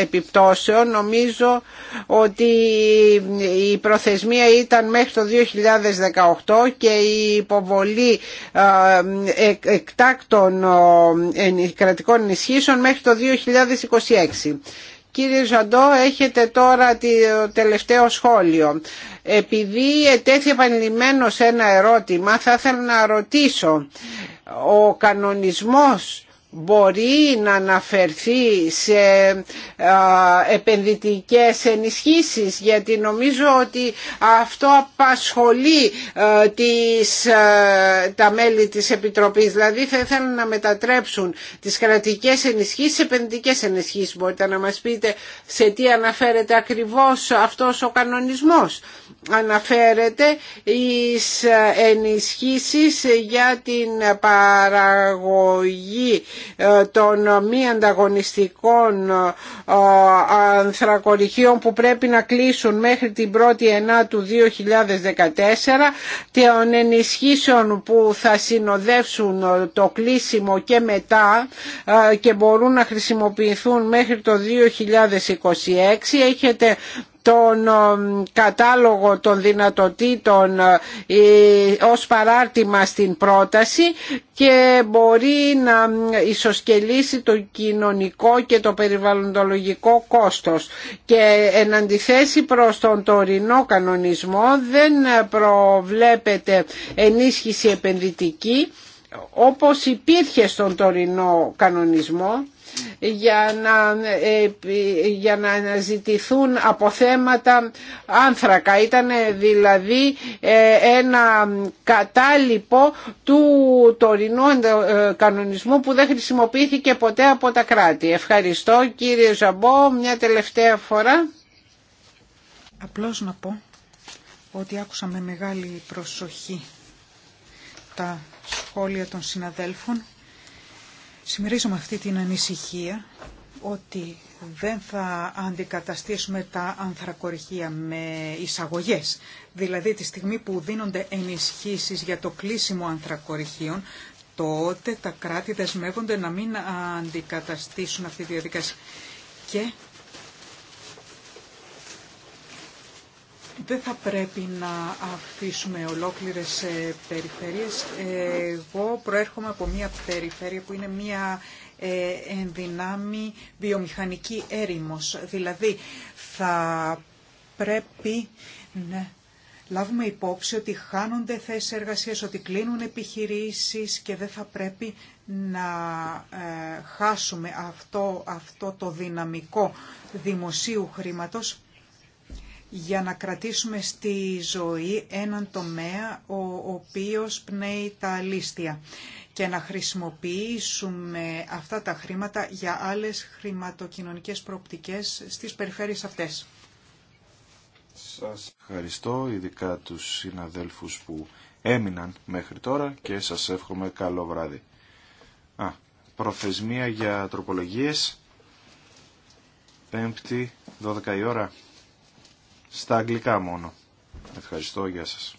επιπτώσεων νομίζω ότι η προθεσμία ήταν μέχρι το 2018 και η υποβολή ε, ε, εκτάκτων κρατικών ενισχύσεων μέχρι το 2026. Κύριε Ζαντό, έχετε τώρα το τελευταίο σχόλιο. Επειδή ετέθη επανειλημμένο ένα ερώτημα, θα ήθελα να ρωτήσω ο κανονισμός μπορεί να αναφερθεί σε επενδυτικές ενισχύσεις γιατί νομίζω ότι αυτό απασχολεί τις, τα μέλη της Επιτροπής δηλαδή θα ήθελαν να μετατρέψουν τις κρατικές ενισχύσεις σε επενδυτικές ενισχύσεις μπορείτε να μας πείτε σε τι αναφέρεται ακριβώς αυτός ο κανονισμός αναφέρεται εις ενισχύσεις για την παραγωγή ε, των μη ανταγωνιστικών ε, ανθρακοριχείων που πρέπει να κλείσουν μέχρι την 1η Ενάτου 2014 των ενισχύσεων που θα συνοδεύσουν ε, το κλείσιμο και μετά και μπορούν να χρησιμοποιηθούν μέχρι το 2026 έχετε τον κατάλογο των δυνατοτήτων ε, ε, ως παράρτημα στην πρόταση και μπορεί να ε, ισοσκελίσει το κοινωνικό και το περιβαλλοντολογικό κόστος και εν αντιθέσει προς τον τωρινό κανονισμό δεν προβλέπεται ενίσχυση επενδυτική όπως υπήρχε στον τωρινό κανονισμό για να, ε, για να αναζητηθούν αποθέματα άνθρακα. Ήταν ε, δηλαδή ε, ένα κατάλοιπο του τωρινού κανονισμού που δεν χρησιμοποιήθηκε ποτέ από τα κράτη. Ευχαριστώ κύριε Ζαμπό. Μια τελευταία φορά. Απλώς να πω ότι άκουσα με μεγάλη προσοχή τα σχόλια των συναδέλφων με αυτή την ανησυχία ότι δεν θα αντικαταστήσουμε τα ανθρακοριχεία με εισαγωγές. Δηλαδή τη στιγμή που δίνονται ενισχύσεις για το κλείσιμο ανθρακοριχείων, τότε τα κράτη δεσμεύονται να μην αντικαταστήσουν αυτή τη διαδικασία. Και δεν θα πρέπει να αφήσουμε ολόκληρες ε, περιφέρειες. Εγώ προέρχομαι από μια περιφέρεια που είναι μια ε, ενδυνάμει βιομηχανική έρημος. Δηλαδή θα πρέπει να λάβουμε υπόψη ότι χάνονται θέσεις εργασίας, ότι κλείνουν επιχειρήσεις και δεν θα πρέπει να ε, χάσουμε αυτό, αυτό το δυναμικό δημοσίου χρήματος για να κρατήσουμε στη ζωή έναν τομέα ο οποίος πνέει τα λίστια και να χρησιμοποιήσουμε αυτά τα χρήματα για άλλες χρηματοκοινωνικές προοπτικές στις περιφέρειες αυτές. Σας ευχαριστώ ειδικά τους συναδέλφους που έμειναν μέχρι τώρα και σας εύχομαι καλό βράδυ. Α, προθεσμία για τροπολογίες. Πέμπτη, 12 η ώρα στα αγγλικά μόνο. Ευχαριστώ, γεια σας.